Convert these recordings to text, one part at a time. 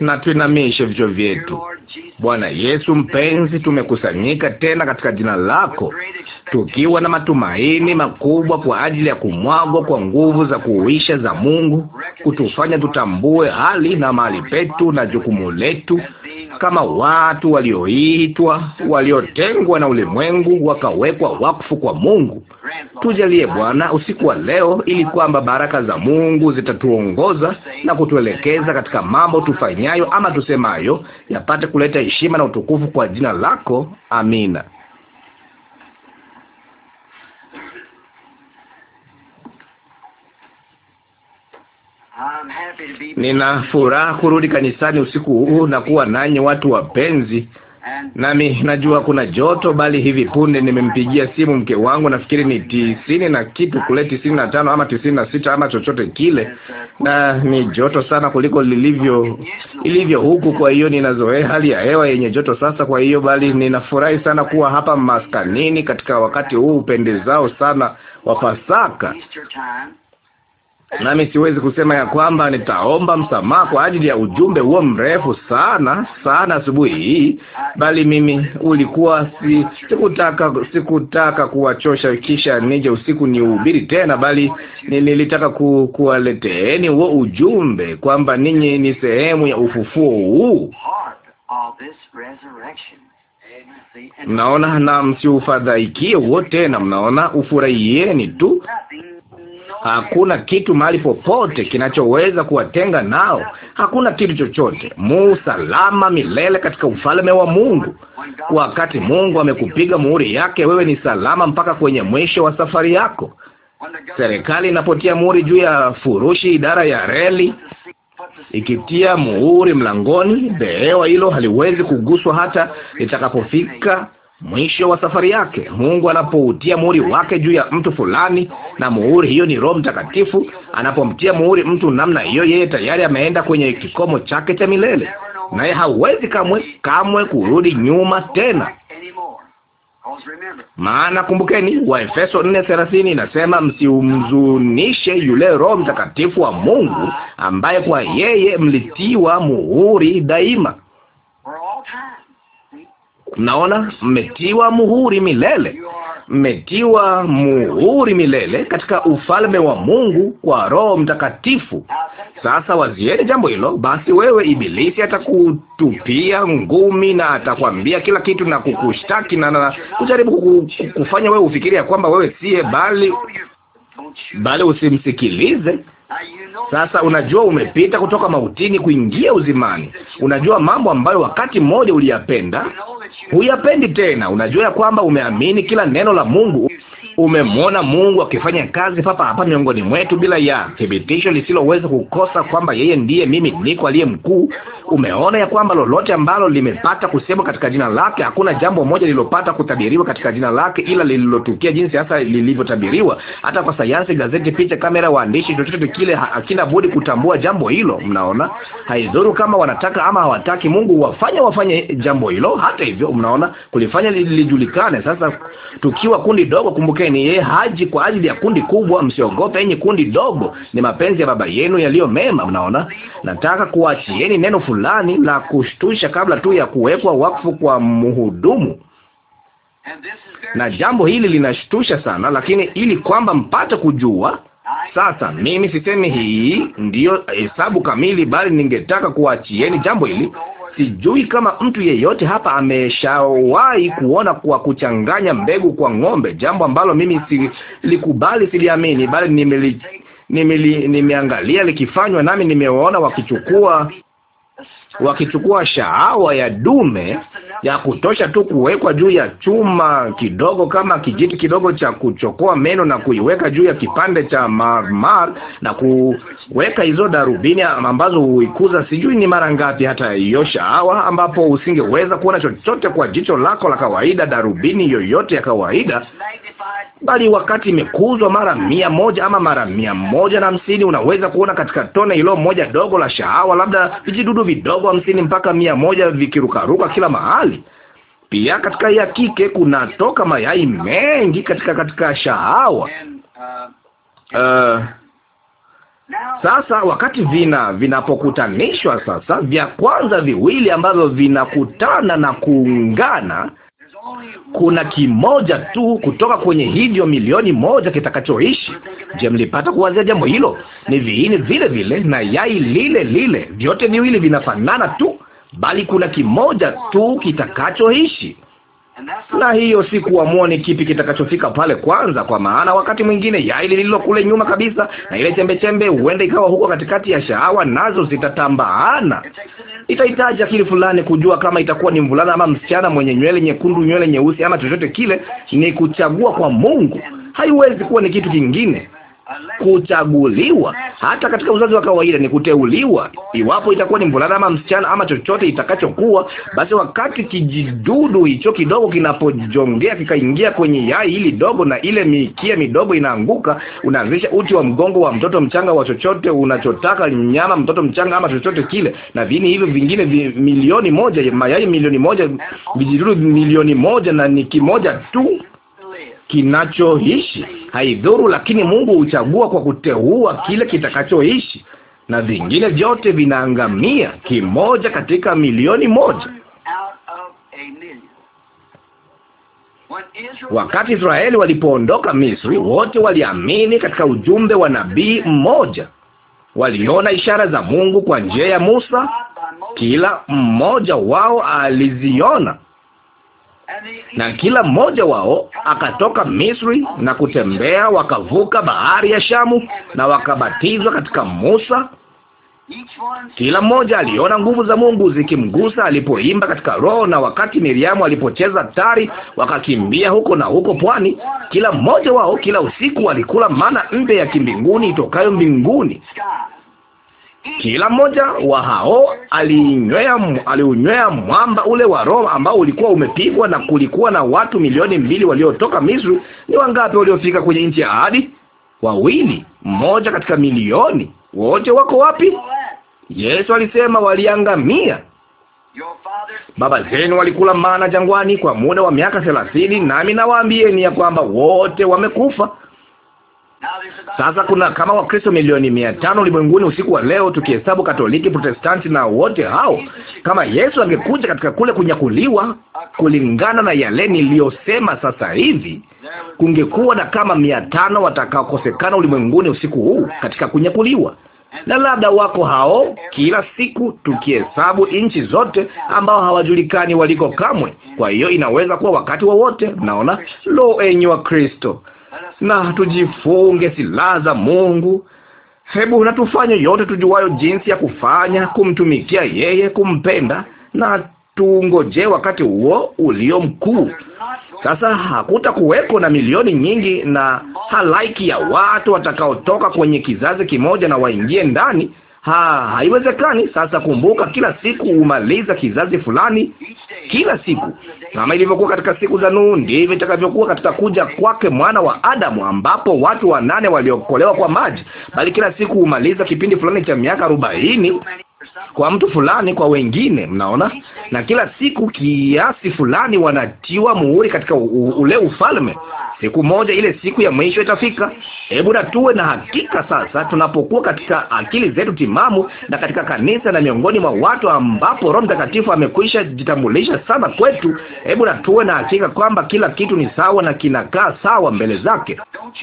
na tuinamishe vichwa vyetu. Bwana Yesu mpenzi, tumekusanyika tena katika jina lako, tukiwa na matumaini makubwa kwa ajili ya kumwagwa kwa nguvu za kuuisha za Mungu, kutufanya tutambue hali na mahali petu na jukumu letu kama watu walioitwa, waliotengwa na ulimwengu, wakawekwa wakfu kwa Mungu. Tujalie Bwana usiku wa leo, ili kwamba baraka za Mungu zitatuongoza na kutuelekeza katika mambo tufanyayo ama tusemayo, yapate kuleta heshima na utukufu kwa jina lako. Amina. Nina furaha kurudi kanisani usiku huu na kuwa nanyi watu wapenzi. Nami najua kuna joto, bali hivi punde nimempigia simu mke wangu, nafikiri ni tisini na kitu kule, tisini na tano ama tisini na sita ama chochote kile, na ni joto sana kuliko lilivyo ilivyo huku. Kwa hiyo ninazoea hali ya hewa yenye joto sasa. Kwa hiyo bali ninafurahi sana kuwa hapa maskanini katika wakati huu upendezao sana wa Pasaka nami siwezi kusema ya kwamba nitaomba msamaha kwa ajili ya ujumbe huo mrefu sana sana asubuhi hii, bali mimi ulikuwa si, sikutaka sikutaka kuwachosha kisha nije usiku niuhubiri tena, bali nilitaka ku, kuwaleteeni huo ujumbe kwamba ninyi ni sehemu ya ufufuo huu. Mnaona, na msiufadhaikie huo tena. Mnaona, ufurahieni tu Hakuna kitu mahali popote kinachoweza kuwatenga nao. Hakuna kitu chochote. Mu salama milele katika ufalme wa Mungu. Wakati Mungu amekupiga muhuri yake, wewe ni salama mpaka kwenye mwisho wa safari yako. Serikali inapotia muhuri juu ya furushi, idara ya reli ikitia muhuri mlangoni, behewa hilo haliwezi kuguswa hata litakapofika Mwisho wa safari yake, Mungu anapoutia muhuri wake juu ya mtu fulani, na muhuri hiyo ni Roho Mtakatifu. Anapomtia muhuri mtu namna hiyo, yeye tayari ameenda kwenye kikomo chake cha milele, naye hawezi kamwe kamwe kurudi nyuma tena. Maana kumbukeni, Waefeso 4:30 inasema, msiumzunishe yule Roho Mtakatifu wa Mungu ambaye kwa yeye mlitiwa muhuri daima. Mnaona, mmetiwa muhuri milele, mmetiwa muhuri milele katika ufalme wa Mungu kwa Roho Mtakatifu. Sasa wazieni jambo hilo. Basi wewe Ibilisi atakutupia ngumi na atakwambia kila kitu na kukushtaki na, na kujaribu kufanya wewe ufikiria kwamba wewe siye, bali bali usimsikilize. Sasa unajua umepita kutoka mautini kuingia uzimani. Unajua mambo ambayo wakati mmoja uliyapenda huyapendi tena. Unajua ya kwamba umeamini kila neno la Mungu. Umemwona Mungu akifanya kazi papa hapa miongoni mwetu bila ya thibitisho lisiloweza kukosa kwamba yeye ndiye mimi niko aliye mkuu. Umeona ya kwamba lolote ambalo limepata kusemwa katika jina lake, hakuna jambo moja lililopata kutabiriwa katika jina lake, ila lililotukia jinsi hasa lilivyotabiriwa. Hata kwa sayansi, gazeti, picha, kamera, waandishi, chochote kile hakina budi kutambua jambo hilo. Mnaona, haidhuru kama wanataka ama hawataki, Mungu wafanye wafanye jambo hilo. Hata hivyo, mnaona kulifanya lijulikane. Sasa tukiwa kundi dogo, kumbuke ni yeye haji kwa ajili ya kundi kubwa, msiogope yenye kundi dogo. Ni mapenzi ya Baba yenu yaliyo mema. Mnaona, nataka kuachieni neno fulani la kushtusha kabla tu ya kuwekwa wakfu kwa mhudumu na jambo hili linashtusha sana, lakini ili kwamba mpate kujua. Sasa mimi sisemi hii ndiyo hesabu kamili, bali ningetaka kuachieni jambo hili. Sijui kama mtu yeyote hapa ameshawahi kuona kwa kuchanganya mbegu kwa ng'ombe, jambo ambalo mimi silikubali, siliamini, bali nimeli, nimeli, nimeangalia likifanywa, nami nimeona wakichukua wakichukua shahawa ya dume ya kutosha tu kuwekwa juu ya chuma kidogo kama kijiti kidogo cha kuchokoa meno na kuiweka juu ya kipande cha marmar na kuweka hizo darubini ambazo huikuza sijui ni mara ngapi, hata yosha hawa, ambapo usingeweza kuona chochote kwa jicho lako la kawaida, darubini yoyote ya kawaida, bali wakati imekuzwa mara mia moja ama mara mia moja na hamsini unaweza kuona katika tone hilo moja dogo la shahawa labda vijidudu vidogo hamsini mpaka mia moja vikirukaruka kila mahali mzuri. Pia katika ya kike kunatoka mayai mengi katika katika shahawa. Uh, sasa wakati vina vinapokutanishwa sasa, vya kwanza viwili ambavyo vinakutana na kuungana, kuna kimoja tu kutoka kwenye hivyo milioni moja kitakachoishi. Je, mlipata kuanzia jambo hilo? Ni viini vile vile na yai lile lile, vyote viwili vinafanana tu bali kuna kimoja tu kitakachoishi, na hiyo si kuamua ni kipi kitakachofika pale kwanza, kwa maana wakati mwingine yaili lililo kule nyuma kabisa na ile chembechembe huenda ikawa huko katikati ya shahawa, nazo zitatambaana. Itahitaji akili fulani kujua kama itakuwa ni mvulana ama msichana, mwenye nywele nyekundu, nywele nyeusi, ama chochote kile. Ni kuchagua kwa Mungu, haiwezi kuwa ni kitu kingine kuchaguliwa hata katika uzazi wa kawaida ni kuteuliwa. Iwapo itakuwa ni mvulana ama msichana ama chochote itakachokuwa, basi wakati kijidudu hicho kidogo kinapojongea kikaingia kwenye yai hili dogo, na ile mikia midogo inaanguka, unaanzisha uti wa mgongo wa mtoto mchanga wa chochote unachotaka, nyama, mtoto mchanga ama chochote kile, na viini hivyo vingine vi milioni moja, mayai milioni moja, vijidudu milioni moja, na ni kimoja tu kinachoishi, haidhuru, lakini Mungu huchagua kwa kuteua kile kitakachoishi, na vingine vyote vinaangamia, kimoja katika milioni moja. Wakati Israeli walipoondoka Misri, wote waliamini katika ujumbe wa nabii mmoja. Waliona ishara za Mungu kwa njia ya Musa, kila mmoja wao aliziona na kila mmoja wao akatoka Misri na kutembea, wakavuka bahari ya Shamu na wakabatizwa katika Musa. Kila mmoja aliona nguvu za Mungu zikimgusa alipoimba katika Roho, na wakati Miriamu alipocheza tari, wakakimbia huko na huko pwani. Kila mmoja wao kila usiku walikula mana mpya ya kimbinguni itokayo mbinguni. Kila mmoja wa hao alinywea, aliunywea mwamba ule wa Roma ambao ulikuwa umepigwa, na kulikuwa na watu milioni mbili waliotoka Misri. Ni wangapi waliofika kwenye nchi ya ahadi? Wawili, mmoja katika milioni. Wote wako wapi? Yesu alisema waliangamia. Baba zenu walikula mana jangwani kwa muda wa miaka thelathini, nami nawaambieni ya kwamba wote wamekufa. Sasa kuna kama Wakristo milioni mia tano ulimwenguni usiku wa leo, tukihesabu Katoliki, Protestanti na wote hao. Kama Yesu angekuja katika kule kunyakuliwa, kulingana na yale niliyosema sasa hivi, kungekuwa na kama mia tano watakaokosekana ulimwenguni usiku huu katika kunyakuliwa na labda wako hao kila siku, tukihesabu nchi zote, ambao hawajulikani waliko kamwe. Kwa hiyo inaweza kuwa wakati wowote wa. naona lo, enyi wa Kristo, na tujifunge silaha za Mungu. Hebu natufanye yote tujuayo jinsi ya kufanya, kumtumikia yeye, kumpenda na tungojee wakati huo ulio mkuu. Sasa hakutakuweko na milioni nyingi na halaiki ya watu watakaotoka kwenye kizazi kimoja na waingie ndani. Ha, haiwezekani. Sasa kumbuka, kila siku humaliza kizazi fulani, kila siku. Kama ilivyokuwa katika siku za Nuhu, ndivyo itakavyokuwa katika kuja kwake mwana wa Adamu, ambapo watu wanane waliokolewa kwa maji, bali kila siku humaliza kipindi fulani cha miaka arobaini kwa mtu fulani kwa wengine, mnaona, na kila siku kiasi fulani wanatiwa muhuri katika u, ule ufalme. Siku moja ile siku ya mwisho itafika. Hebu na tuwe na hakika sasa, tunapokuwa katika akili zetu timamu na katika kanisa na miongoni mwa watu ambapo Roho Mtakatifu amekwisha jitambulisha sana kwetu, hebu na tuwe na hakika kwamba kila kitu ni sawa na kinakaa sawa mbele zake.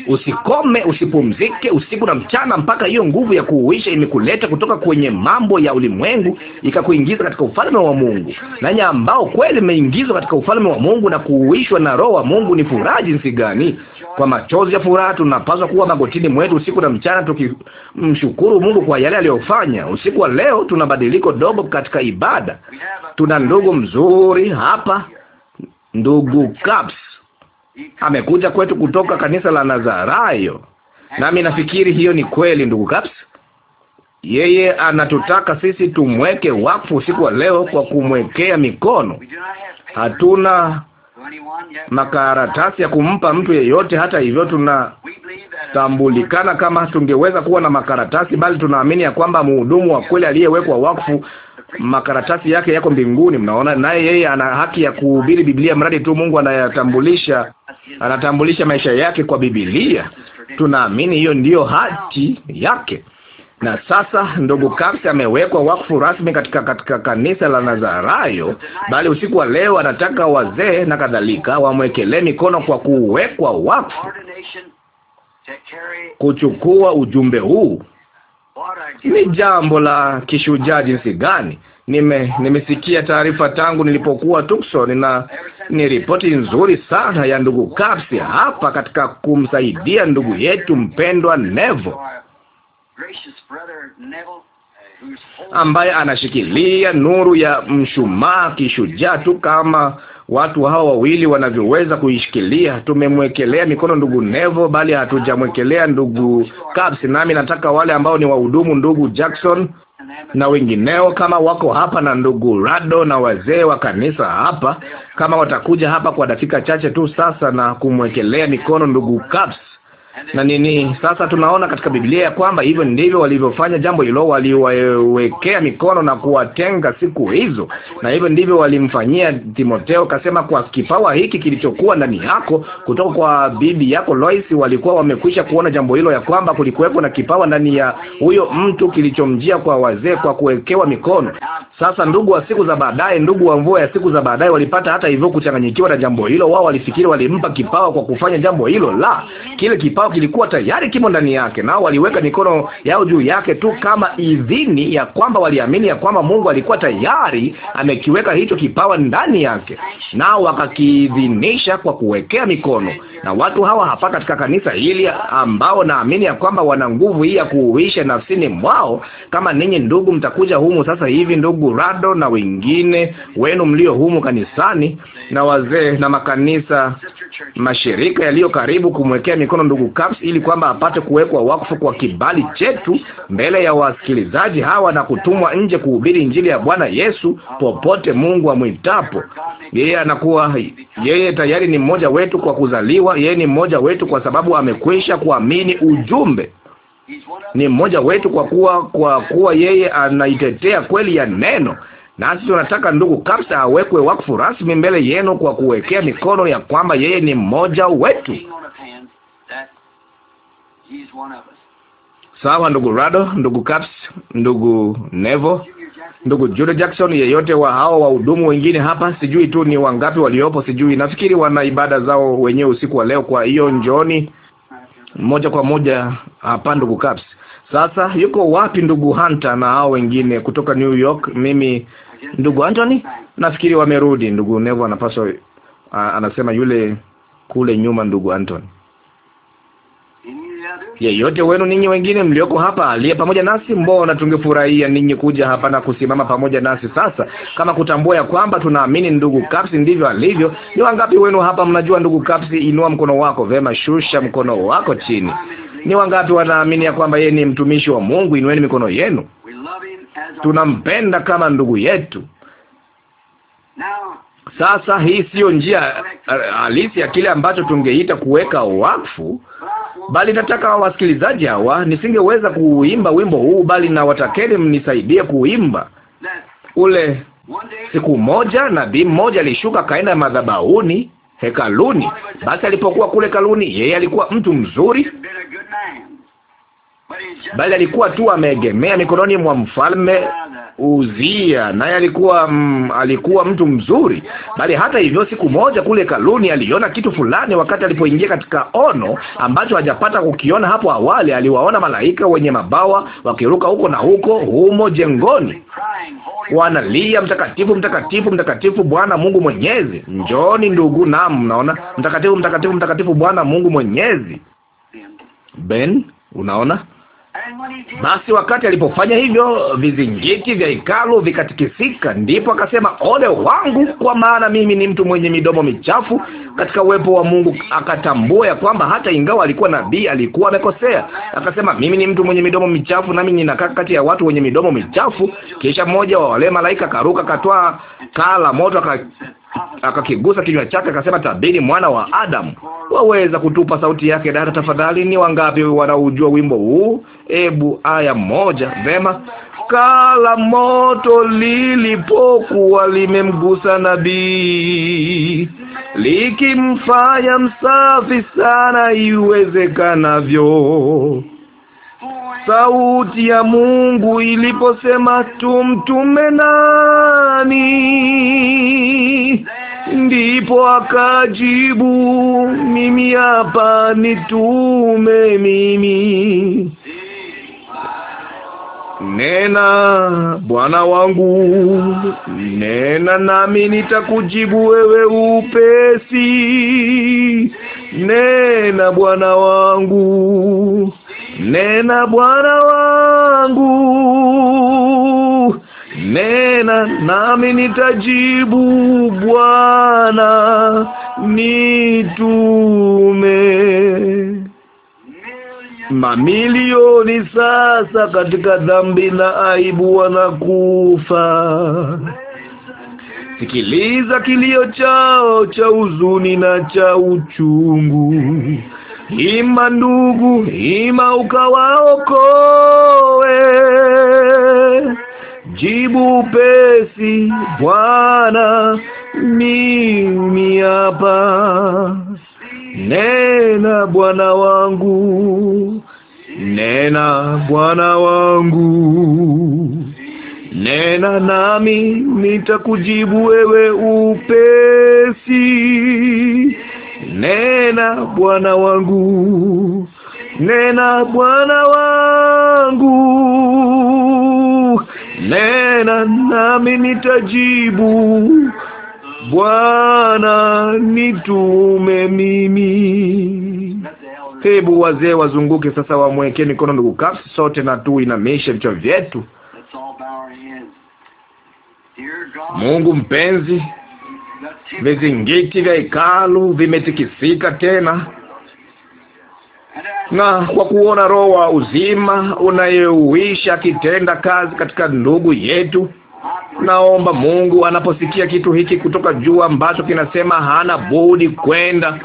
Usikome, usipumzike usiku na mchana mpaka hiyo nguvu ya kuuisha imekuleta kutoka kwenye mambo ya ulimwengu ulimwengu ikakuingiza katika ufalme wa Mungu. Nanyi ambao kweli mmeingizwa katika ufalme wa Mungu na kuuishwa na Roho wa Mungu, ni furaha jinsi gani! Kwa machozi ya furaha tunapaswa kuwa magotini mwetu usiku na mchana, tukimshukuru Mungu kwa yale aliyofanya. Usiku wa leo tuna badiliko dogo katika ibada. Tuna ndugu mzuri hapa, ndugu Caps amekuja kwetu kutoka kanisa la Nazarayo, nami nafikiri hiyo ni kweli, ndugu Caps. Yeye anatutaka sisi tumweke wakfu usiku wa leo kwa kumwekea mikono. Hatuna makaratasi ya kumpa mtu yeyote. Hata hivyo, tunatambulikana kama tungeweza kuwa na makaratasi, bali tunaamini ya kwamba mhudumu wa kweli aliyewekwa wakfu makaratasi yake yako mbinguni. Mnaona, naye yeye ana haki ya kuhubiri Biblia mradi tu Mungu anayatambulisha, anatambulisha maisha yake kwa Biblia. Tunaamini hiyo ndiyo hati yake na sasa ndugu Capsi amewekwa wakfu rasmi katika katika kanisa la Nazarayo, bali usiku wa leo anataka wazee na kadhalika wamwekelee mikono kwa kuwekwa wakfu, kuchukua ujumbe huu. Ni jambo la kishujaa jinsi gani! Nime- nimesikia taarifa tangu nilipokuwa Tucson, na ni ripoti nzuri sana ya ndugu kapsi hapa katika kumsaidia ndugu yetu mpendwa Nevo Uh, ambaye anashikilia nuru ya mshumaa kishujaa tu kama watu hawa wawili wanavyoweza kuishikilia. Tumemwekelea mikono ndugu Nevo, bali hatujamwekelea ndugu Caps, nami nataka wale ambao ni wahudumu, ndugu Jackson na wengineo kama wako hapa na ndugu Rado na wazee wa kanisa hapa, kama watakuja hapa kwa dakika chache tu sasa na kumwekelea mikono ndugu Caps na nini. Sasa tunaona katika Biblia ya kwamba hivyo ndivyo walivyofanya jambo hilo, waliwawekea mikono na kuwatenga siku hizo, na hivyo ndivyo walimfanyia Timotheo. Kasema kwa kipawa hiki kilichokuwa ndani yako kutoka kwa bibi yako Lois, walikuwa wamekwisha kuona jambo hilo, ya kwamba kulikuwepo na kipawa ndani ya huyo mtu kilichomjia kwa wazee, kwa kuwekewa mikono. Sasa ndugu wa siku za baadaye, ndugu wa mvua ya siku za baadaye, walipata hata hivyo kuchanganyikiwa na jambo hilo. Wao walifikiri walimpa kipawa kwa kufanya jambo hilo, la kile kipawa kilikuwa tayari kimo ndani yake, nao waliweka mikono yao juu yake tu kama idhini ya kwamba waliamini ya kwamba Mungu alikuwa tayari amekiweka hicho kipawa ndani yake, nao wakakiidhinisha kwa kuwekea mikono na watu hawa hapa katika kanisa hili ambao naamini ya kwamba wana nguvu hii ya kuuisha nafsini mwao. Kama ninyi ndugu mtakuja humu sasa hivi, ndugu Rado na wengine wenu mlio humu kanisani na wazee na makanisa mashirika yaliyo karibu kumwekea mikono ndugu Caps ili kwamba apate kuwekwa wakfu kwa kibali chetu mbele ya wasikilizaji hawa na kutumwa nje kuhubiri injili ya Bwana Yesu popote Mungu amwitapo. Yeye anakuwa yeye tayari ni mmoja wetu kwa kuzaliwa kuwa yeye ni mmoja wetu kwa sababu amekwisha kuamini ujumbe. Ni mmoja wetu kwa kuwa, kwa kuwa yeye anaitetea kweli ya neno. Nasi tunataka ndugu Kapsa awekwe wakfu rasmi mbele yenu kwa kuwekea mikono ya kwamba yeye ni mmoja wetu. Sawa, ndugu Rado, ndugu Kaps, ndugu Nevo ndugu Jude Jackson, yeyote wa hao wahudumu wengine hapa. Sijui tu ni wangapi waliopo, sijui. Nafikiri wana ibada zao wenyewe usiku wa leo, kwa hiyo njooni moja kwa moja hapa. Ndugu Caps, sasa yuko wapi ndugu Hunter na hao wengine kutoka New York? Mimi ndugu Anthony, nafikiri wamerudi. Ndugu Nevo anapaswa, anasema yule kule nyuma, ndugu Anthony yeyote wenu ninyi wengine mlioko hapa aliye pamoja nasi, mbona tungefurahia ninyi kuja hapa na kusimama pamoja nasi sasa, kama kutambua ya kwamba tunaamini ndugu Kapsi ndivyo alivyo. Ni wangapi wenu hapa mnajua ndugu Kapsi? Inua mkono wako. Vema, shusha mkono wako chini. Ni wangapi wanaamini ya kwamba yeye ni mtumishi wa Mungu? Inueni mikono yenu. Tunampenda kama ndugu yetu. Sasa hii siyo njia eh, halisi ya kile ambacho tungeita kuweka wakfu bali nataka wasikilizaji hawa, nisingeweza kuuimba wimbo huu, bali nawatakeni mnisaidie kuimba ule. Siku moja nabii mmoja alishuka kaenda madhabahuni hekaluni. Basi alipokuwa kule kaluni, yeye alikuwa mtu mzuri, bali alikuwa tu ameegemea mikononi mwa mfalme Uzia naye alikuwa mm, alikuwa mtu mzuri, bali hata hivyo, siku moja kule Kaluni aliona kitu fulani wakati alipoingia katika ono ambacho hajapata kukiona hapo awali. Aliwaona malaika wenye mabawa wakiruka huko na huko humo jengoni, wanalia mtakatifu, mtakatifu, mtakatifu Bwana Mungu Mwenyezi. Njoni ndugu, naam, mnaona mtakatifu, mtakatifu, mtakatifu Bwana Mungu Mwenyezi. Ben, unaona basi wakati alipofanya hivyo, vizingiti vya hekalu vikatikisika. Ndipo akasema, ole wangu, kwa maana mimi ni mtu mwenye midomo michafu katika uwepo wa Mungu. Akatambua ya kwamba hata ingawa alikuwa nabii alikuwa amekosea. Akasema, mimi ni mtu mwenye midomo michafu, nami ninakaa kati ya watu wenye midomo michafu. Kisha mmoja wa wale malaika karuka, katwaa kaa la moto, akakigusa kinywa chake, akasema, tabiri mwana wa Adamu. Waweza kutupa sauti yake dada, tafadhali? Ni wangapi wanaujua wimbo huu? Ebu aya moja. Vema, kala moto lilipokuwa limemgusa nabii, likimfanya msafi sana iwezekanavyo sauti ya Mungu iliposema, tumtume nani? Ndipo akajibu, mimi hapa, nitume mimi. Nena Bwana wangu, nena nami nitakujibu wewe upesi. Nena Bwana wangu, nena Bwana wangu Nena nami nitajibu, Bwana nitume. Mamilioni sasa katika dhambi na aibu wanakufa. Sikiliza kilio chao cha huzuni na cha uchungu. ima ndugu, ima ukawaokoe. Jibu upesi, Bwana, mimi hapa. Nena Bwana wangu, nena Bwana wangu, nena nami nitakujibu wewe upesi. Nena Bwana wangu, nena Bwana wangu Nena nami nitajibu. Bwana nitume mimi. Hebu wazee wazunguke sasa, wamwekee mikono ndugu Kapsi, sote na tuinamishe vichwa vyetu. Mungu mpenzi, vizingiti vya hekalu vimetikisika tena na kwa kuona Roho wa uzima unayeuisha akitenda kazi katika ndugu yetu. Naomba Mungu anaposikia kitu hiki kutoka juu ambacho kinasema hana budi kwenda,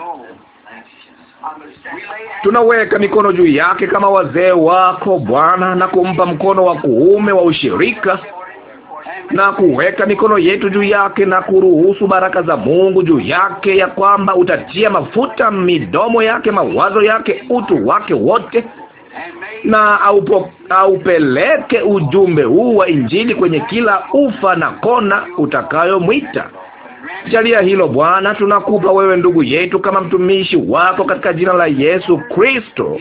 tunaweka mikono juu yake kama wazee wako Bwana, na kumpa mkono wa kuume wa ushirika na kuweka mikono yetu juu yake na kuruhusu baraka za Mungu juu yake, ya kwamba utatia mafuta midomo yake, mawazo yake, utu wake wote, na aupo, aupeleke ujumbe huu wa Injili kwenye kila ufa na kona utakayomwita. Jalia hilo Bwana, tunakupa wewe ndugu yetu kama mtumishi wako katika jina la Yesu Kristo.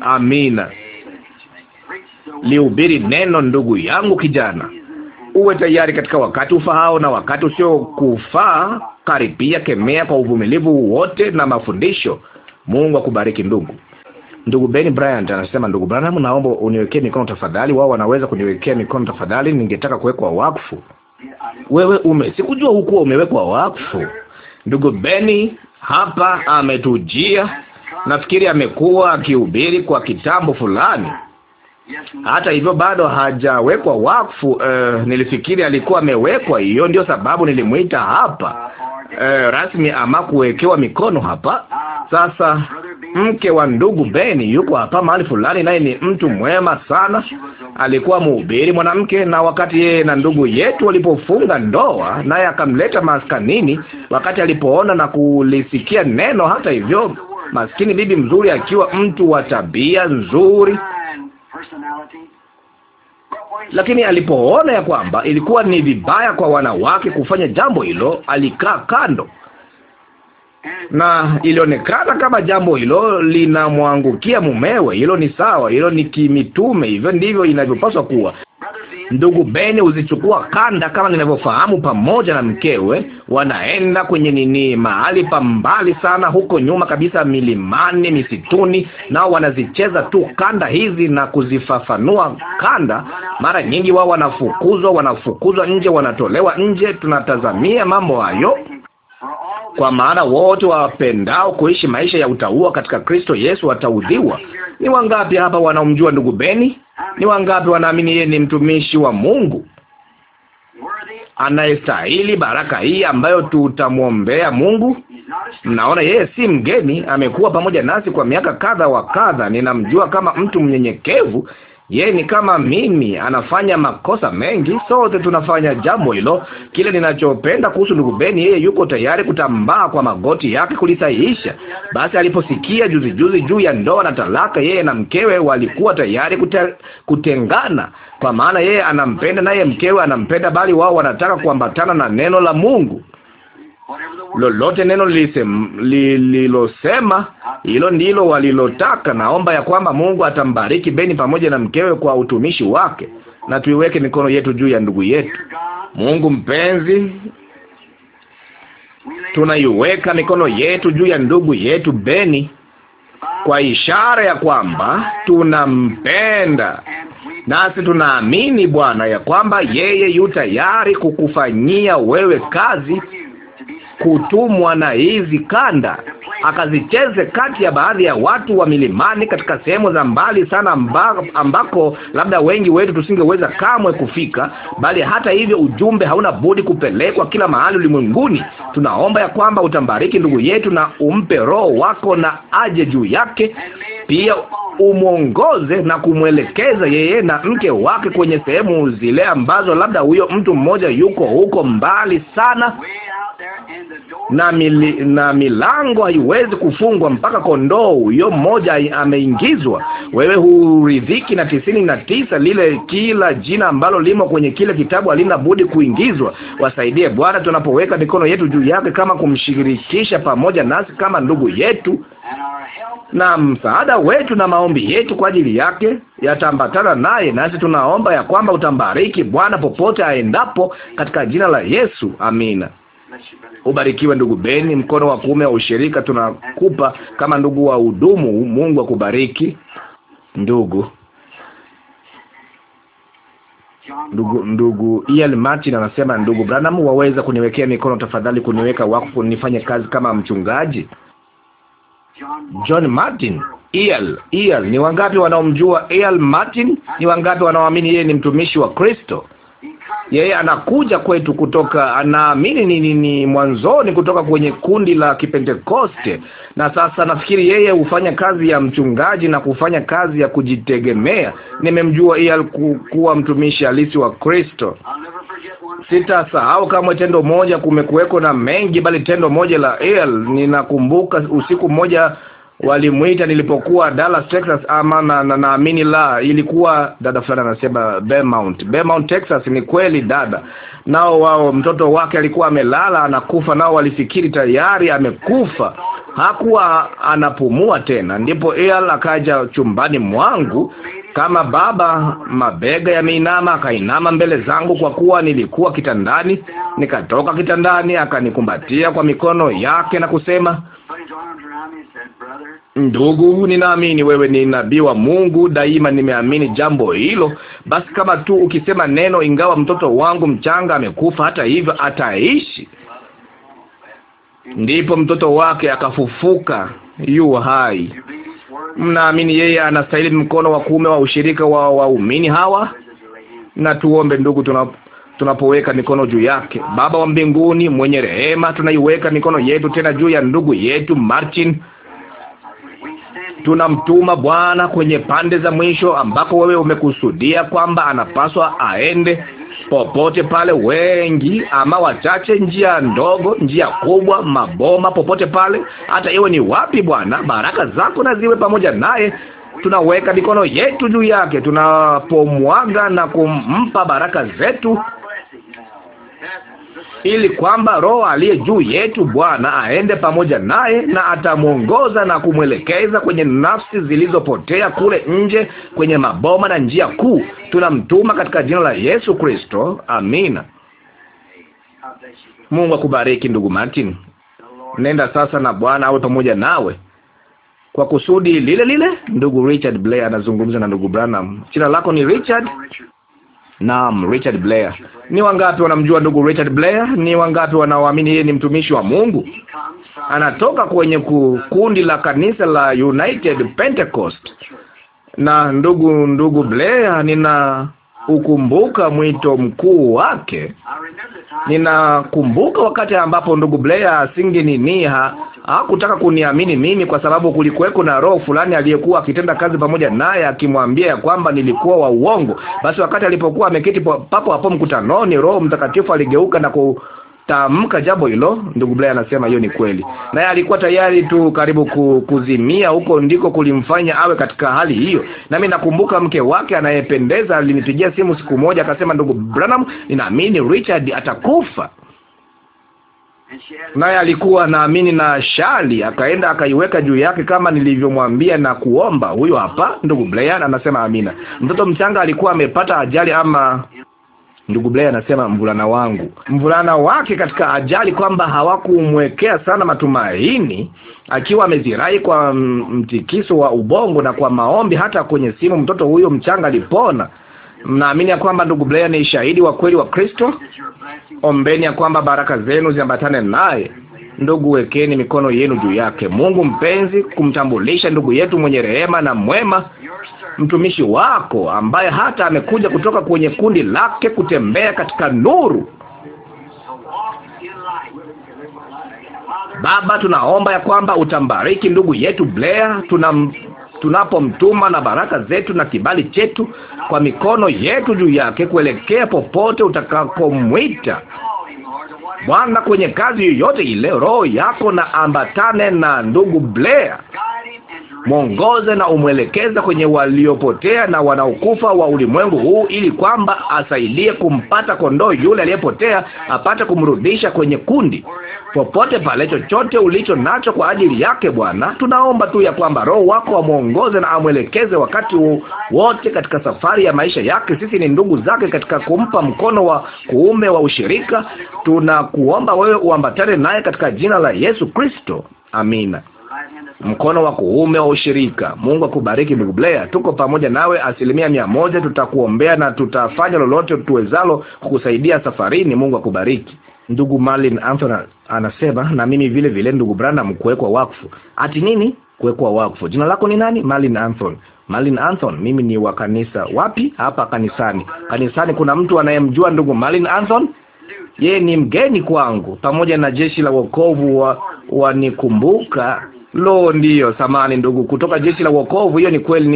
Amina lihubiri neno. Ndugu yangu kijana, uwe tayari katika wakati ufahao na wakati usio kufaa karibia kemea kwa uvumilivu wote na mafundisho. Mungu akubariki ndugu. Ndugu Ben Bryant anasema, ndugu Branham, naomba uniwekee mikono tafadhali. Wao wanaweza kuniwekea mikono tafadhali? Ningetaka kuwekwa wakfu. Wewe ume sikujua hukuwa umewekwa wakfu. Ndugu Beni hapa ametujia, nafikiri amekuwa akihubiri kwa kitambo fulani. Hata hivyo bado hajawekwa wakfu. Uh, nilifikiri alikuwa amewekwa. Hiyo ndio sababu nilimwita hapa uh, rasmi, ama kuwekewa mikono hapa. Sasa mke wa ndugu Beni yuko hapa mahali fulani, naye ni mtu mwema sana. Alikuwa mhubiri mwanamke, na wakati yeye na ndugu yetu walipofunga ndoa, naye akamleta maskanini wakati alipoona na kulisikia neno. Hata hivyo maskini bibi mzuri, akiwa mtu wa tabia nzuri lakini alipoona ya kwamba ilikuwa ni vibaya kwa wanawake kufanya jambo hilo, alikaa kando, na ilionekana kama jambo hilo linamwangukia mumewe. Hilo ni sawa, hilo ni kimitume, hivyo ndivyo inavyopaswa kuwa. Ndugu Beni huzichukua kanda, kama ninavyofahamu, pamoja na mkewe, wanaenda kwenye nini, mahali pa mbali sana, huko nyuma kabisa, milimani, misituni, nao wanazicheza tu kanda hizi na kuzifafanua kanda. Mara nyingi wao wanafukuzwa, wanafukuzwa nje, wanatolewa nje. Tunatazamia mambo hayo kwa maana wote wapendao kuishi maisha ya utauwa katika Kristo Yesu wataudhiwa. Ni wangapi hapa wanaomjua ndugu Beni? Ni wangapi wanaamini yeye ni mtumishi wa Mungu anayestahili baraka hii ambayo tutamwombea Mungu. Mnaona, yeye si mgeni, amekuwa pamoja nasi kwa miaka kadha wa kadha. Ninamjua kama mtu mnyenyekevu, yeye ni kama mimi, anafanya makosa mengi. Sote tunafanya jambo hilo. Kile ninachopenda kuhusu ndugu Beni, yeye yuko tayari kutambaa kwa magoti yake kulisahihisha. Basi aliposikia juzi juzi juu ya ndoa na talaka, yeye na mkewe walikuwa tayari kute, kutengana, kwa maana yeye anampenda naye mkewe anampenda, bali wao wanataka kuambatana na neno la Mungu lolote neno lililosema hilo ndilo walilotaka. Naomba ya kwamba Mungu atambariki Beni pamoja na mkewe kwa utumishi wake, na tuiweke mikono yetu juu ya ndugu yetu. Mungu mpenzi, tunaiweka mikono yetu juu ya ndugu yetu Beni kwa ishara ya kwamba tunampenda nasi tunaamini Bwana ya kwamba yeye yu tayari kukufanyia wewe kazi kutumwa na hizi kanda, akazicheze kati ya baadhi ya watu wa milimani katika sehemu za mbali sana, ambako, ambako labda wengi wetu tusingeweza kamwe kufika. Bali hata hivyo, ujumbe hauna budi kupelekwa kila mahali ulimwenguni. Tunaomba ya kwamba utambariki ndugu yetu na umpe Roho wako na aje juu yake, pia umwongoze na kumwelekeza yeye na mke wake kwenye sehemu zile ambazo labda huyo mtu mmoja yuko huko mbali sana na, mili, na milango haiwezi kufungwa mpaka kondoo huyo mmoja ameingizwa. Wewe huridhiki na tisini na tisa. Lile kila jina ambalo limo kwenye kile kitabu halina budi kuingizwa. Wasaidie Bwana tunapoweka mikono yetu juu yake, kama kumshirikisha pamoja nasi kama ndugu yetu, na msaada wetu na maombi yetu kwa ajili yake yataambatana naye, nasi tunaomba ya kwamba utambariki Bwana popote aendapo katika jina la Yesu, amina. Ubarikiwe ndugu Beni, mkono wa kuume wa ushirika tunakupa kama ndugu wa hudumu. Mungu akubariki ndugu. Ndugu ndugu Ian Martin anasema, ndugu Branham, waweza kuniwekea mikono tafadhali, kuniweka wakfu nifanye kazi kama mchungaji. John Martin El El, ni wangapi wanaomjua El Martin? Ni wangapi wanaoamini yeye ni mtumishi wa Kristo? yeye anakuja kwetu kutoka, anaamini ni, ni, ni mwanzoni kutoka kwenye kundi la Kipentekoste, na sasa nafikiri yeye hufanya kazi ya mchungaji na kufanya kazi ya kujitegemea. Nimemjua yeye alikuwa mtumishi halisi wa Kristo. Sitasahau kama tendo moja, kumekuweko na mengi, bali tendo moja la El. Ninakumbuka usiku mmoja walimwita nilipokuwa Dallas Texas, ama na naamini na, la ilikuwa dada fulani anasema Beaumont, Beaumont Texas. Ni kweli dada, nao wao mtoto wake alikuwa amelala anakufa, nao walifikiri tayari amekufa, hakuwa anapumua tena. Ndipo Earl akaja chumbani mwangu kama baba, mabega yameinama, akainama mbele zangu kwa kuwa nilikuwa kitandani. Nikatoka kitandani, akanikumbatia kwa mikono yake na kusema Ndugu, ninaamini wewe ni nabii wa Mungu daima, nimeamini jambo hilo. Basi kama tu ukisema neno, ingawa mtoto wangu mchanga amekufa, hata hivyo ataishi. Ndipo mtoto wake akafufuka yu hai. Mnaamini yeye anastahili mkono wa kuume wa ushirika wa waumini hawa? Na tuombe ndugu, tuna tunapoweka mikono juu yake. Baba wa mbinguni mwenye rehema, tunaiweka mikono yetu tena juu ya ndugu yetu Martin tunamtuma Bwana kwenye pande za mwisho ambako wewe umekusudia kwamba anapaswa aende popote pale, wengi ama wachache, njia ndogo, njia kubwa, maboma, popote pale, hata iwe ni wapi. Bwana, baraka zako na ziwe pamoja naye. Tunaweka mikono yetu juu yake tunapomwaga na kumpa baraka zetu ili kwamba Roho aliye juu yetu Bwana aende pamoja naye na atamwongoza na kumwelekeza kwenye nafsi zilizopotea kule nje kwenye maboma na njia kuu. Tunamtuma katika jina la Yesu Kristo, amina. Mungu akubariki ndugu Martin. Nenda sasa na Bwana awe pamoja nawe kwa kusudi lile lile. Ndugu Richard Blair anazungumza na ndugu Branham. Jina lako ni Richard? Naam, Richard Blair. Ni wangapi wanamjua ndugu Richard Blair? Ni wangapi wanaoamini yeye ni mtumishi wa Mungu? Anatoka kwenye kundi la kanisa la United Pentecost. Na ndugu ndugu Blair, nina ukumbuka mwito mkuu wake. Ninakumbuka wakati ambapo ndugu Blair asingeninia hakutaka kuniamini mimi, kwa sababu kulikuweko na roho fulani aliyekuwa akitenda kazi pamoja naye akimwambia ya kwamba nilikuwa wa uongo. Basi wakati alipokuwa ameketi papo hapo mkutanoni, Roho Mtakatifu aligeuka na ku tamka jambo hilo, ndugu Blair anasema hiyo ni kweli, naye alikuwa tayari tu karibu ku, kuzimia. Huko ndiko kulimfanya awe katika hali hiyo. Nami nakumbuka mke wake anayependeza alinipigia simu siku moja, akasema, ndugu Branham, ninaamini Richard atakufa naye alikuwa naamini na shali, akaenda akaiweka juu yake kama nilivyomwambia na kuomba. Huyo hapa ndugu Brian anasema amina. Mtoto mchanga alikuwa amepata ajali ama Ndugu Blair anasema mvulana wangu, mvulana wake katika ajali kwamba hawakumwekea sana matumaini, akiwa amezirai kwa mtikiso wa ubongo na kwa maombi, hata kwenye simu, mtoto huyo mchanga alipona. Mnaamini ya kwamba ndugu Blair ni shahidi wa kweli wa Kristo? Ombeni ya kwamba baraka zenu ziambatane naye. Ndugu, wekeni mikono yenu juu yake. Mungu mpenzi, kumtambulisha ndugu yetu mwenye rehema na mwema, mtumishi wako ambaye hata amekuja kutoka kwenye kundi lake kutembea katika nuru. Baba, tunaomba ya kwamba utambariki ndugu yetu Blair, tuna tunapomtuma na baraka zetu na kibali chetu kwa mikono yetu juu yake kuelekea popote utakakomwita. Bwana, kwenye kazi yoyote ile, roho yako na ambatane na ndugu Blair mwongoze na umwelekeze kwenye waliopotea na wanaokufa wa ulimwengu huu, ili kwamba asaidie kumpata kondoo yule aliyepotea, apate kumrudisha kwenye kundi. Popote pale, chochote ulicho nacho kwa ajili yake, Bwana, tunaomba tu ya kwamba Roho wako amwongoze na amwelekeze wakati wote katika safari ya maisha yake. Sisi ni ndugu zake katika kumpa mkono wa kuume wa ushirika. Tunakuomba wewe uambatane naye katika jina la Yesu Kristo, amina mkono wa kuume wa ushirika. Mungu akubariki ndugu Blair, tuko pamoja nawe asilimia mia moja. Tutakuombea na tutafanya lolote tuwezalo kukusaidia safarini. Mungu akubariki ndugu Marlin Anthony anasema, na mimi vile vile ndugu Branham kuwekwa wakfu. Ati nini kuwekwa wakfu? Jina lako ni nani? Marlin Anthony. Marlin Anthony, mimi ni wa kanisa. Wapi? Hapa kanisani. Kanisani kuna mtu anayemjua ndugu Marlin Anthony? Yeye ni mgeni kwangu, pamoja na jeshi la wokovu wa wanikumbuka Lo, ndiyo, samani ndugu kutoka jeshi la wokovu. Hiyo ni kweli,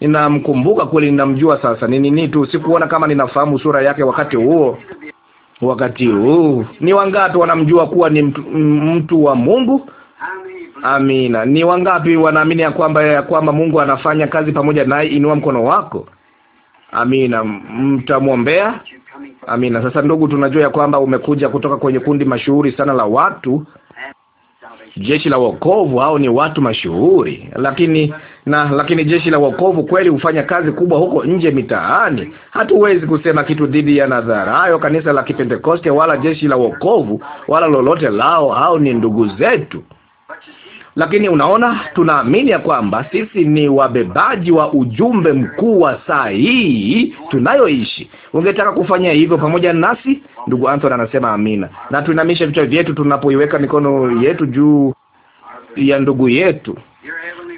ninamkumbuka nina kweli, ninamjua sasa. Ni nini tu, sikuona kama ninafahamu sura yake wakati huo. Wakati huu ni wangapi wanamjua kuwa ni mtu, mtu wa Mungu? Amina. Ni wangapi wanaamini ya kwamba ya kwamba Mungu anafanya kazi pamoja naye? Inua mkono wako. Amina. Mtamwombea. Amina. Sasa ndugu, tunajua ya kwamba umekuja kutoka kwenye kundi mashuhuri sana la watu jeshi la wokovu, hao ni watu mashuhuri, lakini na lakini jeshi la wokovu kweli hufanya kazi kubwa huko nje mitaani. Hatuwezi kusema kitu dhidi ya hayo, kanisa la Kipentekoste wala jeshi la wokovu wala lolote lao. Hao ni ndugu zetu. Lakini unaona, tunaamini ya kwamba sisi ni wabebaji wa ujumbe mkuu wa saa hii tunayoishi. Ungetaka kufanya hivyo pamoja nasi? Ndugu Anthony anasema amina. Na tuinamishe vichwa vyetu tunapoiweka mikono yetu juu ya ndugu yetu.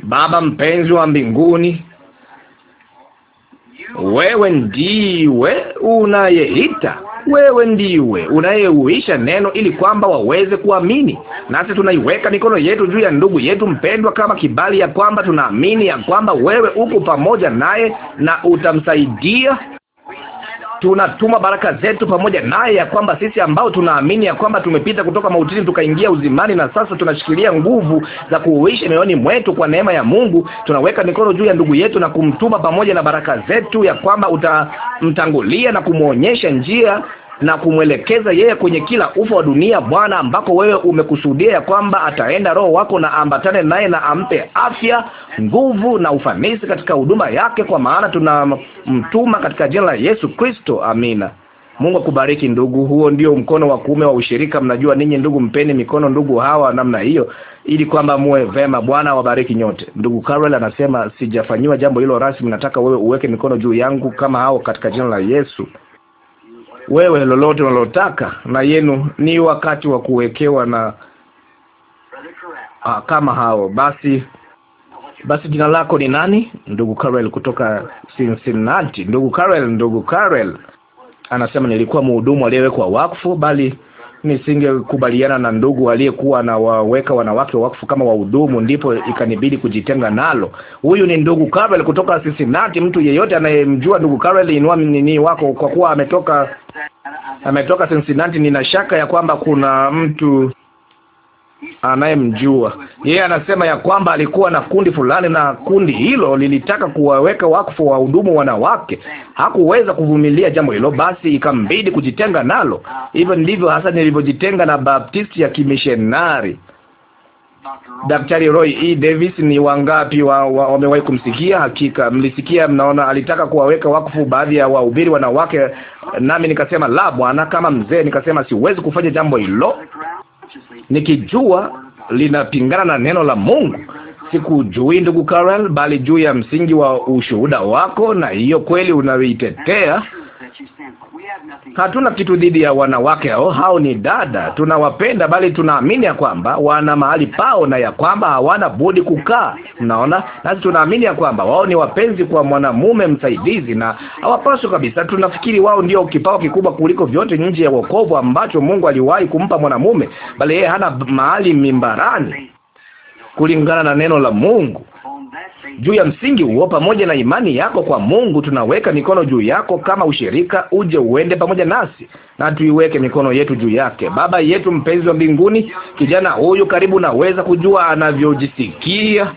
Baba mpenzi wa mbinguni, wewe ndiwe unayeita wewe ndiwe unayeuisha neno ili kwamba waweze kuamini. Nasi tunaiweka mikono yetu juu ya ndugu yetu mpendwa kama kibali ya kwamba tunaamini ya kwamba wewe uko pamoja naye na utamsaidia tunatuma baraka zetu pamoja naye, ya kwamba sisi ambao tunaamini ya kwamba tumepita kutoka mautini tukaingia uzimani, na sasa tunashikilia nguvu za kuuisha mioyoni mwetu kwa neema ya Mungu, tunaweka mikono juu ya ndugu yetu na kumtuma pamoja na baraka zetu, ya kwamba utamtangulia na kumwonyesha njia na kumwelekeza yeye kwenye kila ufa wa dunia, Bwana, ambako wewe umekusudia ya kwamba ataenda Roho wako na ambatane naye na ampe afya, nguvu na ufanisi katika huduma yake, kwa maana tunamtuma katika jina la Yesu Kristo. Amina. Mungu akubariki ndugu. Huo ndio mkono wa kuume wa ushirika. Mnajua ninyi ndugu, mpeni mikono ndugu hawa namna hiyo, ili kwamba muwe vema. Bwana wabariki nyote. Ndugu Karel anasema sijafanyiwa jambo hilo rasmi, nataka wewe uweke mikono juu yangu kama hao katika jina la Yesu wewe lolote unalotaka, na yenu ni wakati wa kuwekewa na ah, kama hao basi. Basi jina lako ni nani? Ndugu Karel kutoka Cincinnati. Ndugu Karel, ndugu Karel anasema nilikuwa mhudumu aliyewekwa wakfu, bali nisingekubaliana na ndugu aliyekuwa anawaweka wanawake wakfu kama wahudumu, ndipo ikanibidi kujitenga nalo. Huyu ni ndugu Karel kutoka Cincinnati. Mtu yeyote anayemjua ndugu Karel, inua nini wako, kwa kuwa ametoka ametoka Cincinnati. Nina shaka ya kwamba kuna mtu anayemjua yeye. Anasema ya kwamba alikuwa na kundi fulani, na kundi hilo lilitaka kuwaweka wakfu wahudumu wanawake. Hakuweza kuvumilia jambo hilo, basi ikambidi kujitenga nalo. Hivyo ndivyo hasa nilivyojitenga na Baptisti ya kimishenari Daktari Roy E. Davis ni wangapi wamewahi wa, wamewahi kumsikia? Hakika mlisikia, mnaona, alitaka kuwaweka wakfu baadhi ya wahubiri wanawake, nami nikasema la bwana, kama mzee nikasema siwezi kufanya jambo hilo nikijua linapingana na neno la Mungu. Sikujui ndugu Karen, bali juu ya msingi wa ushuhuda wako na hiyo kweli unayoitetea Hatuna kitu dhidi ya wanawake hao, hao ni dada, tunawapenda, bali tunaamini ya kwamba wana mahali pao na ya kwamba hawana budi kukaa. Mnaona, nasi tunaamini ya kwamba wao ni wapenzi kwa mwanamume msaidizi na hawapaswi kabisa. Tunafikiri wao ndio kipawa kikubwa kuliko vyote nje ya wokovu ambacho Mungu aliwahi kumpa mwanamume, bali yeye hana mahali mimbarani kulingana na neno la Mungu. Juu ya msingi huo, pamoja na imani yako kwa Mungu, tunaweka mikono juu yako kama ushirika. Uje uende pamoja nasi na tuiweke mikono yetu juu yake. Baba yetu mpenzi wa mbinguni, kijana huyu karibu naweza kujua anavyojisikia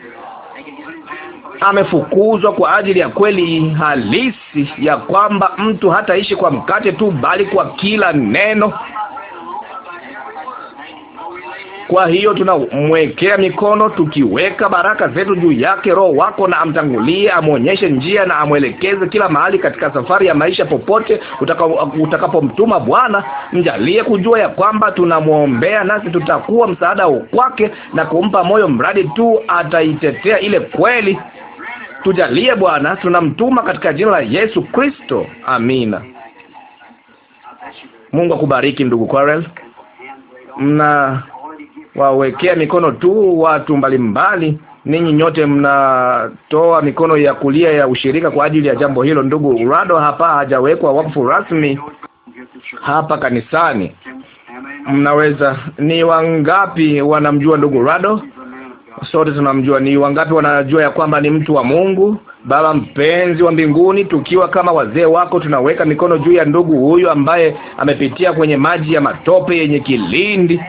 amefukuzwa kwa ajili ya kweli halisi ya kwamba mtu hataishi kwa mkate tu, bali kwa kila neno kwa hiyo tunamwekea mikono tukiweka baraka zetu juu yake. Roho wako na amtangulie, amwonyeshe njia na amwelekeze kila mahali katika safari ya maisha. Popote utakapomtuma utaka Bwana, mjalie kujua ya kwamba tunamwombea, nasi tutakuwa msaada kwake na kumpa moyo, mradi tu ataitetea ile kweli. Tujalie Bwana, tunamtuma katika jina la Yesu Kristo, amina. Mungu akubariki ndugu Quarel, mna wawekea mikono tu watu mbalimbali. Ninyi nyote mnatoa mikono ya kulia ya ushirika kwa ajili ya jambo hilo. Ndugu Rado hapa hajawekwa wakfu rasmi hapa kanisani. Mnaweza, ni wangapi wanamjua ndugu Rado? Sote tunamjua. Ni wangapi wanajua ya kwamba ni mtu wa Mungu? Baba mpenzi wa mbinguni, tukiwa kama wazee wako, tunaweka mikono juu ya ndugu huyu ambaye amepitia kwenye maji ya matope yenye kilindi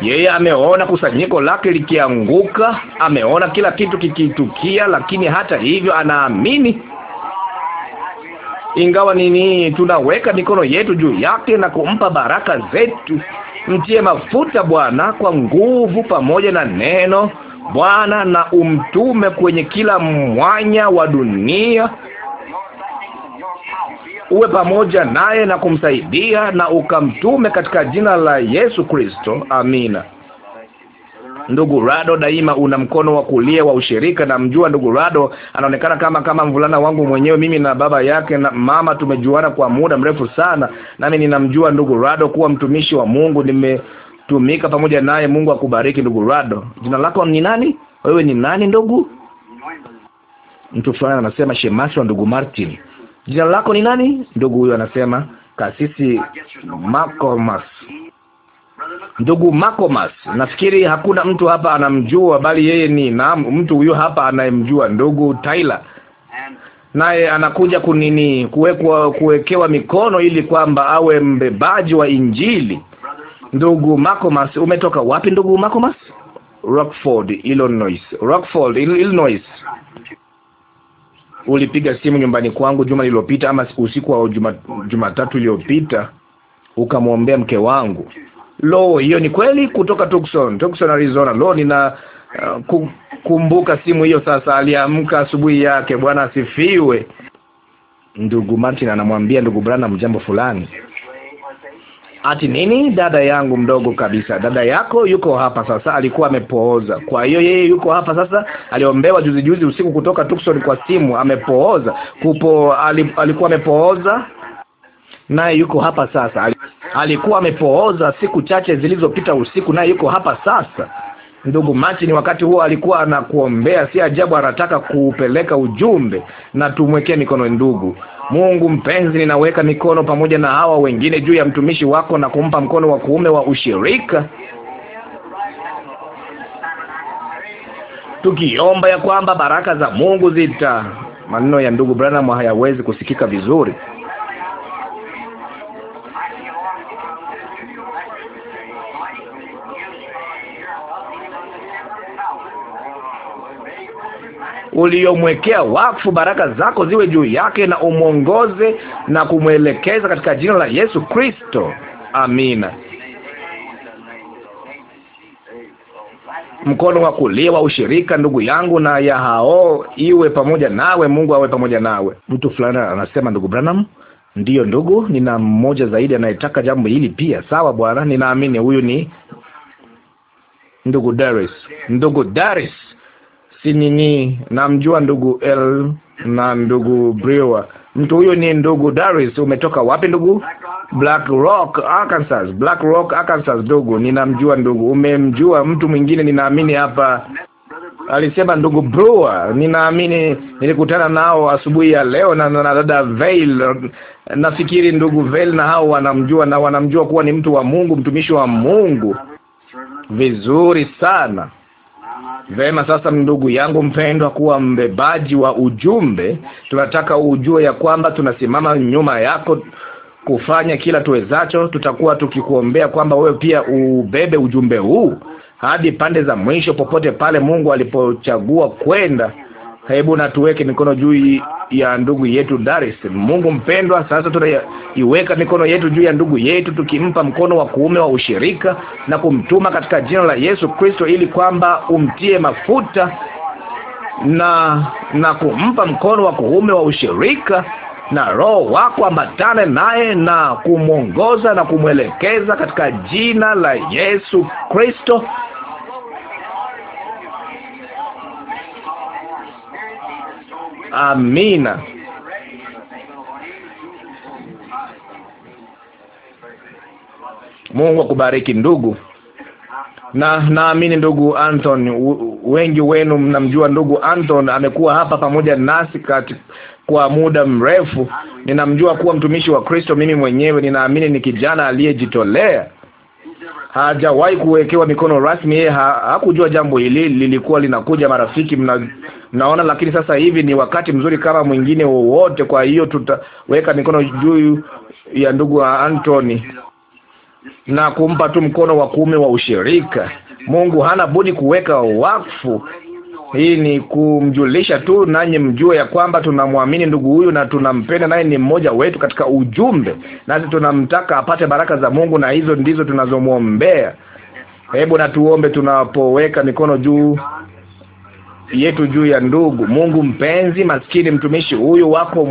yeye ameona kusanyiko lake likianguka, ameona kila kitu kikitukia, lakini hata hivyo anaamini ingawa nini, tunaweka mikono yetu juu yake na kumpa baraka zetu. Mtie mafuta Bwana kwa nguvu, pamoja na neno Bwana, na umtume kwenye kila mwanya wa dunia, uwe pamoja naye na kumsaidia na ukamtume katika jina la Yesu Kristo. Amina. Ndugu Rado daima una mkono wa kulia wa ushirika. Namjua ndugu Rado, anaonekana kama kama mvulana wangu mwenyewe. Mimi na baba yake na mama tumejuana kwa muda mrefu sana, nami ninamjua ndugu Rado kuwa mtumishi wa Mungu, nimetumika pamoja naye. Mungu akubariki ndugu Rado. Jina lako ni nani? Wewe ni nani ndugu? Mtu fulani anasema shemasi wa ndugu Martin jina lako ni nani? Ndugu huyo anasema kasisi Makomas. Ndugu Makomas, nafikiri hakuna mtu hapa anamjua, bali yeye ni naam, mtu huyo hapa anayemjua, ndugu Tyler naye anakuja kunini kuwekwa kuwekewa mikono ili kwamba awe mbebaji wa Injili. Ndugu Makomas, umetoka wapi ndugu Makomas? Rockford, Illinois. Rockford, Illinois ulipiga simu nyumbani kwangu juma lililopita, ama usiku wa Jumatatu iliyopita, ukamwombea mke wangu. Lo, hiyo ni kweli, kutoka Tucson, Tucson Arizona. Lo, nina uh, kumbuka simu hiyo sasa. Aliamka asubuhi yake, Bwana asifiwe. Ndugu Martin anamwambia ndugu Branham jambo fulani Ati nini? Dada yangu mdogo kabisa, dada yako yuko hapa sasa. Alikuwa amepooza, kwa hiyo yeye yuko hapa sasa. Aliombewa juzi juzi usiku kutoka Tucson kwa simu, amepooza kupo, alikuwa amepooza naye yuko hapa sasa. Alikuwa amepooza siku chache zilizopita usiku, naye yuko hapa sasa. Ndugu Mati, ni wakati huo alikuwa anakuombea. Si ajabu anataka kuupeleka ujumbe, na tumwekee mikono ndugu Mungu mpenzi, ninaweka mikono pamoja na hawa wengine juu ya mtumishi wako na kumpa mkono wa kuume wa ushirika, tukiomba ya kwamba baraka za Mungu zita... Maneno ya ndugu Branham hayawezi kusikika vizuri. uliyomwekea wakfu, baraka zako ziwe juu yake, na umwongoze na kumwelekeza katika jina la Yesu Kristo, amina. Mkono wa kulia wa ushirika, ndugu yangu, na ya hao iwe pamoja nawe. Mungu awe pamoja nawe. Mtu fulani anasema, ndugu Branham, ndiyo ndugu, nina mmoja zaidi anayetaka jambo hili pia. Sawa bwana, ninaamini huyu ni ndugu Darius, ndugu Darius si nini, namjua ndugu L na ndugu Brewer. Mtu huyo ni ndugu Darius. Umetoka wapi ndugu? Black Rock, Arkansas. Black Rock, Arkansas. Ndugu, ninamjua ndugu. Umemjua mtu mwingine ninaamini hapa Alisema ndugu Brewer, ninaamini nilikutana nao asubuhi ya leo na, na, dada Veil. Nafikiri ndugu Veil na hao wanamjua na wanamjua kuwa ni mtu wa Mungu, mtumishi wa Mungu. Vizuri sana. Vema, sasa ndugu yangu mpendwa, kuwa mbebaji wa ujumbe, tunataka ujue ya kwamba tunasimama nyuma yako kufanya kila tuwezacho. Tutakuwa tukikuombea kwamba wewe pia ubebe ujumbe huu hadi pande za mwisho, popote pale Mungu alipochagua kwenda Hebu na tuweke mikono juu ya ndugu yetu Daris. Mungu mpendwa, sasa tunaiweka mikono yetu juu ya ndugu yetu, tukimpa mkono wa kuume wa ushirika na kumtuma katika jina la Yesu Kristo, ili kwamba umtie mafuta na na kumpa mkono wa kuume wa ushirika na Roho wako ambatane naye na kumwongoza na kumwelekeza katika jina la Yesu Kristo. Amina. Mungu akubariki ndugu. Na naamini ndugu Anton, wengi wenu mnamjua ndugu Anton. Amekuwa hapa pamoja nasi kati kwa muda mrefu. Ninamjua kuwa mtumishi wa Kristo. Mimi mwenyewe ninaamini ni kijana aliyejitolea hajawahi kuwekewa mikono rasmi. Yeye ha, hakujua jambo hili lilikuwa linakuja, marafiki, mna, mnaona. Lakini sasa hivi ni wakati mzuri kama mwingine wowote. Kwa hiyo tutaweka mikono juu ya ndugu wa Anthony na kumpa tu mkono wa kuume wa ushirika. Mungu hana budi kuweka wakfu hii ni kumjulisha tu, nanyi mjue ya kwamba tunamwamini ndugu huyu na tunampenda, naye ni mmoja wetu katika ujumbe, nasi tunamtaka apate baraka za Mungu, na hizo ndizo tunazomwombea. Hebu na tuombe tunapoweka mikono juu yetu juu ya ndugu. Mungu mpenzi, maskini mtumishi huyu wako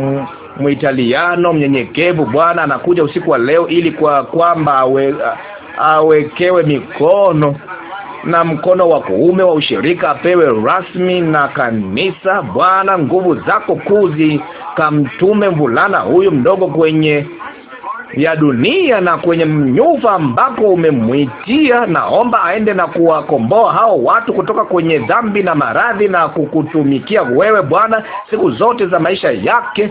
Mwitaliano mnyenyekevu, Bwana anakuja usiku wa leo ili kwa kwamba awe, awekewe mikono na mkono wa kuume wa ushirika apewe rasmi na kanisa. Bwana, nguvu zako kuu zikamtume mvulana huyu mdogo kwenye ya dunia na kwenye mnyufa ambako umemwitia. Naomba aende na kuwakomboa hao watu kutoka kwenye dhambi na maradhi, na kukutumikia wewe Bwana siku zote za maisha yake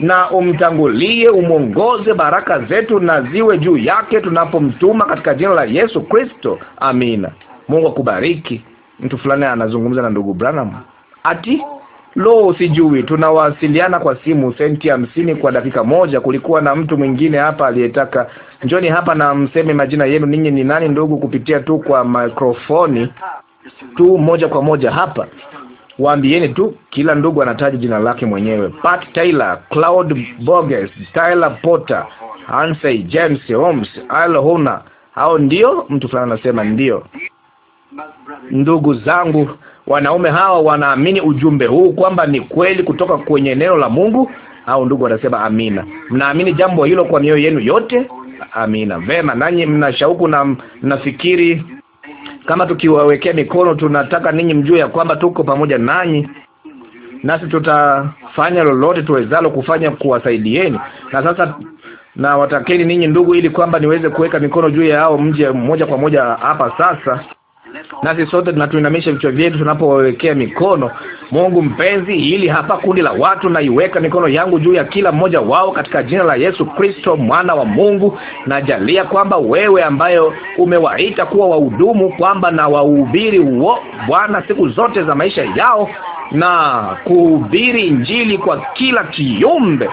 na umtangulie, umwongoze. Baraka zetu na ziwe juu yake tunapomtuma katika jina la Yesu Kristo, amina. Mungu akubariki. Mtu fulani anazungumza na ndugu Branham ati Lo, sijui tunawasiliana kwa simu senti hamsini kwa dakika moja. Kulikuwa na mtu mwingine hapa aliyetaka, njoni hapa na mseme majina yenu, ninyi ni nani ndugu, kupitia tu kwa mikrofoni tu moja kwa moja hapa. Waambieni tu kila ndugu anataja jina lake mwenyewe: Pat Taylor, Cloud Borges, Tyler Potter, Hansey, James Holmes, Al Hona. Hao ndio mtu fulani anasema ndio. Ndugu zangu wanaume hawa wanaamini ujumbe huu kwamba ni kweli kutoka kwenye neno la Mungu. au ndugu wanasema amina. Mnaamini jambo hilo kwa mioyo yenu yote? Amina. Vema, nanyi mna shauku na mnafikiri kama tukiwawekea mikono, tunataka ninyi mjue ya kwamba tuko pamoja nanyi, nasi tutafanya lolote tuwezalo kufanya kuwasaidieni. Na sasa na watakeni ninyi ndugu, ili kwamba niweze kuweka mikono juu yao mje moja kwa moja hapa sasa. Nasi sote tunatuinamisha vichwa vyetu tunapowawekea mikono. Mungu mpenzi, hili hapa kundi la watu, naiweka mikono yangu juu ya kila mmoja wao katika jina la Yesu Kristo, mwana wa Mungu. Najalia kwamba wewe ambaye umewaita kuwa wahudumu, kwamba na wahubiri huo Bwana siku zote za maisha yao na kuhubiri Injili kwa kila kiumbe.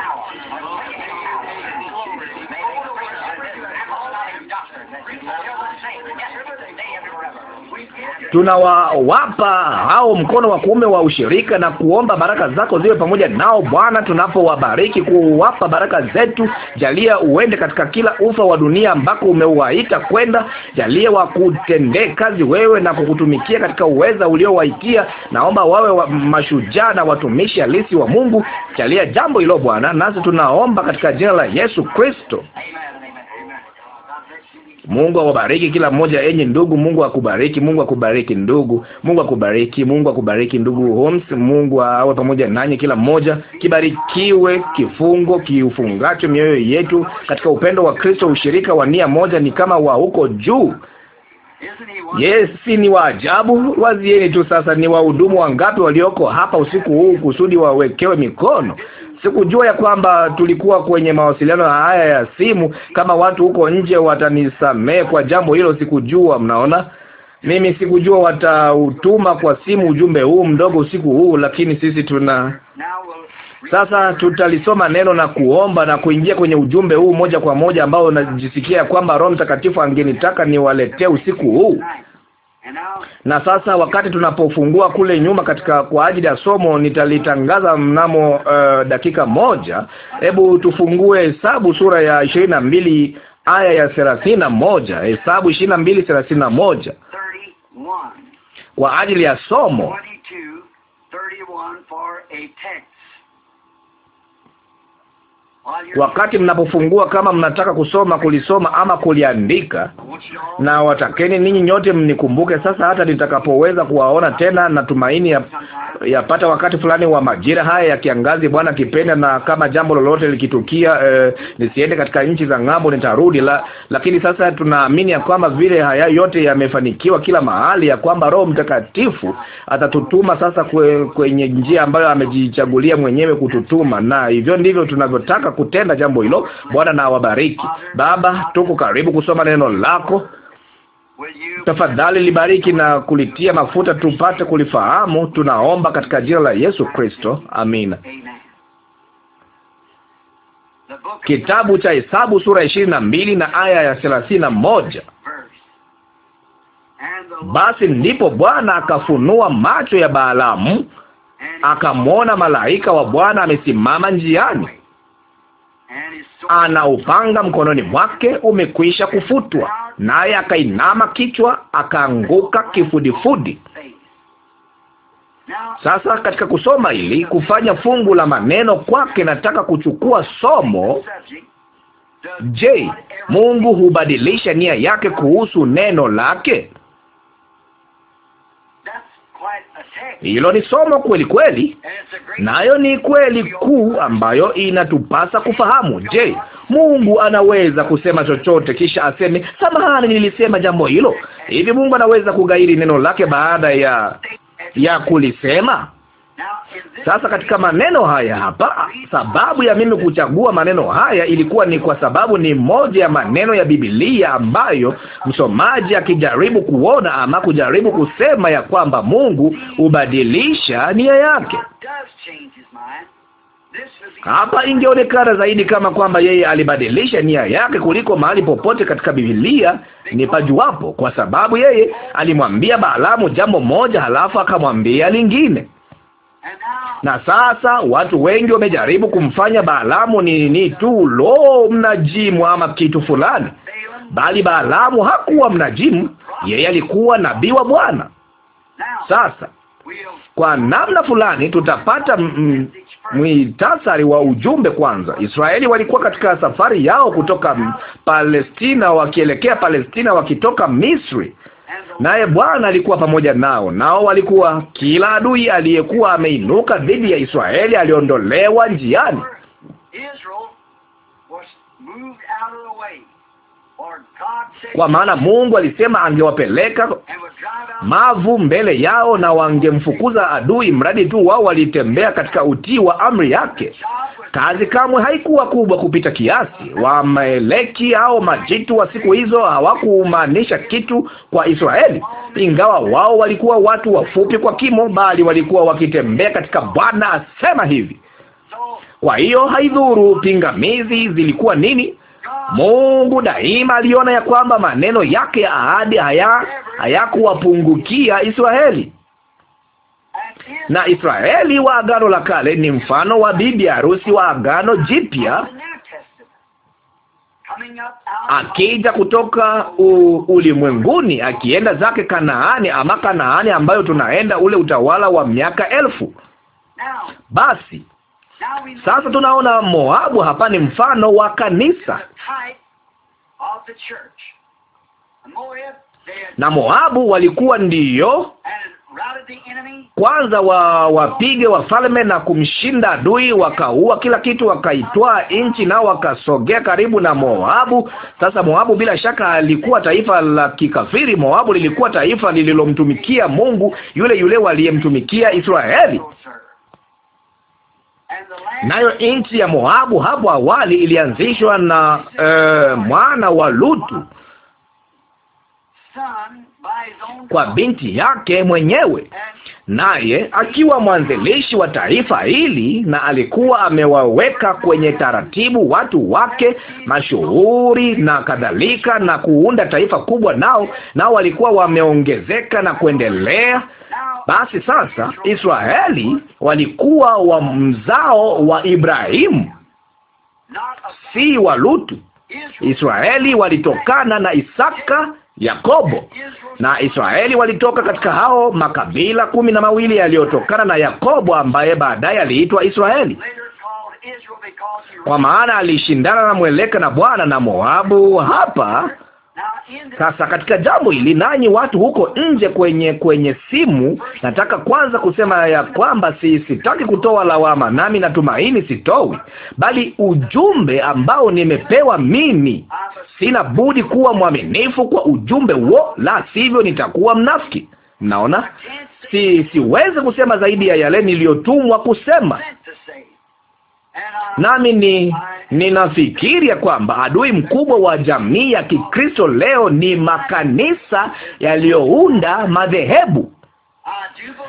tunawawapa hao mkono wa kuume wa ushirika na kuomba baraka zako ziwe pamoja nao Bwana, tunapowabariki kuwapa baraka zetu. Jalia uende katika kila ufa wa dunia ambako umewaita kwenda. Jalia wakutendee kazi wewe na kukutumikia katika uweza uliowaitia. Naomba wawe wa mashujaa na watumishi halisi wa Mungu. Jalia jambo hilo Bwana, nasi tunaomba katika jina la Yesu Kristo. Mungu awabariki kila mmoja enye ndugu. Mungu akubariki, Mungu akubariki ndugu, Mungu akubariki, Mungu akubariki ndugu Holmes. Mungu awe pamoja nanyi kila mmoja. Kibarikiwe kifungo kiufungacho mioyo yetu katika upendo wa Kristo. Ushirika wa nia moja ni kama wa huko juu. Yesi, ni waajabu. Wazieni tu sasa, ni wahudumu wangapi walioko hapa usiku huu kusudi wawekewe mikono. Sikujua ya kwamba tulikuwa kwenye mawasiliano haya ya simu. Kama watu huko nje watanisamehe kwa jambo hilo, sikujua. Mnaona, mimi sikujua watautuma kwa simu ujumbe huu mdogo usiku huu, lakini sisi tuna sasa tutalisoma neno na kuomba na kuingia kwenye ujumbe huu moja kwa moja ambao najisikia kwamba Roho Mtakatifu angenitaka niwaletee usiku huu. Na sasa wakati tunapofungua kule nyuma katika kwa ajili ya somo nitalitangaza mnamo uh, dakika moja. Hebu tufungue Hesabu sura ya ishirini na mbili aya ya thelathini na moja Hesabu ishirini na mbili thelathini na moja kwa ajili ya somo 31 for a text wakati mnapofungua, kama mnataka kusoma, kulisoma ama kuliandika. Na watakeni ninyi nyote mnikumbuke sasa, hata nitakapoweza kuwaona tena. Natumaini ya yapata wakati fulani wa majira haya ya kiangazi, Bwana kipenda, na kama jambo lolote likitukia, e, nisiende katika nchi za ng'ambo, nitarudi la, lakini sasa tunaamini ya kwamba vile haya yote yamefanikiwa kila mahali, ya kwamba Roho Mtakatifu atatutuma sasa kwe, kwenye njia ambayo amejichagulia mwenyewe kututuma, na hivyo ndivyo tunavyotaka kutenda jambo hilo. Bwana na wabariki. Baba, tuko karibu kusoma neno lako. Tafadhali libariki na kulitia mafuta tupate kulifahamu. Tunaomba katika jina la Yesu Kristo, amina. Kitabu cha Hesabu sura ishirini na mbili na aya ya thelathini na moja. Basi ndipo Bwana akafunua macho ya Balaamu, akamwona malaika wa Bwana amesimama njiani ana upanga mkononi mwake umekwisha kufutwa, naye akainama kichwa, akaanguka kifudifudi. Sasa katika kusoma ili kufanya fungu la maneno kwake, nataka kuchukua somo Je, Mungu hubadilisha nia yake kuhusu neno lake? Hilo ni somo kweli kweli, nayo ni kweli kuu ambayo inatupasa kufahamu. Je, Mungu anaweza kusema chochote kisha aseme samahani, nilisema jambo hilo? Hivi Mungu anaweza kugairi neno lake baada ya ya kulisema? Sasa katika maneno haya hapa, sababu ya mimi kuchagua maneno haya ilikuwa ni kwa sababu ni moja ya maneno ya Biblia ambayo msomaji akijaribu kuona ama kujaribu kusema ya kwamba Mungu hubadilisha nia yake hapa ingeonekana zaidi kama kwamba yeye alibadilisha nia yake kuliko mahali popote katika Biblia ni pajuapo, kwa sababu yeye alimwambia Balaamu jambo moja, halafu akamwambia lingine. Na sasa watu wengi wamejaribu kumfanya Balaamu ni ni tu lo mnajimu ama kitu fulani, bali Balaamu hakuwa mnajimu, yeye alikuwa nabii wa Bwana. Sasa kwa namna fulani tutapata mwitasari wa ujumbe. Kwanza, Israeli walikuwa katika safari yao kutoka Palestina wakielekea Palestina, wakitoka Misri naye Bwana alikuwa pamoja nao, nao walikuwa kila adui aliyekuwa ameinuka dhidi ya Israeli aliondolewa njiani kwa maana Mungu alisema angewapeleka mavu mbele yao na wangemfukuza adui, mradi tu wao walitembea katika utii wa amri yake. Kazi kamwe haikuwa kubwa kupita kiasi. wameleki au majitu wa siku hizo hawakumaanisha kitu kwa Israeli, ingawa wao walikuwa watu wafupi kwa kimo, bali walikuwa wakitembea katika Bwana asema hivi. Kwa hiyo haidhuru pingamizi zilikuwa nini Mungu daima aliona ya kwamba maneno yake ya ahadi haya hayakuwapungukia Israeli, na Israeli wa Agano la Kale ni mfano wa bibi harusi wa Agano Jipya akija kutoka ulimwenguni akienda zake Kanaani, ama Kanaani ambayo tunaenda ule utawala wa miaka elfu. Basi sasa tunaona Moabu hapa ni mfano wa kanisa na Moabu walikuwa ndiyo kwanza wa wapige wafalme na kumshinda adui, wakaua kila kitu, wakaitwaa nchi, nao wakasogea karibu na Moabu. Sasa Moabu bila shaka alikuwa taifa la kikafiri. Moabu lilikuwa taifa lililomtumikia Mungu yule yule waliyemtumikia Israeli. Nayo nchi ya Moabu hapo awali ilianzishwa na eh, mwana wa Lutu kwa binti yake mwenyewe naye akiwa mwanzilishi wa taifa hili, na alikuwa amewaweka kwenye taratibu watu wake mashuhuri na kadhalika, na kuunda taifa kubwa, nao nao walikuwa wameongezeka na kuendelea. Basi sasa Israeli walikuwa wa mzao wa Ibrahimu, si wa Lutu. Israeli walitokana na Isaka Yakobo na Israeli walitoka katika hao makabila kumi na mawili yaliyotokana na Yakobo ambaye baadaye aliitwa Israeli kwa maana alishindana na mweleka na Bwana na Moabu hapa sasa katika jambo hili, nanyi watu huko nje kwenye kwenye simu, nataka kwanza kusema ya kwamba si sitaki kutoa lawama, nami natumaini sitowi, bali ujumbe ambao nimepewa mimi, sina budi kuwa mwaminifu kwa ujumbe huo, la sivyo nitakuwa mnafiki. naona si siwezi kusema zaidi ya yale niliyotumwa kusema nami ni ninafikiria kwamba adui mkubwa wa jamii ya Kikristo leo ni makanisa yaliyounda madhehebu.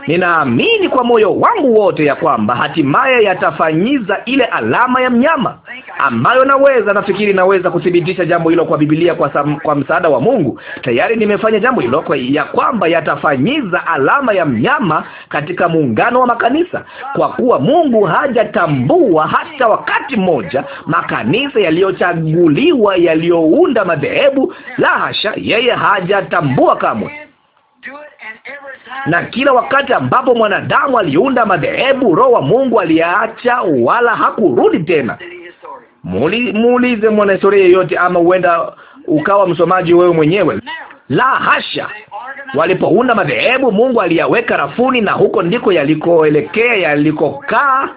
Ninaamini kwa moyo wangu wote ya kwamba hatimaye yatafanyiza ile alama ya mnyama ambayo naweza, nafikiri naweza kuthibitisha jambo hilo kwa Biblia, kwa, sam, kwa msaada wa Mungu. Tayari nimefanya jambo hilo kwa, ya kwamba yatafanyiza alama ya mnyama katika muungano wa makanisa, kwa kuwa Mungu hajatambua hata wakati mmoja makanisa yaliyochaguliwa yaliyounda madhehebu. La hasha, yeye hajatambua kamwe na kila wakati ambapo mwanadamu aliunda madhehebu, roho wa Mungu aliacha, wala hakurudi tena. Muulize mwanahistoria yeyote, ama huenda ukawa msomaji wewe mwenyewe. La hasha! Walipounda madhehebu, Mungu aliyaweka rafuni, na huko ndiko yalikoelekea, yalikokaa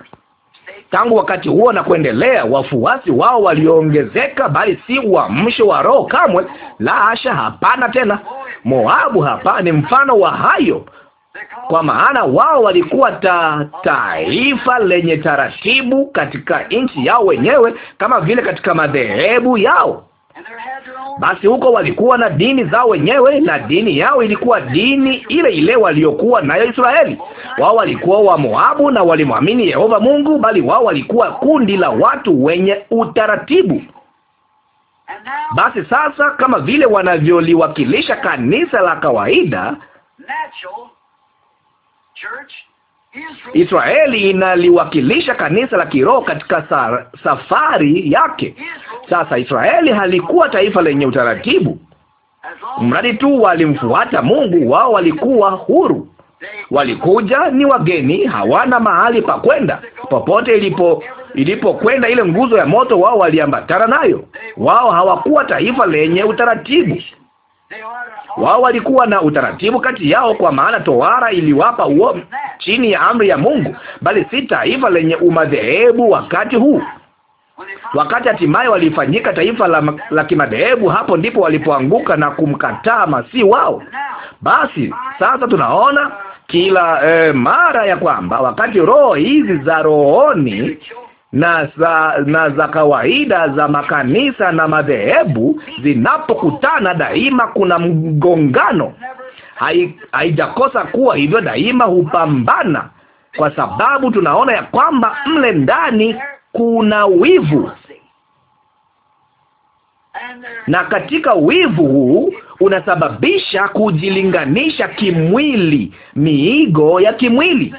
Tangu wakati huo na kuendelea, wafuasi wao waliongezeka, bali si uamsho wa roho kamwe. La hasha, hapana tena. Moabu hapa ni mfano wa hayo, kwa maana wao walikuwa ta taifa lenye taratibu katika nchi yao wenyewe, kama vile katika madhehebu yao. Basi huko walikuwa na dini zao wenyewe, na dini yao ilikuwa dini ile ile waliokuwa nayo Israeli. Wao walikuwa wa Moabu na walimwamini Yehova Mungu, bali wao walikuwa kundi la watu wenye utaratibu. Basi sasa, kama vile wanavyoliwakilisha kanisa la kawaida Israeli inaliwakilisha kanisa la kiroho katika safari yake. Sasa Israeli halikuwa taifa lenye utaratibu, mradi tu walimfuata Mungu. Wao walikuwa huru, walikuja ni wageni, hawana mahali pa kwenda popote. Ilipo ilipokwenda ile nguzo ya moto, wao waliambatana nayo. Wao hawakuwa taifa lenye utaratibu. Wao walikuwa na utaratibu kati yao, kwa maana tohara iliwapa huo chini ya amri ya Mungu, bali si taifa lenye umadhehebu wakati huu. Wakati hatimaye walifanyika taifa la, la kimadhehebu, hapo ndipo walipoanguka na kumkataa masi wao. Basi sasa tunaona kila eh, mara ya kwamba wakati roho hizi za rohoni na za, na za kawaida za makanisa na madhehebu zinapokutana, daima kuna mgongano. Haijakosa kuwa hivyo, daima hupambana, kwa sababu tunaona ya kwamba mle ndani kuna wivu, na katika wivu huu unasababisha kujilinganisha kimwili, miigo ya kimwili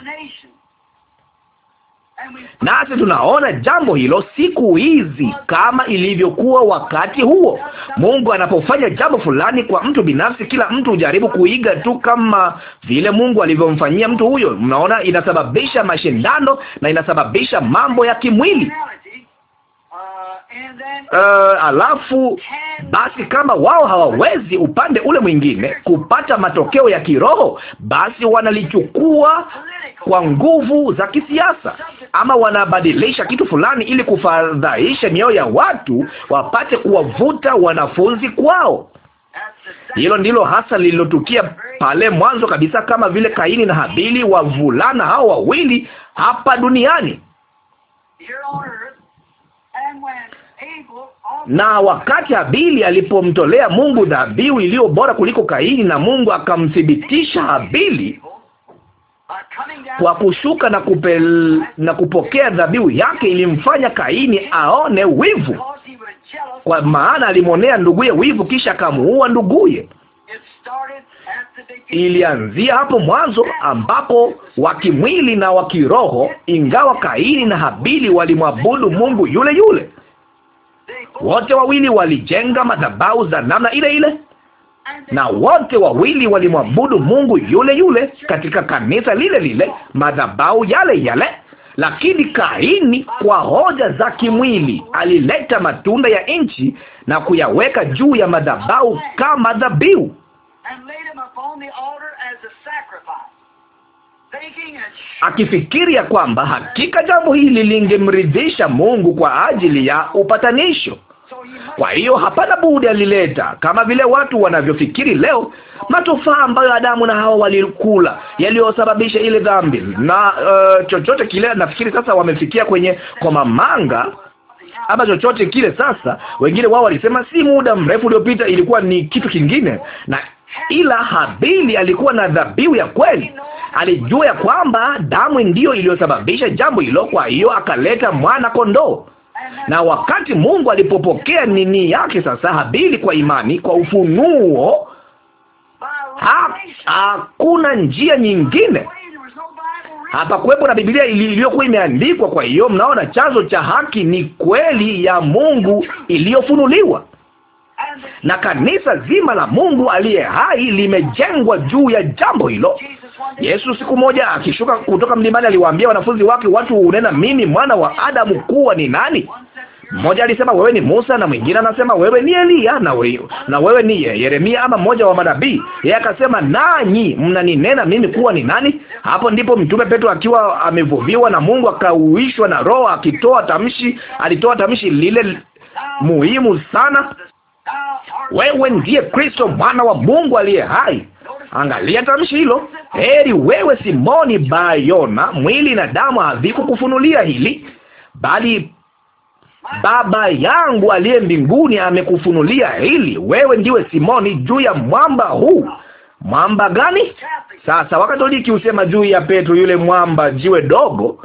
Nasi tunaona jambo hilo siku hizi kama ilivyokuwa wakati huo. Mungu anapofanya jambo fulani kwa mtu binafsi, kila mtu hujaribu kuiga tu kama vile Mungu alivyomfanyia mtu huyo. Mnaona, inasababisha mashindano na inasababisha mambo ya kimwili. Uh, alafu basi kama wao hawawezi upande ule mwingine kupata matokeo ya kiroho, basi wanalichukua kwa nguvu za kisiasa, ama wanabadilisha kitu fulani ili kufadhaisha mioyo ya watu wapate kuwavuta wanafunzi kwao. Hilo ndilo hasa lililotukia pale mwanzo kabisa, kama vile Kaini na Habili, wavulana hao wawili hapa duniani na wakati Habili alipomtolea Mungu dhabihu iliyo bora kuliko Kaini, na Mungu akamthibitisha Habili, kwa kushuka na, kupel, na kupokea dhabihu yake ilimfanya Kaini aone wivu, kwa maana alimwonea nduguye wivu, kisha akamuua nduguye. Ilianzia hapo mwanzo ambapo wakimwili na wakiroho, ingawa Kaini na Habili walimwabudu Mungu yule yule, wote wawili walijenga madhabahu za namna ile ile na wote wawili walimwabudu Mungu yule yule katika kanisa lile lile, madhabahu yale yale. Lakini Kaini kwa hoja za kimwili alileta matunda ya nchi na kuyaweka juu ya madhabahu kama dhabihu, akifikiria kwamba hakika jambo hili lingemridhisha Mungu kwa ajili ya upatanisho. Kwa hiyo hapana budi alileta, kama vile watu wanavyofikiri leo, matofaa ambayo Adamu na Hawa walikula yaliyosababisha ile dhambi na uh, chochote kile. Nafikiri sasa wamefikia kwenye komamanga ama chochote kile. Sasa wengine wao walisema si muda mrefu uliopita ilikuwa ni kitu kingine, na ila Habili alikuwa na dhabihu ya kweli, alijua ya kwamba damu ndiyo iliyosababisha jambo hilo, kwa hiyo akaleta mwana kondoo. Na wakati Mungu alipopokea nini yake sasa Habili kwa imani, kwa ufunuo, hakuna ha, njia nyingine hapakuwepo na Biblia iliyokuwa imeandikwa. Kwa hiyo mnaona, chanzo cha haki ni kweli ya Mungu iliyofunuliwa na kanisa zima la Mungu aliye hai limejengwa juu ya jambo hilo. Yesu siku moja akishuka kutoka mlimani aliwaambia wanafunzi wake, watu hunena mimi mwana wa Adamu kuwa ni nani? Mmoja alisema wewe ni Musa, na mwingine anasema wewe ni Eliya, na wewe, na wewe ni Yeremia ama mmoja wa manabii. Yeye akasema nanyi mnaninena mimi kuwa ni nani? Hapo ndipo mtume Petro akiwa amevuviwa na Mungu akauishwa na Roho akitoa tamshi, alitoa tamshi lile muhimu sana wewe ndiye Kristo mwana wa Mungu aliye hai. Angalia tamshi hilo, heri wewe Simoni Bayona, mwili na damu havikukufunulia hili, bali Baba yangu aliye mbinguni amekufunulia hili. Wewe ndiwe Simoni juu ya mwamba huu. Mwamba gani? Sasa Wakatoliki husema juu ya Petro, yule mwamba, jiwe dogo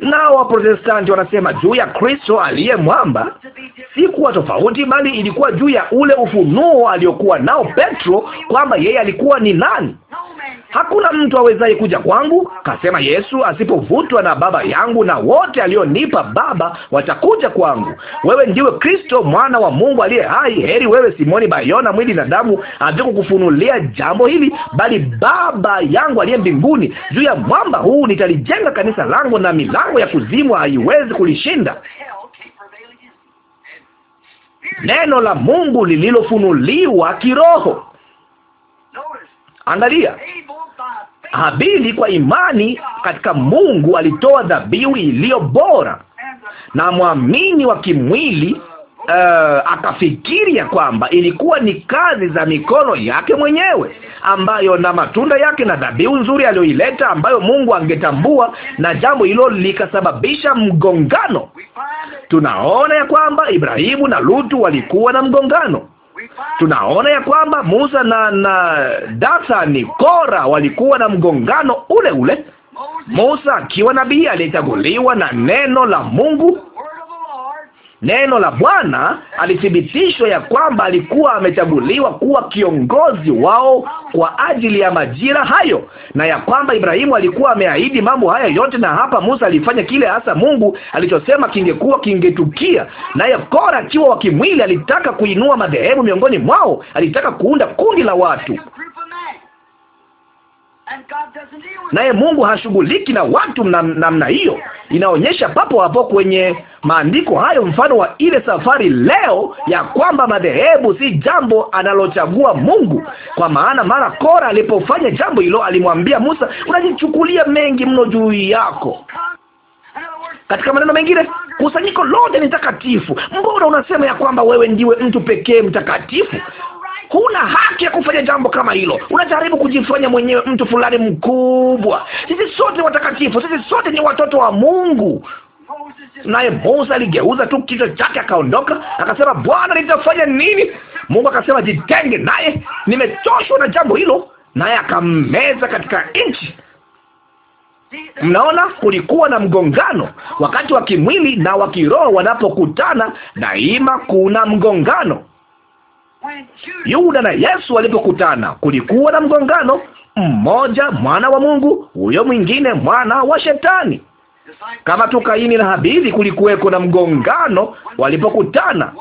Nao Waprotestanti wanasema juu ya Kristo aliye mwamba. Si kuwa tofauti, bali ilikuwa juu ya ule ufunuo aliokuwa nao Petro kwamba yeye alikuwa ni nani. Hakuna mtu awezaye kuja kwangu, kasema Yesu, asipovutwa na Baba yangu na wote alionipa Baba watakuja kwangu. Wewe ndiwe Kristo mwana wa Mungu aliye hai. Heri wewe Simoni Bayona, mwili na damu havikukufunulia jambo hili, bali Baba yangu aliye mbinguni. Juu ya mwamba huu nitalijenga kanisa langu na milango milango ya kuzimu haiwezi kulishinda. Neno la Mungu lililofunuliwa kiroho. Angalia, Habili kwa imani katika Mungu alitoa dhabihu iliyo bora, na mwamini wa kimwili uh, akafikiri ya kwamba ilikuwa ni kazi za mikono yake mwenyewe, ambayo na matunda yake na dhabihu nzuri aliyoileta, ambayo Mungu angetambua, na jambo hilo likasababisha mgongano. Tunaona ya kwamba Ibrahimu na Lutu walikuwa na mgongano. Tunaona ya kwamba Musa na, na Dathani, Kora walikuwa na mgongano ule ule. Musa akiwa nabii aliyechaguliwa na neno la Mungu Neno la Bwana alithibitishwa ya kwamba alikuwa amechaguliwa kuwa kiongozi wao kwa ajili ya majira hayo, na ya kwamba Ibrahimu alikuwa ameahidi mambo haya yote, na hapa Musa alifanya kile hasa Mungu alichosema kingekuwa kingetukia. Naye Kora akiwa wa kimwili alitaka kuinua madhehebu miongoni mwao, alitaka kuunda kundi la watu naye Mungu hashughuliki na watu namna hiyo. Inaonyesha papo hapo kwenye maandiko hayo mfano wa ile safari leo, ya kwamba madhehebu si jambo analochagua Mungu, kwa maana mara Kora alipofanya jambo hilo alimwambia Musa, unajichukulia mengi mno juu yako. Katika maneno mengine, kusanyiko lote ni takatifu. Mbona unasema ya kwamba wewe ndiwe mtu pekee mtakatifu? Huna haki ya kufanya jambo kama hilo. Unajaribu kujifanya mwenyewe mtu fulani mkubwa. Sisi sote watakatifu, sisi sote ni watoto wa Mungu. Naye Musa aligeuza tu kichwa chake akaondoka, akasema, Bwana, nitafanya nini? Mungu akasema, jitenge naye, nimechoshwa na jambo hilo, naye akammeza katika nchi. Mnaona, kulikuwa na mgongano wakati wa kimwili na wa kiroho. Wanapokutana daima kuna mgongano. Yuda na Yesu walipokutana, kulikuwa na mgongano, mmoja mwana wa Mungu, huyo mwingine mwana wa Shetani. Kama tu Kaini na Habili, kulikuweko na mgongano walipokutana.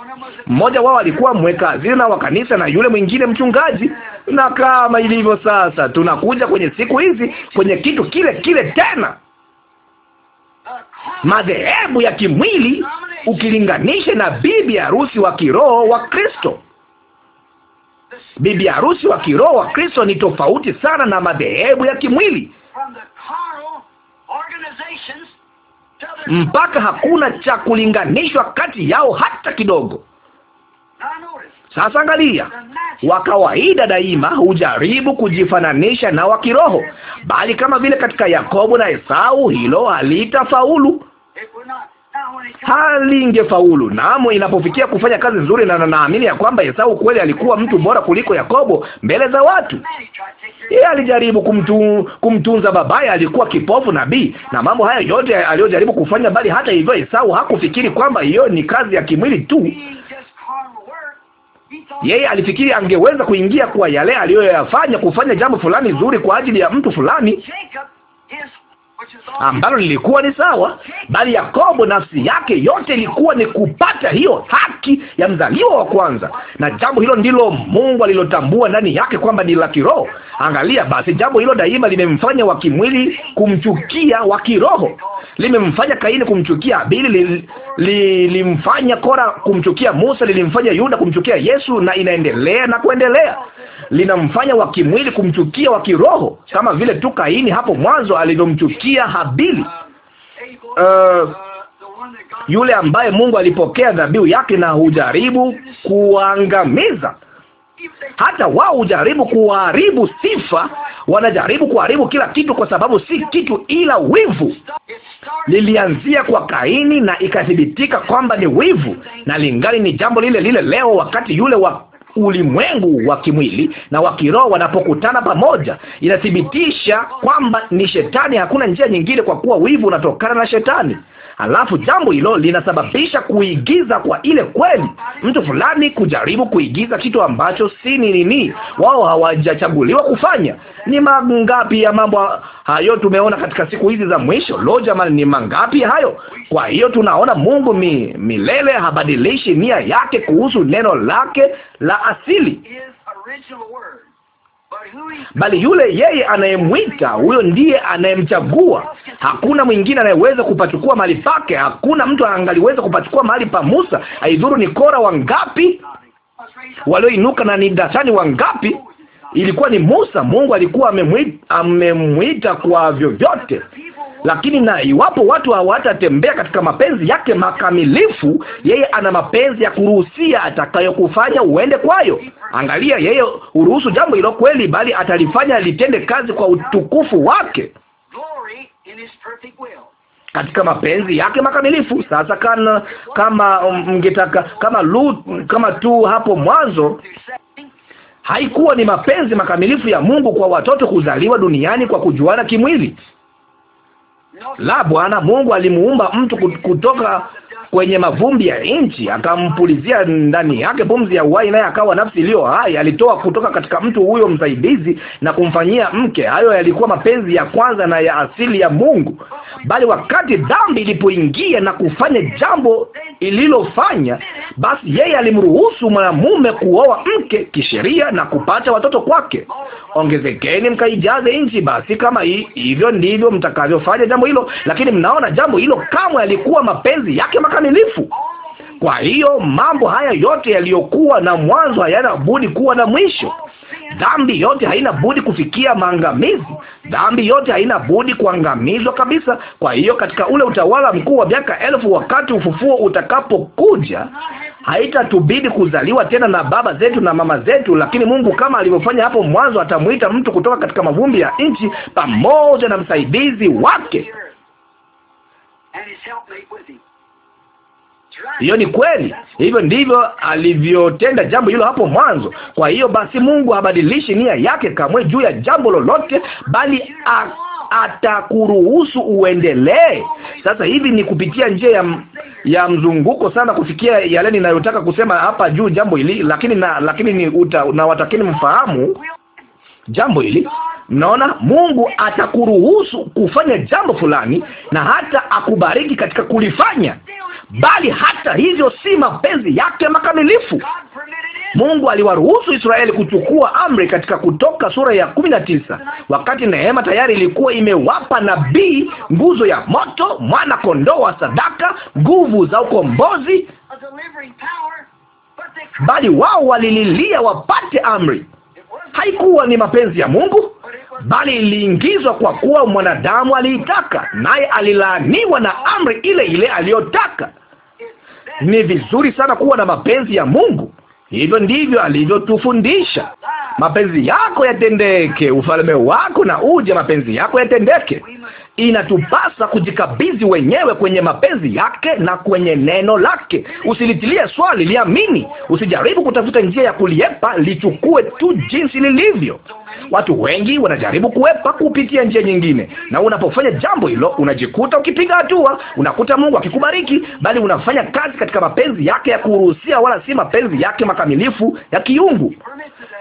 Mmoja wao alikuwa mweka hazina wa kanisa na yule mwingine mchungaji. Na kama ilivyo sasa, tunakuja kwenye siku hizi kwenye kitu kile kile tena, madhehebu ya kimwili ukilinganisha na bibi harusi wa kiroho wa Kristo. Bibi harusi wa kiroho wa Kristo ni tofauti sana na madhehebu ya kimwili mpaka hakuna cha kulinganishwa kati yao hata kidogo. Sasa angalia, wa kawaida daima hujaribu kujifananisha na wa kiroho, bali kama vile katika Yakobo na Esau, hilo halitafaulu halingefaulu. Naam, inapofikia kufanya kazi nzuri, na naamini ya kwamba Esau kweli alikuwa mtu bora kuliko Yakobo mbele za watu. Yeye alijaribu kumtu, kumtunza babaye, alikuwa kipofu nabii, na mambo haya yote aliyojaribu kufanya, bali hata hivyo Esau hakufikiri kwamba hiyo ni kazi ya kimwili tu. Yeye alifikiri angeweza kuingia kwa yale aliyoyafanya, kufanya jambo fulani zuri kwa ajili ya mtu fulani. Ah, ambalo lilikuwa ni sawa, bali Yakobo nafsi yake yote ilikuwa ni kupata hiyo haki ya mzaliwa wa kwanza, na jambo hilo ndilo Mungu alilotambua ndani yake kwamba ni la kiroho. Angalia basi, jambo hilo daima limemfanya wa kimwili kumchukia wa kiroho, limemfanya Kaini kumchukia Abili, lilimfanya li, Kora kumchukia Musa, lilimfanya Yuda kumchukia Yesu, na inaendelea na kuendelea linamfanya wa kimwili kumchukia wa kiroho, kama vile tu Kaini hapo mwanzo alivyomchukia pia Habili, uh, yule ambaye Mungu alipokea dhabihu yake na hujaribu kuangamiza hata wao hujaribu kuharibu sifa, wanajaribu kuharibu kila kitu, kwa sababu si kitu ila wivu. Lilianzia kwa Kaini na ikathibitika kwamba ni wivu, na lingali ni jambo lile lile leo, wakati yule wa ulimwengu wa kimwili na wa kiroho wanapokutana pamoja, inathibitisha kwamba ni shetani. Hakuna njia nyingine, kwa kuwa wivu unatokana na shetani. Alafu jambo hilo linasababisha kuigiza kwa ile kweli, mtu fulani kujaribu kuigiza kitu ambacho si ni nini, wao hawajachaguliwa kufanya. Ni mangapi ya mambo hayo tumeona katika siku hizi za mwisho? Lo jamani, ni mangapi hayo? Kwa hiyo tunaona Mungu mi, milele habadilishi nia yake kuhusu neno lake la asili bali yule yeye anayemwita huyo ndiye anayemchagua. Hakuna mwingine anayeweza kupachukua mahali pake. Hakuna mtu angaliweza kupachukua mahali pa Musa. aidhuru ni Kora wangapi walioinuka na ni Dashani wangapi, ilikuwa ni Musa. Mungu alikuwa amemwita kwa vyovyote. Lakini na iwapo watu hawatatembea katika mapenzi yake makamilifu, yeye ana mapenzi ya kuruhusia atakayokufanya uende kwayo. Angalia, yeye huruhusu jambo hilo kweli, bali atalifanya litende kazi kwa utukufu wake katika mapenzi yake makamilifu. Sasa kana, kama um, mngetaka kama Lut, kama tu hapo mwanzo haikuwa ni mapenzi makamilifu ya Mungu kwa watoto kuzaliwa duniani kwa kujuana kimwili. La, Bwana Mungu alimuumba mtu kutoka kwenye mavumbi ya nchi, akampulizia ndani yake pumzi ya uhai, naye akawa nafsi iliyo hai. Alitoa kutoka katika mtu huyo msaidizi na kumfanyia mke. Hayo yalikuwa mapenzi ya kwanza na ya asili ya Mungu, bali wakati dhambi ilipoingia na kufanya jambo ililofanya, basi yeye alimruhusu mwanamume kuoa mke kisheria na kupata watoto kwake. Ongezekeni mkaijaze nchi, basi kama hivyo ndivyo mtakavyofanya jambo hilo. Lakini mnaona jambo hilo kamwe alikuwa mapenzi yake makamilifu. Kwa hiyo mambo haya yote yaliyokuwa na mwanzo hayana budi kuwa na mwisho. Dhambi yote haina budi kufikia maangamizi. Dhambi yote haina budi kuangamizwa kabisa. Kwa hiyo katika ule utawala mkuu wa miaka elfu, wakati ufufuo utakapokuja, haitatubidi kuzaliwa tena na baba zetu na mama zetu, lakini Mungu kama alivyofanya hapo mwanzo atamwita mtu kutoka katika mavumbi ya nchi pamoja na msaidizi wake hiyo ni kweli, hivyo ndivyo alivyotenda jambo hilo hapo mwanzo. Kwa hiyo basi, Mungu habadilishi nia yake kamwe juu ya jambo lolote, bali atakuruhusu uendelee. Sasa hivi ni kupitia njia ya, ya mzunguko sana kufikia yale ninayotaka kusema hapa juu jambo hili, lakini na lakini ni uta, na watakini mfahamu jambo hili Mnaona, Mungu atakuruhusu kufanya jambo fulani na hata akubariki katika kulifanya, bali hata hivyo si mapenzi yake makamilifu. Mungu aliwaruhusu Israeli kuchukua amri katika Kutoka sura ya kumi na tisa wakati neema tayari ilikuwa imewapa nabii nguzo ya moto, mwana kondoo wa sadaka, nguvu za ukombozi, bali wao walililia wapate amri haikuwa ni mapenzi ya Mungu, bali iliingizwa kwa kuwa mwanadamu aliitaka, naye alilaaniwa na amri ile ile aliyotaka. Ni vizuri sana kuwa na mapenzi ya Mungu. Hivyo ndivyo alivyotufundisha, mapenzi yako yatendeke, ufalme wako na uje, mapenzi yako yatendeke inatupasa kujikabidhi wenyewe kwenye mapenzi yake na kwenye neno lake. Usilitilie swali, liamini. Usijaribu kutafuta njia ya kuliepa, lichukue tu jinsi lilivyo. Watu wengi wanajaribu kuepa kupitia njia nyingine, na unapofanya jambo hilo unajikuta ukipiga hatua, unakuta Mungu akikubariki, bali unafanya kazi katika mapenzi yake ya kuruhusia, wala si mapenzi yake makamilifu ya kiungu.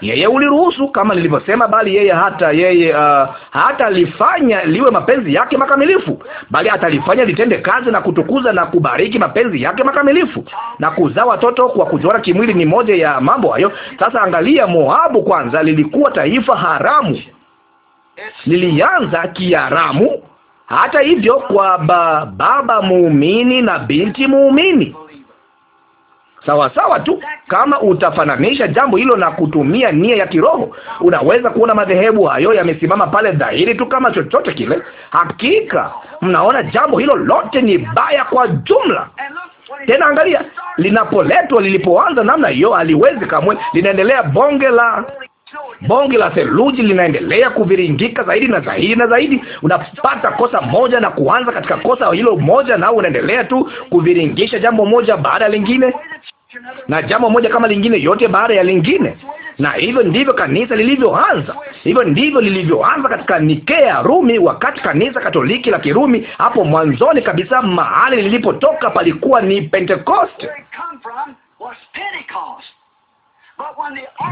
Yeye uliruhusu kama nilivyosema, bali yeye hata yeye uh, hata alifanya liwe mapenzi yake makamilifu, bali atalifanya litende kazi na kutukuza na kubariki mapenzi yake makamilifu. Na kuzaa watoto kwa kujiona kimwili ni moja ya mambo hayo. Sasa angalia, Moabu kwanza lilikuwa taifa haramu, lilianza kiharamu. Hata hivyo, kwa ba, baba muumini na binti muumini sawa sawa tu. Kama utafananisha jambo hilo na kutumia nia ya kiroho, unaweza kuona madhehebu hayo yamesimama pale dhahiri tu kama chochote kile. Hakika mnaona jambo hilo lote ni baya kwa jumla. Tena angalia linapoletwa, lilipoanza namna hiyo, aliwezi kamwe, linaendelea bonge la bonge la theluji linaendelea kuviringika zaidi na zaidi na zaidi. Unapata kosa moja na kuanza katika kosa hilo moja, na unaendelea tu kuviringisha jambo moja baada ya lingine na jambo moja kama lingine yote baada ya lingine, na hivyo ndivyo kanisa lilivyoanza. Hivyo ndivyo lilivyoanza katika Nikea, Rumi, wakati kanisa Katoliki la Kirumi hapo mwanzoni kabisa, mahali lilipotoka palikuwa ni Pentekoste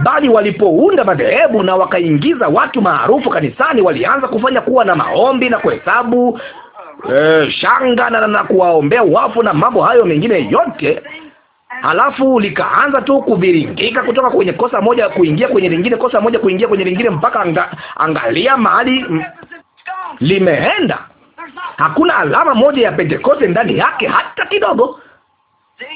bali walipounda madhehebu na wakaingiza watu maarufu kanisani, walianza kufanya kuwa na maombi na kuhesabu e, shanga na, na kuwaombea wafu na mambo hayo mengine yote halafu likaanza tu kuviringika kutoka kwenye kosa moja kuingia kwenye lingine, kosa moja kuingia kwenye lingine, mpaka anga, angalia mahali limeenda. Hakuna alama moja ya Pentekoste ndani yake hata kidogo.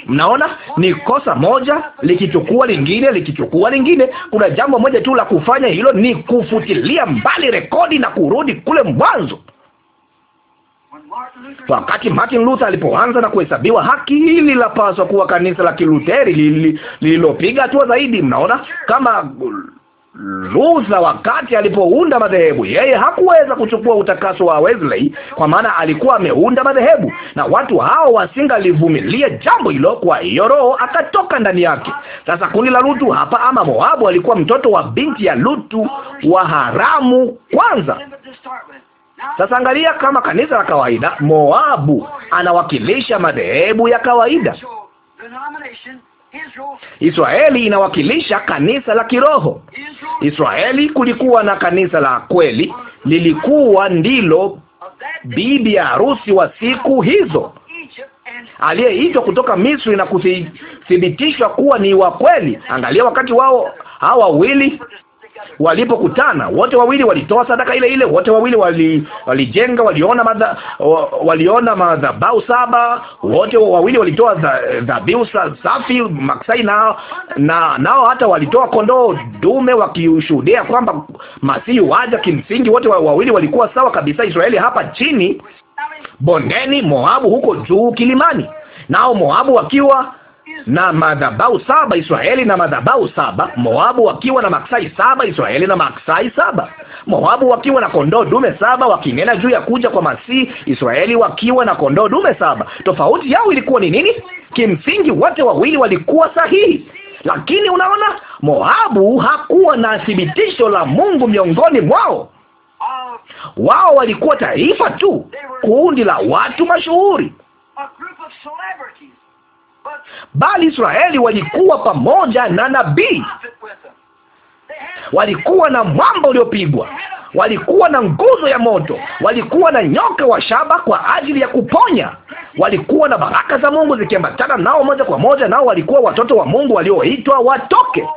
Mnaona, ni kosa moja likichukua lingine likichukua lingine. Kuna jambo moja tu la kufanya, hilo ni kufutilia mbali rekodi na kurudi kule mwanzo. Wakati Martin Luther alipoanza na kuhesabiwa haki, hili lapaswa kuwa kanisa la Kiluteri lililopiga hatua zaidi. Mnaona kama Luther wakati alipounda madhehebu, yeye hakuweza kuchukua utakaso wa Wesley kwa maana alikuwa ameunda madhehebu, na watu hao wasingalivumilia jambo hilo. Kwa hiyo Roho akatoka ndani yake. Sasa kundi la Lutu hapa ama Moabu alikuwa mtoto wa binti ya Lutu wa haramu kwanza sasa angalia, kama kanisa la kawaida, Moabu anawakilisha madhehebu ya kawaida, Israeli inawakilisha kanisa la kiroho. Israeli kulikuwa na kanisa la kweli, lilikuwa ndilo bibi ya harusi wa siku hizo aliyeitwa kutoka Misri na kuthibitishwa kuwa ni wa kweli. Angalia wakati wao hawa wawili Walipokutana wote wawili walitoa sadaka ile ile, wote wawili wali, walijenga, waliona madha, waliona madhabahu saba, wote wawili walitoa dhabihu safi maksai, na na nao hata walitoa kondoo dume, wakiushuhudia kwamba Masihi waja. Kimsingi wote wawili walikuwa sawa kabisa, Israeli hapa chini bondeni, Moabu huko juu kilimani, nao Moabu wakiwa na madhabau saba Israeli na madhabau saba Moabu, wakiwa na maksai saba Israeli na maksai saba Moabu, wakiwa na kondoo dume saba wakinena juu ya kuja kwa Masihi, Israeli wakiwa na kondoo dume saba. Tofauti yao ilikuwa ni nini? Kimsingi wote wawili walikuwa sahihi, lakini unaona, Moabu hakuwa na thibitisho la Mungu miongoni mwao. Wao walikuwa taifa tu, kundi la watu mashuhuri bali Israeli walikuwa pamoja na nabii, walikuwa na mwamba uliopigwa, walikuwa na nguzo ya moto, walikuwa na nyoka wa shaba kwa ajili ya kuponya, walikuwa na baraka za Mungu zikiambatana nao moja kwa moja, nao walikuwa watoto wa Mungu walioitwa watoke.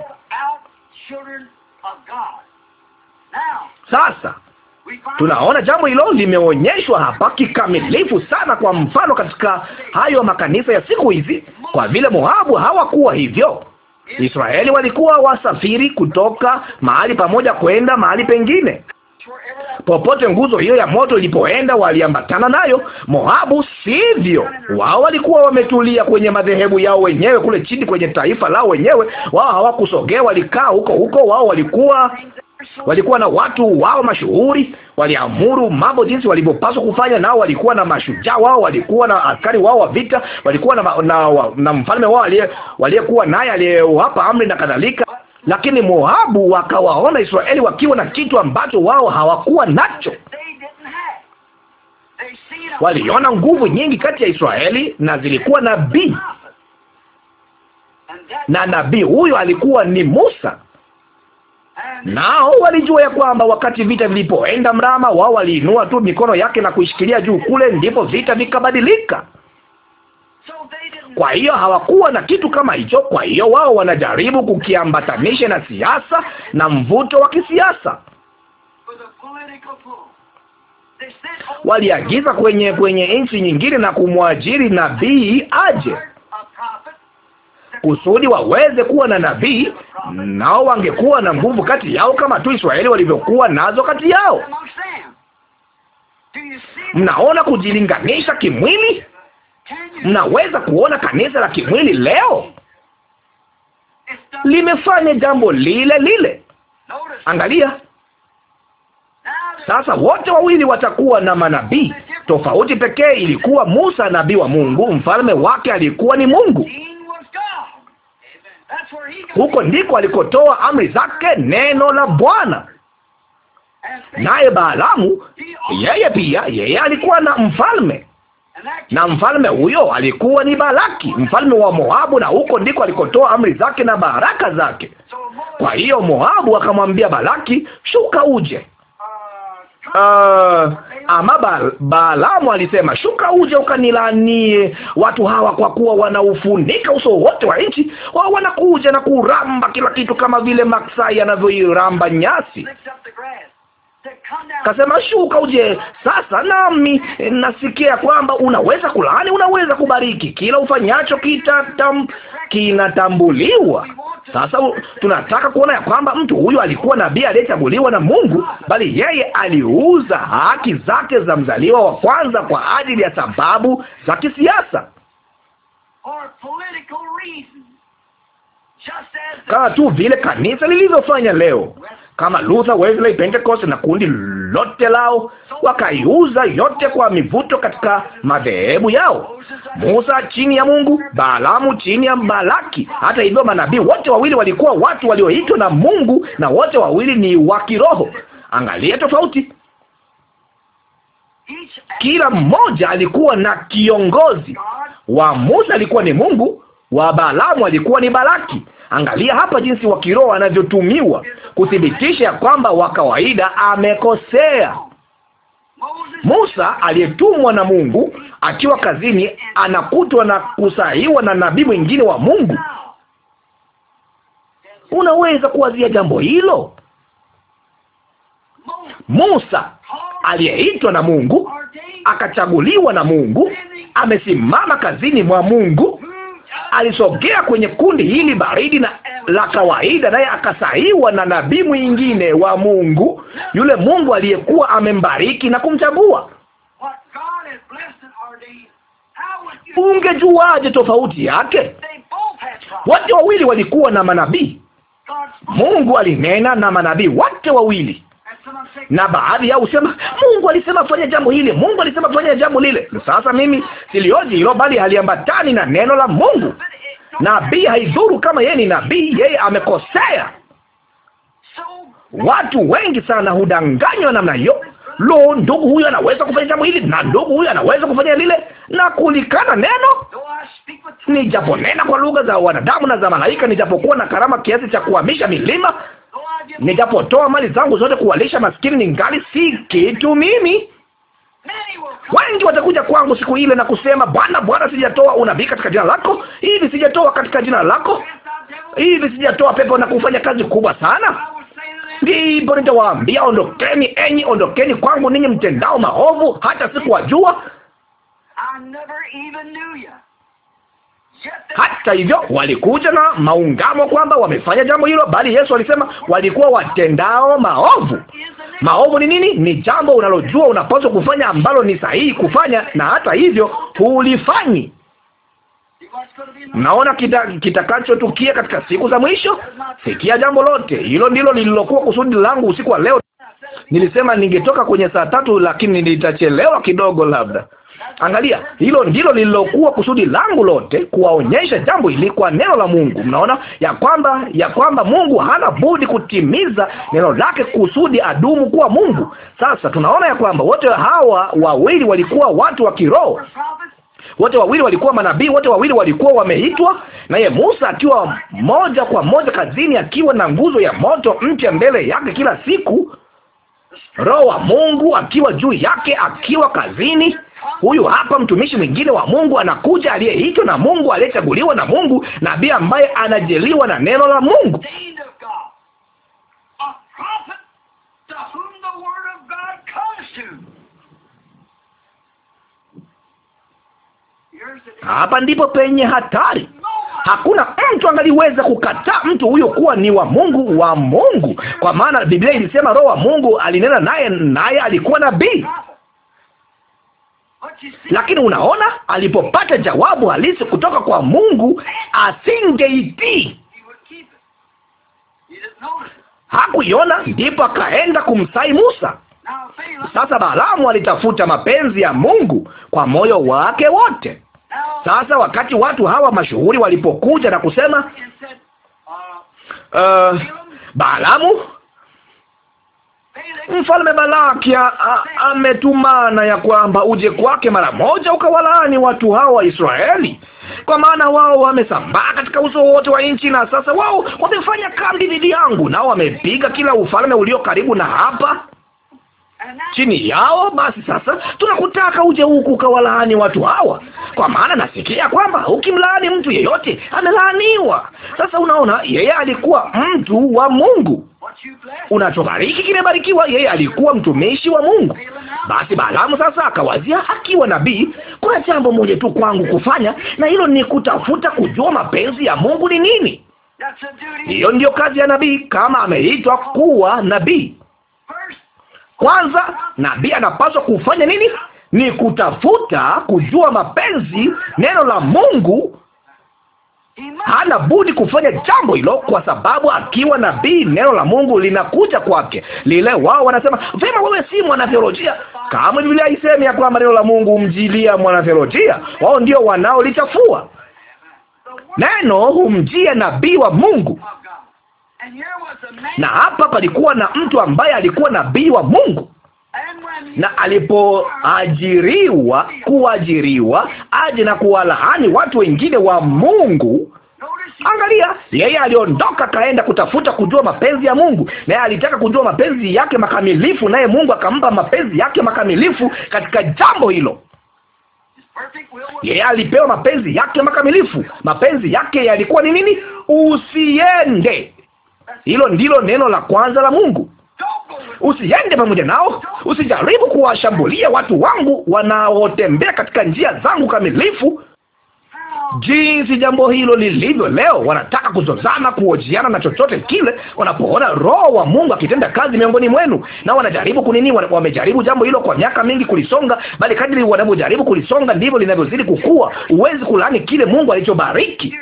Sasa Tunaona jambo hilo limeonyeshwa hapa kikamilifu sana, kwa mfano katika hayo makanisa ya siku hizi. Kwa vile Moabu hawakuwa hivyo, Israeli walikuwa wasafiri kutoka mahali pamoja kwenda mahali pengine. Popote nguzo hiyo ya moto ilipoenda, waliambatana nayo. Moabu sivyo, wao walikuwa wametulia kwenye madhehebu yao wenyewe kule chini kwenye taifa lao wenyewe. Wao hawakusogea, walikaa huko huko. Wao walikuwa walikuwa na watu wao mashuhuri, waliamuru mambo jinsi walivyopaswa kufanya, nao walikuwa na mashujaa wao, walikuwa na askari wao wa vita, walikuwa na, na, na, na mfalme wao waliyekuwa naye aliyewapa amri na kadhalika. Lakini Moabu wakawaona Israeli wakiwa na kitu ambacho wao hawakuwa nacho. Waliona nguvu nyingi kati ya Israeli na zilikuwa nabii, na nabii huyo alikuwa ni Musa. Nao walijua ya kwamba wakati vita vilipoenda mrama, wao waliinua tu mikono yake na kuishikilia juu kule, ndipo vita vikabadilika. Kwa hiyo hawakuwa na kitu kama hicho. Kwa hiyo wao wanajaribu kukiambatanisha na siasa na mvuto wa kisiasa. Waliagiza kwenye kwenye nchi nyingine na kumwajiri nabii aje kusudi waweze kuwa na nabii, nao wangekuwa na nguvu kati yao kama tu Israeli walivyokuwa nazo kati yao. Mnaona kujilinganisha kimwili? Mnaweza kuona kanisa la kimwili leo limefanya jambo lile lile. Angalia sasa, wote wawili watakuwa na manabii. Tofauti pekee ilikuwa Musa, nabii wa Mungu, mfalme wake alikuwa ni Mungu. Huko ndiko alikotoa amri zake, neno la Bwana. Naye Balaamu yeye pia, yeye alikuwa na mfalme, na mfalme huyo alikuwa ni Balaki, mfalme wa Moabu, na huko ndiko alikotoa amri zake na baraka zake. Kwa hiyo Moabu akamwambia Balaki, shuka uje, uh, uh ama ba Balaamu alisema, shuka uje ukanilanie watu hawa, kwa kuwa wanaufunika uso wote wa nchi. Wao wanakuja na kuramba kila kitu kama vile maksai anavyoiramba nyasi. Kasema, shuka uje sasa, nami e, nasikia kwamba unaweza kulaani, unaweza kubariki. Kila ufanyacho kitatam, kinatambuliwa. Sasa tunataka kuona ya kwamba mtu huyu alikuwa nabii aliyechaguliwa na Mungu, bali yeye aliuza haki zake za mzaliwa wa kwanza kwa ajili ya sababu za kisiasa kama tu vile kanisa lilivyofanya leo kama Luther, Wesley, Pentecost na kundi lote lao, wakaiuza yote kwa mivuto katika madhehebu yao. Musa chini ya Mungu, Balaamu chini ya Balaki. Hata hivyo, manabii wote wawili walikuwa watu walioitwa na Mungu na wote wawili ni wa kiroho. Angalia tofauti kila mmoja alikuwa na kiongozi. Wa Musa alikuwa ni Mungu, wa Balaamu alikuwa ni Balaki, Angalia hapa jinsi wa kiroho anavyotumiwa kuthibitisha ya kwamba wa kawaida amekosea. Musa aliyetumwa na Mungu akiwa kazini anakutwa na kusahiwa na nabii mwingine wa Mungu. Unaweza kuwazia jambo hilo? Musa aliyeitwa na Mungu, akachaguliwa na Mungu, amesimama kazini mwa Mungu alisogea kwenye kundi hili baridi na la kawaida, naye akasahiwa na nabii mwingine wa Mungu, yule Mungu aliyekuwa amembariki na kumchagua. Ungejuaje tofauti yake? Wote wawili walikuwa na manabii. Mungu alinena na manabii wote wawili na baadhi yao husema Mungu alisema fanya jambo hili, Mungu alisema fanya jambo lile. Sasa mimi silioji hilo, bali haliambatani na neno la Mungu. Nabii haidhuru kama yeye ni nabii, yeye amekosea. Watu wengi sana hudanganywa namna hiyo. Lo, ndugu huyu anaweza kufanya jambo hili na ndugu huyu anaweza kufanya lile na kulikana neno. Nijaponena kwa lugha za wanadamu na za malaika, nijapokuwa na karama kiasi cha kuhamisha milima, nitapotoa mali zangu zote kuwalisha maskini, ni ngali si kitu mimi. Wengi watakuja kwangu siku ile na kusema, Bwana, Bwana, sijatoa unabii katika jina lako, hivi sijatoa katika jina lako, hivi sijatoa pepo na kufanya kazi kubwa sana? Ndipo nitawaambia, ondokeni enyi, ondokeni kwangu ninyi mtendao maovu, hata sikuwajua. Hata hivyo walikuja na maungamo kwamba wamefanya jambo hilo, bali Yesu alisema walikuwa watendao maovu. Maovu ni nini? Ni jambo unalojua unapaswa kufanya ambalo ni sahihi kufanya, na hata hivyo hulifanyi. naona kitakachotukia katika siku za mwisho. Sikia jambo lote hilo, ndilo lililokuwa kusudi langu usiku wa leo. Nilisema ningetoka kwenye saa tatu, lakini nitachelewa kidogo labda. Angalia, hilo ndilo lililokuwa kusudi langu lote, kuwaonyesha jambo hili kwa neno la Mungu. Mnaona ya kwamba ya kwamba Mungu hana budi kutimiza neno lake kusudi adumu kuwa Mungu. Sasa tunaona ya kwamba wote hawa wawili walikuwa watu wa kiroho wote wawili walikuwa manabii, wote wawili walikuwa wameitwa. Naye Musa akiwa moja kwa moja kazini, akiwa na nguzo ya moto mpya mbele yake kila siku, Roho wa Mungu akiwa juu yake, akiwa kazini. Huyu hapa mtumishi mwingine wa Mungu anakuja, aliyeitwa na Mungu, aliyechaguliwa na Mungu, nabii ambaye anajeliwa na neno la Mungu. Hapa ndipo penye hatari. Hakuna mtu angaliweza kukataa mtu huyo kuwa ni wa Mungu wa Mungu, kwa maana Biblia ilisema Roho wa Mungu alinena naye, naye alikuwa nabii. Lakini unaona, alipopata jawabu halisi kutoka kwa Mungu, asingeitii hakuiona, ndipo akaenda kumsai Musa. Sasa Balaamu alitafuta mapenzi ya Mungu kwa moyo wake wote. Sasa wakati watu hawa mashuhuri walipokuja na kusema uh, Balaamu Mfalme Balaki ametumana ya kwamba uje kwake mara moja ukawalaani watu hao wa Israeli, kwa maana wao wamesambaa katika uso wote wa nchi, na sasa wao wamefanya kambi dhidi yangu, nao wamepiga kila ufalme ulio karibu na hapa chini yao. Basi sasa tunakutaka uje huku ukawalaani watu hawa, kwa maana nasikia kwamba ukimlaani mtu yeyote amelaaniwa. Sasa unaona, yeye alikuwa mtu wa Mungu, unachobariki kimebarikiwa. Yeye alikuwa mtumishi wa Mungu. Basi Balaamu sasa akawazia, akiwa nabii, kuna jambo moja tu kwangu kufanya, na hilo ni kutafuta kujua mapenzi ya Mungu ni nini. Hiyo ndiyo kazi ya nabii, kama ameitwa kuwa nabii. Kwanza nabii anapaswa kufanya nini? Ni kutafuta kujua mapenzi, neno la Mungu. Hana budi kufanya jambo hilo, kwa sababu akiwa nabii, neno la Mungu linakuja kwake. Lile wao wanasema vema, wewe si mwanatheolojia, kama Biblia isemi ya kwamba neno la Mungu humjilia mwanatheolojia. Wao ndio wanaolichafua neno, humjia nabii wa Mungu na hapa palikuwa na mtu ambaye alikuwa nabii wa Mungu na alipoajiriwa kuajiriwa aje na kuwalaani watu wengine wa Mungu. Angalia, yeye aliondoka kaenda kutafuta kujua mapenzi ya Mungu, naye alitaka kujua mapenzi yake makamilifu, naye Mungu akampa mapenzi yake makamilifu katika jambo hilo. Yeye alipewa mapenzi yake makamilifu. Mapenzi yake yalikuwa ni nini? Usiende hilo ndilo neno la kwanza la Mungu. Usiende pamoja nao, usijaribu kuwashambulia watu wangu wanaotembea katika njia zangu kamilifu. Jinsi jambo hilo lilivyo leo, wanataka kuzozana, kuojiana na chochote kile wanapoona Roho wa Mungu akitenda kazi miongoni mwenu, na wanajaribu kunini. Wamejaribu jambo hilo kwa miaka mingi kulisonga, bali kadri wanavyojaribu kulisonga ndivyo linavyozidi kukua. Huwezi kulani kile Mungu alichobariki.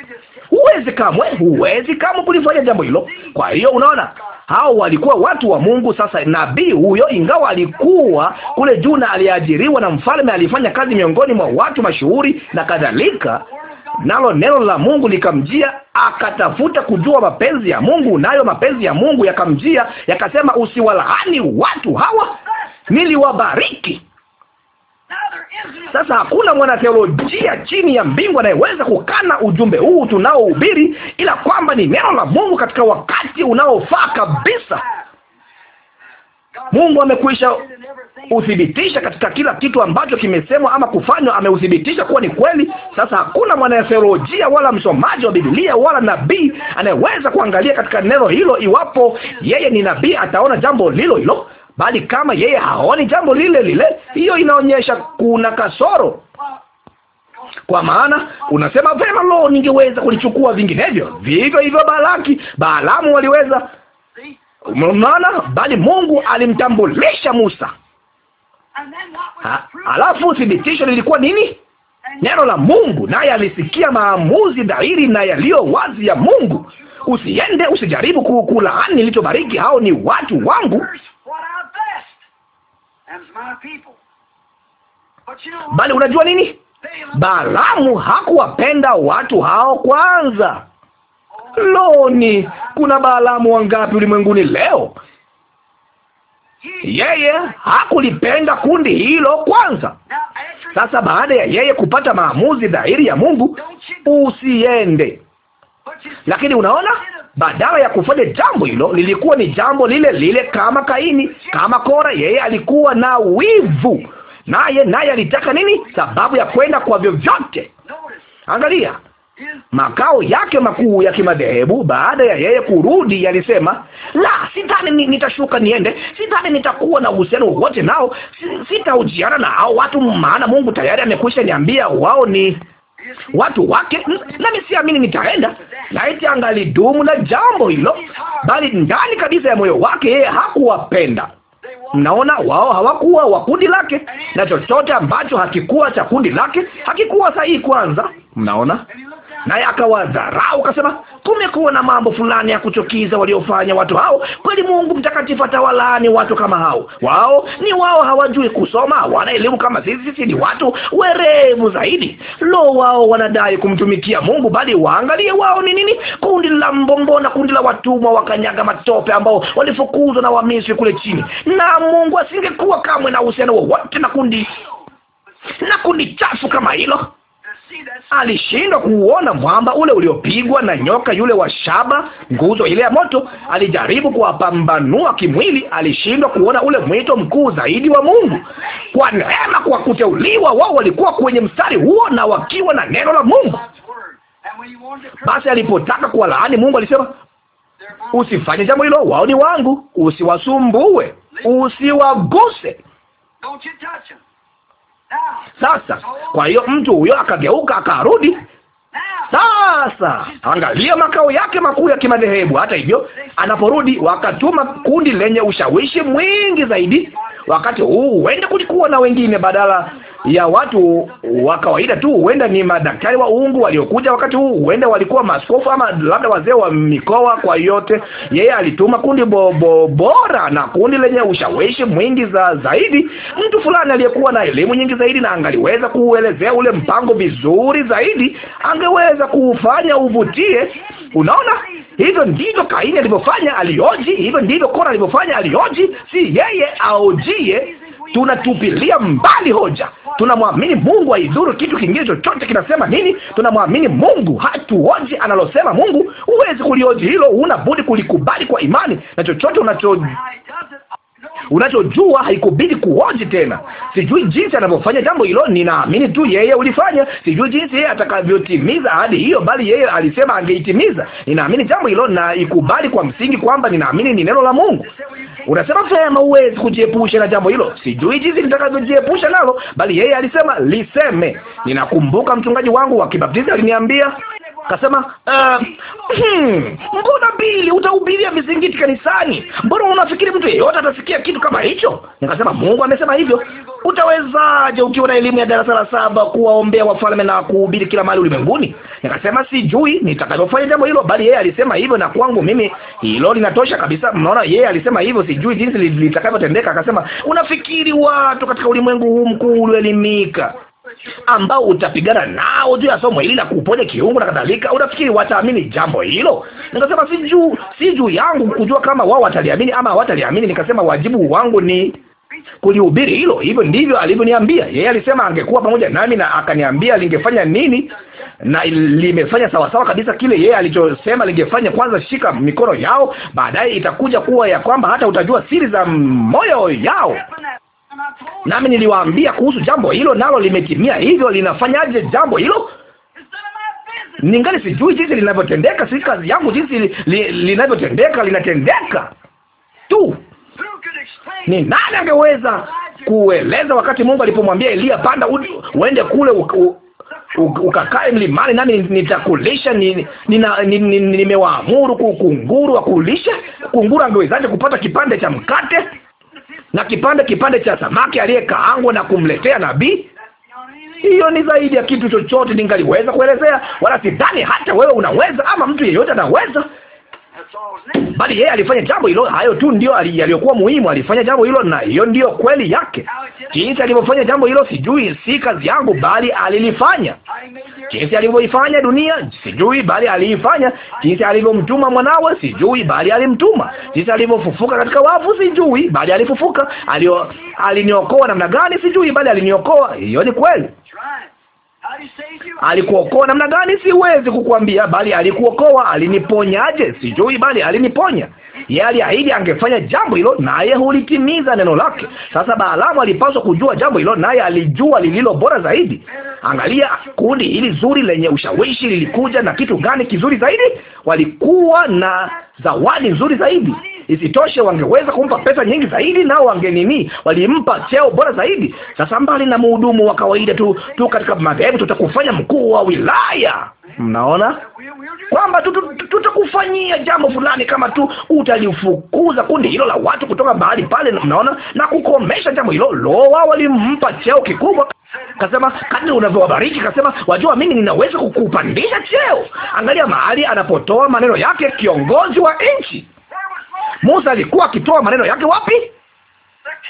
Huwezi kamwe, huwezi kamwe kulifanya jambo hilo. Kwa hiyo unaona, hao walikuwa watu wa Mungu. Sasa nabii huyo, ingawa alikuwa kule juu na aliajiriwa na mfalme, alifanya kazi miongoni mwa watu mashuhuri na kadhalika, nalo neno la Mungu likamjia, akatafuta kujua mapenzi ya Mungu, nayo mapenzi ya Mungu yakamjia, yakasema, usiwalaani watu hawa, niliwabariki sasa hakuna mwanatheolojia chini ya mbingu anayeweza kukana ujumbe huu tunaohubiri, ila kwamba ni neno la Mungu katika wakati unaofaa kabisa. Mungu amekwisha uthibitisha katika kila kitu ambacho kimesemwa ama kufanywa, ameuthibitisha kuwa ni kweli. Sasa hakuna mwanatheolojia wala msomaji wa Biblia wala nabii anayeweza kuangalia katika neno hilo, iwapo yeye ni nabii, ataona jambo lilo hilo bali kama yeye haoni jambo lile lile, hiyo inaonyesha kuna kasoro kwa maana unasema vema, lo, ningeweza kulichukua vinginevyo. Vivyo hivyo Balaki, Baalamu waliweza. Umeona, bali Mungu alimtambulisha Musa. Ha, alafu thibitisho lilikuwa nini? Neno la Mungu, naye alisikia maamuzi dhahiri na yaliyo wazi ya Mungu. Usiende, usijaribu kulaani nilichobariki, hao ni watu wangu. Bali unajua nini, Balamu hakuwapenda watu hao kwanza. Loni, kuna Balamu wangapi ulimwenguni leo? Yeye hakulipenda kundi hilo kwanza. Sasa baada ya yeye kupata maamuzi dhahiri ya Mungu, usiende. Lakini unaona badala ya kufanya jambo hilo, lilikuwa ni jambo lile lile kama Kaini, kama Kora. Yeye alikuwa na wivu, naye naye alitaka nini? Sababu ya kwenda kwa vyovyote. Angalia makao yake makuu ya kimadhehebu baada ya yeye kurudi, yalisema la, sitani nitashuka niende, sitani nitakuwa na uhusiano wowote nao, sitaujiana na hao watu, maana Mungu tayari amekwisha niambia wao ni watu wake, nami siamini nitaenda. Laiti angalidumu la jambo hilo, bali ndani kabisa ya moyo wake yeye hakuwapenda. Mnaona, wao hawakuwa wa kundi lake, na chochote ambacho hakikuwa cha kundi lake hakikuwa sahihi kwanza. Mnaona, naye akawadharau, akasema, kumekuwa na mambo fulani ya kuchukiza waliofanya watu hao. Kweli Mungu mtakatifu atawalaani watu kama hao. Wao ni wao, hawajui kusoma, wana elimu kama sisi. Sisi ni watu werevu zaidi. Lo, wao wanadai kumtumikia Mungu, bali waangalie wao ni nini, kundi la mbombo na kundi la watumwa wakanyaga matope ambao walifukuzwa na Wamisri kule chini, na Mungu asingekuwa kamwe na uhusiano wowote na kundi na kundi chafu kama hilo alishindwa kuona mwamba ule uliopigwa na nyoka yule wa shaba, nguzo ile ya moto. Alijaribu kuwapambanua kimwili, alishindwa kuona ule mwito mkuu zaidi wa Mungu. Kwa neema, kwa kuteuliwa, wao walikuwa kwenye mstari huo na wakiwa na neno la Mungu. Basi alipotaka kuwalaani Mungu alisema, usifanye jambo hilo, wao ni wangu, usiwasumbue, usiwaguse sasa kwa hiyo mtu huyo akageuka akarudi. Sasa angalia makao yake makuu ya kimadhehebu. Hata hivyo, anaporudi wakatuma kundi lenye ushawishi mwingi zaidi. Wakati huu uende kulikuwa na wengine badala ya watu wa kawaida tu. Huenda ni madaktari wa uungu waliokuja wakati huu, huenda walikuwa maaskofu ama labda wazee wa mikoa. Kwa yote, yeye alituma kundi bo, bo, bora na kundi lenye ushawishi mwingi za zaidi, mtu fulani aliyekuwa na elimu nyingi zaidi, na angaliweza kuuelezea ule mpango vizuri zaidi, angeweza kuufanya uvutie. Unaona, hivyo ndivyo Kaini alivyofanya, alioji. Hivyo ndivyo Kora alivyofanya, alioji. Si yeye aojie tunatupilia mbali hoja. Tunamwamini Mungu, aidhuru kitu kingine chochote kinasema nini. Tunamwamini Mungu, hatuoji analosema Mungu. Huwezi kulioji hilo, huna budi kulikubali kwa imani, na chochote unacho unachojua haikubidi kuhoji tena. Sijui jinsi anavyofanya jambo hilo, ninaamini tu yeye ulifanya. Sijui jinsi yeye atakavyotimiza ahadi hiyo, bali yeye alisema angeitimiza. Ninaamini jambo hilo na ikubali kwa msingi kwamba ninaamini ni neno la Mungu. Unasema sema, huwezi kujiepusha na jambo hilo. Sijui jinsi nitakavyojiepusha nalo, bali yeye alisema liseme. Ninakumbuka mchungaji wangu wa Kibaptisti aliniambia Kasema uh, hmm, mbona Bili utahubiria mizingiti kanisani? Mbona unafikiri mtu yeyote atasikia kitu kama hicho? Nikasema Mungu amesema hivyo. Utawezaje ukiwa na elimu ya darasa la saba kuwaombea wafalme na kuhubiri kila mahali ulimwenguni? Nikasema sijui nitakavyofanya jambo hilo, bali yeye alisema hivyo, na kwangu mimi hilo linatosha kabisa. Mnaona, yeye alisema hivyo, sijui jinsi litakavyotendeka. Akasema unafikiri watu katika ulimwengu huu mkuu ulioelimika ambao utapigana nao juu ya somo hili la kuponya kiungu na kadhalika. Unafikiri wataamini jambo hilo? Nikasema si juu si juu yangu kujua kama wao wataliamini ama hawataliamini. Nikasema wajibu wangu ni kulihubiri hilo. Hivyo ndivyo alivyoniambia yeye. Alisema angekuwa pamoja nami na akaniambia lingefanya nini, na limefanya sawasawa kabisa kile yeye alichosema lingefanya. Kwanza shika mikono yao, baadaye itakuja kuwa ya kwamba hata utajua siri za moyo yao nami niliwaambia kuhusu jambo hilo, nalo limetimia. Hivyo linafanyaje jambo hilo? Ningali sijui jinsi linavyotendeka, si kazi yangu jinsi li, li, linavyotendeka. Linatendeka tu. Ni nani angeweza kueleza wakati Mungu alipomwambia elia panda uende kule u, u, ukakae mlimani nami nitakulisha. Nimewaamuru kunguru wakulisha. Kunguru angewezaje kupata kipande cha mkate? na kipande kipande cha samaki aliyekaangwa na kumletea nabii. Hiyo ni zaidi ya kitu chochote ningaliweza kuelezea, wala sidhani hata wewe unaweza ama mtu yeyote anaweza bali yeye alifanya jambo hilo. Hayo tu ndio yaliyokuwa muhimu. Alifanya jambo hilo, na hiyo ndiyo kweli yake. Jinsi alivyofanya jambo hilo sijui, si kazi yangu, bali alilifanya. Jinsi alivyoifanya dunia sijui, bali aliifanya. Jinsi alivyomtuma mwanawe sijui, bali alimtuma. Jinsi alivyofufuka katika wafu sijui, bali alifufuka. Alio aliniokoa namna gani sijui, bali aliniokoa. Hiyo ni kweli. Alikuokoa namna gani? Siwezi kukwambia, bali alikuokoa. Aliniponyaje? Sijui, bali aliniponya. Yeye aliahidi angefanya jambo hilo, naye hulitimiza neno lake. Sasa Balaamu alipaswa kujua jambo hilo, naye alijua lililo bora zaidi. Angalia, kundi hili zuri lenye ushawishi lilikuja na kitu gani kizuri zaidi? Walikuwa na zawadi nzuri zaidi. Isitoshe, wangeweza kumpa pesa nyingi zaidi, nao wangenini, walimpa cheo bora zaidi. Sasa mbali na muhudumu wa kawaida tu tu katika madhehebu, tutakufanya mkuu wa wilaya. Mnaona kwamba tutakufanyia jambo fulani kama tu utalifukuza kundi hilo la watu kutoka mahali pale, mnaona, na kukomesha jambo hilo. Lo, wao walimpa cheo kikubwa, kasema kadri unavyowabariki, kasema wajua, mimi ninaweza kukupandisha cheo. Angalia mahali anapotoa maneno yake, kiongozi wa nchi Musa alikuwa akitoa maneno yake wapi?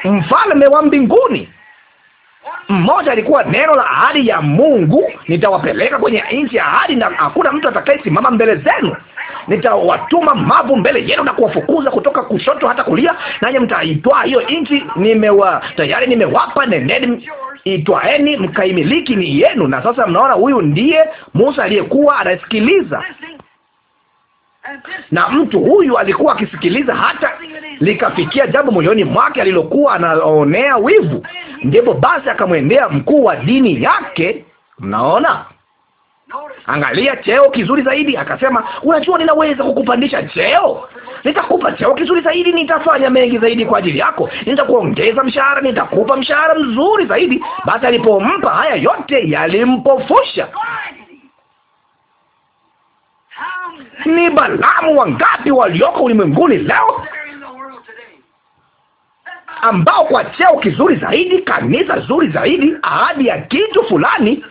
Mfalme wa mbinguni. Mmoja alikuwa neno la ahadi ya Mungu, nitawapeleka kwenye nchi ya ahadi, na hakuna mtu atakayesimama mbele zenu. Nitawatuma mavu mbele yenu na kuwafukuza kutoka kushoto hata kulia, nanye mtaitwaa hiyo nchi. Nimewa tayari nimewapa, neneni itwaeni mkaimiliki, ni yenu. Na sasa mnaona, huyu ndiye Musa aliyekuwa anasikiliza na mtu huyu alikuwa akisikiliza hata likafikia jambo moyoni mwake alilokuwa anaonea wivu. Ndipo basi akamwendea mkuu wa dini yake. Mnaona, angalia cheo kizuri zaidi. Akasema, unajua, ninaweza kukupandisha cheo, nitakupa cheo kizuri zaidi, nitafanya mengi zaidi kwa ajili yako, nitakuongeza mshahara, nitakupa mshahara mzuri zaidi. Basi alipompa haya yote, yalimpofusha ni balamu wangapi walioko ulimwenguni leo ambao kwa cheo kizuri zaidi, kanisa zuri zaidi, ahadi ya kitu fulani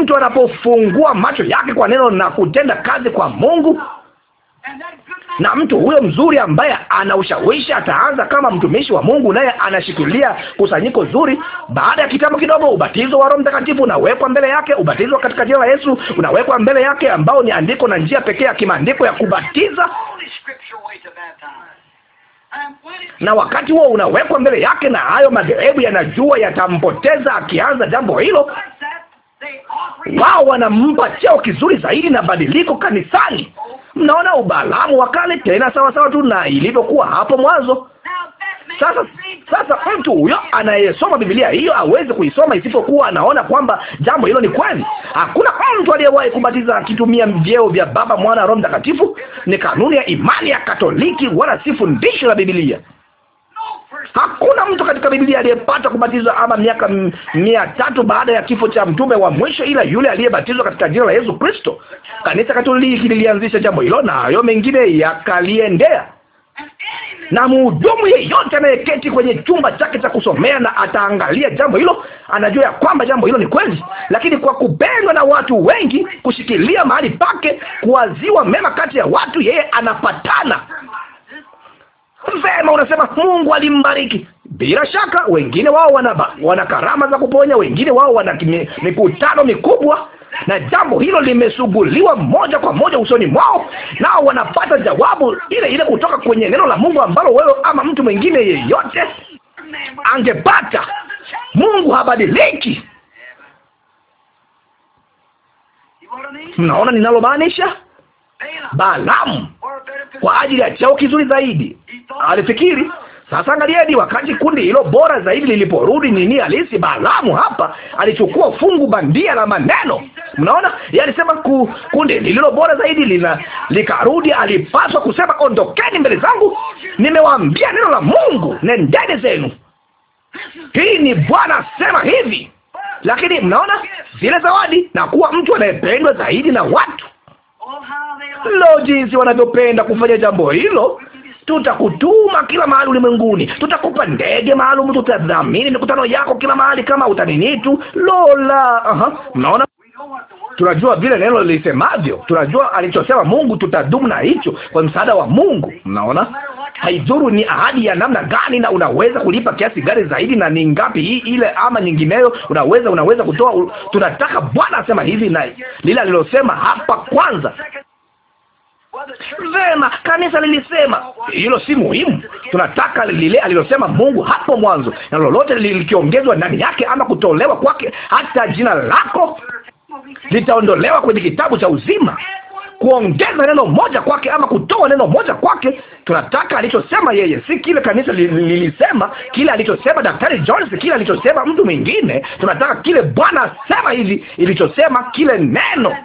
mtu anapofungua macho yake kwa neno na kutenda kazi kwa Mungu, na mtu huyo mzuri ambaye ana ushawishi ataanza kama mtumishi wa Mungu, naye anashikilia kusanyiko zuri. Baada ya kitambo kidogo, ubatizo wa Roho Mtakatifu unawekwa mbele yake, ubatizo katika jina la Yesu unawekwa mbele yake, ambao ni andiko na njia pekee ya kimaandiko ya kubatiza na wakati huo unawekwa mbele yake, na hayo madhehebu yanajua yatampoteza akianza jambo hilo wao wanampa cheo kizuri zaidi na badiliko kanisani. Mnaona ubalamu wa kale tena, sawasawa tu na ilivyokuwa hapo mwanzo. Sasa sasa, mtu huyo anayesoma Biblia hiyo aweze kuisoma isipokuwa anaona kwamba jambo hilo ni kweli. Hakuna mtu aliyewahi kubatiza akitumia vyeo vya Baba, Mwana, Roho Mtakatifu. Ni kanuni ya imani ya Katoliki, wala si fundisho la Biblia. Hakuna mtu katika Biblia aliyepata kubatizwa ama miaka mia tatu baada ya kifo cha mtume wa mwisho ila yule aliyebatizwa katika jina la Yesu Kristo. Kanisa Katoliki lilianzisha jambo hilo na hayo mengine yakaliendea na mhudumu yeyote anayeketi kwenye chumba chake cha kusomea na ataangalia jambo hilo, anajua ya kwamba jambo hilo ni kweli. Lakini kwa kupendwa na watu wengi, kushikilia mahali pake, kuwaziwa mema kati ya watu, yeye anapatana Vema, unasema Mungu alimbariki. Bila shaka wengine wao wana, wana karama za kuponya, wengine wao wana mikutano mikubwa, na jambo hilo limesuguliwa moja kwa moja usoni mwao, nao wanapata jawabu ile ile kutoka kwenye neno la Mungu ambalo wewe ama mtu mwingine yeyote angepata. Mungu habadiliki. Mnaona ninalomaanisha? Balamu kwa ajili ya cheo kizuri zaidi. Alifikiri sasa, angalieni, wakati kundi hilo bora zaidi liliporudi, nini halisi, balamu hapa alichukua fungu bandia la maneno. Mnaona, yeye alisema ku, kundi lililo bora zaidi lina likarudi. Alipaswa kusema ondokeni mbele zangu, nimewaambia neno la Mungu, nendeni zenu, hii ni Bwana asema hivi. Lakini mnaona zile zawadi na kuwa mtu anayependwa zaidi na watu Lo, jinsi wanavyopenda kufanya jambo hilo! Tutakutuma kila mahali ulimwenguni, tutakupa ndege maalum, tutadhamini mikutano yako kila mahali kama utanini tu. Lola, aha, mnaona tunajua vile neno lisemavyo, tunajua alichosema Mungu, tutadumu na hicho kwa msaada wa Mungu. Mnaona, haidhuru ni ahadi ya namna gani, na unaweza kulipa kiasi gani zaidi, na ni ngapi hii ile ama nyingineyo, unaweza unaweza kutoa u... tunataka Bwana asema hivi na lile alilosema hapa kwanza Vema, kanisa lilisema hilo, si muhimu. Tunataka lile alilosema Mungu hapo mwanzo, na lolote likiongezwa ndani yake ama kutolewa kwake, hata jina lako litaondolewa kwenye kitabu cha uzima kuongeza neno moja kwake ama kutoa neno moja kwake. Tunataka alichosema yeye, si kile kanisa lilisema, kile alichosema Daktari Jones, kile alichosema mtu mwingine. Tunataka kile Bwana asema hivi, ilichosema kile neno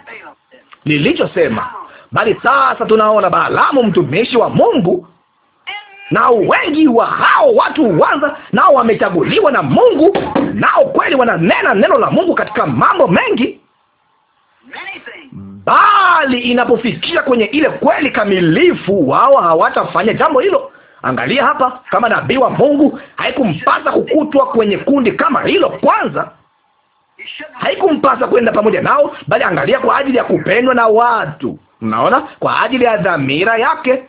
lilichosema. Bali sasa tunaona Balaamu mtumishi wa Mungu na wengi wa hao watu huanza nao, wamechaguliwa na Mungu, nao kweli wananena neno la Mungu katika mambo mengi bali inapofikia kwenye ile kweli kamilifu, wao hawatafanya jambo hilo. Angalia hapa, kama nabii wa Mungu, haikumpasa kukutwa kwenye kundi kama hilo kwanza haikumpasa kwenda pamoja nao, bali angalia, kwa ajili ya kupendwa na watu. Unaona, kwa ajili ya dhamira yake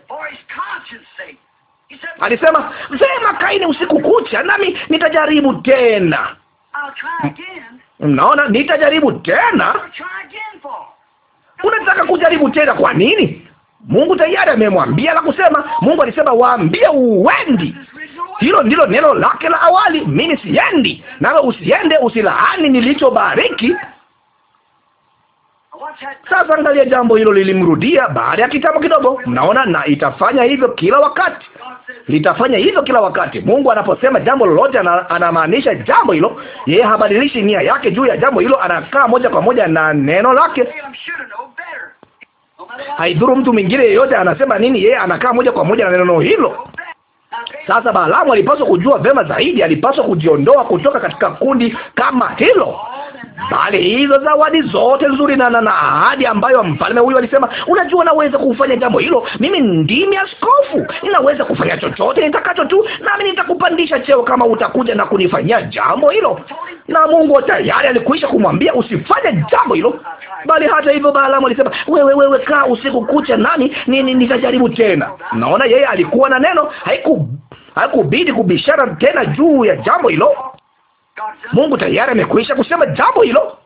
alisema, vema, kaini usiku kucha, nami nitajaribu tena. Unaona, nitajaribu tena. Unataka kujaribu tena kwa nini? Mungu tayari amemwambia la kusema. Mungu alisema waambie uwendi Hilo ndilo neno lake la awali, mimi siendi, nawe usiende, usilaani nilichobariki. Sasa angalia, jambo hilo lilimrudia baada ya kitambo kidogo. Mnaona, na itafanya hivyo kila wakati, litafanya hivyo kila wakati. Mungu anaposema jambo lolote, anamaanisha jambo hilo. Yeye habadilishi nia yake juu ya jambo hilo, anakaa moja kwa moja na neno lake. Haidhuru mtu mwingine yeyote anasema nini, yeye anakaa moja kwa moja na neno hilo. Sasa Balaamu alipaswa kujua vema zaidi, alipaswa kujiondoa kutoka katika kundi kama hilo bali hizo zawadi zote nzuri na na ahadi ambayo mfalme huyo alisema, unajua, naweza kufanya jambo hilo. Mimi ndimi askofu, ninaweza kufanya chochote nitakacho tu, nami nitakupandisha cheo kama utakuja na kunifanyia jambo hilo. Na Mungu tayari alikwisha kumwambia usifanye jambo hilo, bali hata hivyo Balaamu alisema, wewe wewe, kaa usiku kucha nami nitajaribu tena. Naona yeye alikuwa na neno, haiku haikubidi kubishara tena juu ya jambo hilo. Mungu tayari amekwisha kusema jambo hilo.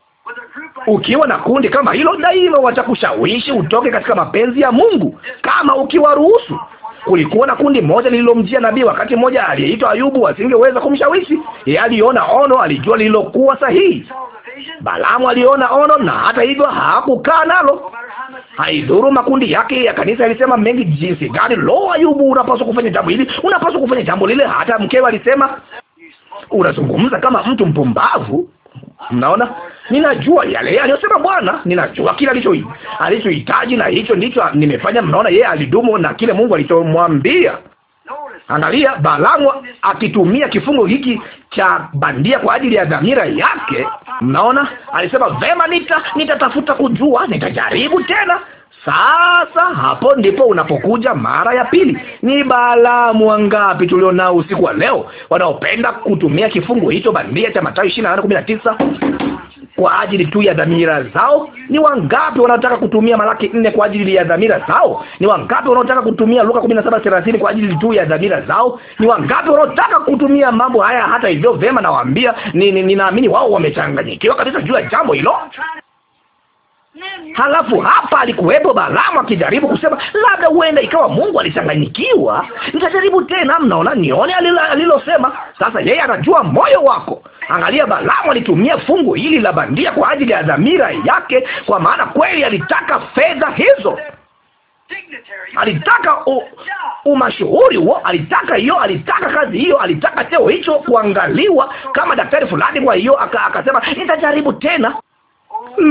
Ukiwa na kundi kama hilo, daima watakushawishi utoke katika mapenzi ya Mungu kama ukiwaruhusu. Kulikuwa na kundi moja lililomjia nabii wakati mmoja aliyeitwa Ayubu, asingeweza kumshawishi yeye. Aliona ono, alijua lililokuwa sahihi. Balamu aliona ono na hata hivyo hakukaa nalo. Haidhuru makundi yake ya kanisa yalisema mengi jinsi gani, lo, Ayubu, unapaswa kufanya jambo hili, unapaswa kufanya jambo lile. Hata mkewe alisema Unazungumza kama mtu mpumbavu. Mnaona, ninajua yale aliyosema Bwana, ninajua kila alicho alichohitaji, na hicho ndicho nimefanya. Mnaona, yeye alidumu na kile Mungu alichomwambia. Angalia Balamu akitumia kifungo hiki cha bandia kwa ajili ya dhamira yake. Mnaona, alisema vema, nita nitatafuta kujua, nitajaribu tena sasa hapo ndipo unapokuja mara ya pili. Ni Balaamu wangapi tulionao usiku wa leo wanaopenda kutumia kifungu hicho bandia cha Mathayo 24:19 kwa ajili tu ya dhamira zao? Ni wangapi wanaotaka kutumia Malaki nne kwa ajili ya dhamira zao? Ni wangapi wanaotaka kutumia Luka 17:30 kwa ajili tu ya dhamira zao? Ni wangapi wanaotaka kutumia mambo haya? Hata hivyo, vema, nawaambia, ninaamini ni, ni, wao wamechanganyikiwa kabisa juu ya jambo hilo. Halafu hapa alikuwepo Balaamu akijaribu kusema, labda huenda ikawa Mungu alichanganyikiwa, nitajaribu tena, mnaona, nione alilosema. Sasa yeye anajua moyo wako. Angalia, Balaamu alitumia fungu hili la bandia kwa ajili ya dhamira yake, kwa maana kweli alitaka fedha hizo alitaka umashuhuri huo, alitaka hiyo, alitaka kazi hiyo, alitaka cheo hicho, kuangaliwa kama daktari fulani. Kwa hiyo akasema, nitajaribu tena.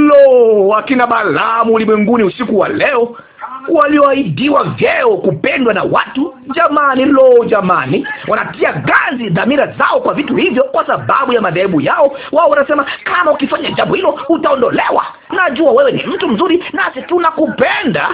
Lo, akina Balaamu ulimwenguni usiku wa leo, walioahidiwa vyeo, kupendwa na watu. Jamani, lo, jamani, wanatia ganzi dhamira zao kwa vitu hivyo, kwa sababu ya madhehebu yao. Wao wanasema kama ukifanya jambo hilo utaondolewa. Najua wewe ni mtu mzuri, nasi tunakupenda,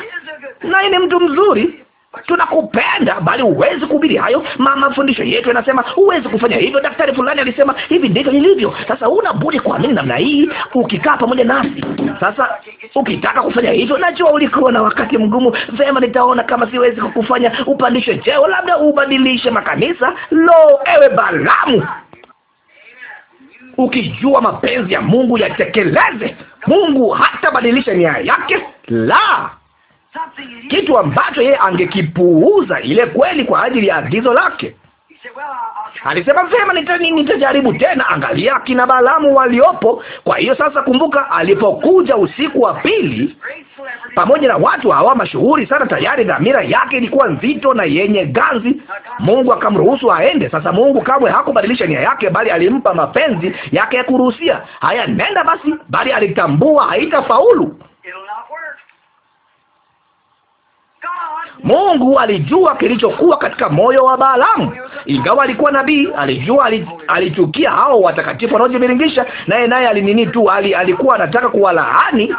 naye ni mtu mzuri tunakupenda bali huwezi kuhubiri hayo. Mafundisho yetu yanasema huwezi kufanya hivyo. Daktari fulani alisema hivi ndivyo ilivyo. Sasa una budi kuamini namna hii, ukikaa pamoja nasi. Sasa ukitaka kufanya hivyo, najua ulikuwa na wakati mgumu. Vema, nitaona kama siwezi kukufanya upandishwe cheo, labda ubadilishe makanisa. Lo, ewe Balamu, ukijua mapenzi ya Mungu yatekeleze. Mungu hatabadilisha nia yake la kitu ambacho yeye angekipuuza ile kweli kwa ajili ya agizo lake. Alisema vema, nitajaribu tena. Angalia akina Balamu waliopo. Kwa hiyo sasa, kumbuka, alipokuja usiku wa pili pamoja na watu hawa mashuhuri sana, tayari dhamira yake ilikuwa nzito na yenye ganzi. Mungu akamruhusu aende. Sasa Mungu kamwe hakubadilisha nia yake, bali alimpa mapenzi yake ya kuruhusia haya, nenda basi, bali alitambua haitafaulu Mungu alijua kilichokuwa katika moyo wa Balaamu. Ingawa alikuwa nabii, alijua alichukia hao watakatifu wanaojiviringisha, naye naye alinini tu, alikuwa anataka kuwalaani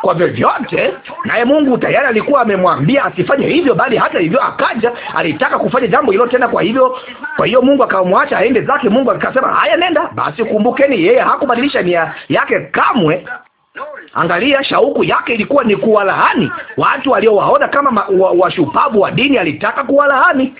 kwa vyovyote, naye Mungu tayari alikuwa amemwambia asifanye hivyo, bali hata hivyo akaja, alitaka kufanya jambo hilo tena. Kwa hivyo, kwa hiyo Mungu akamwacha aende zake. Mungu akasema, haya, nenda basi. Kumbukeni, yeye hakubadilisha nia yake kamwe. Angalia, shauku yake ilikuwa ni kuwalahani watu waliowaona kama washupavu wa, wa dini. Alitaka kuwalahani,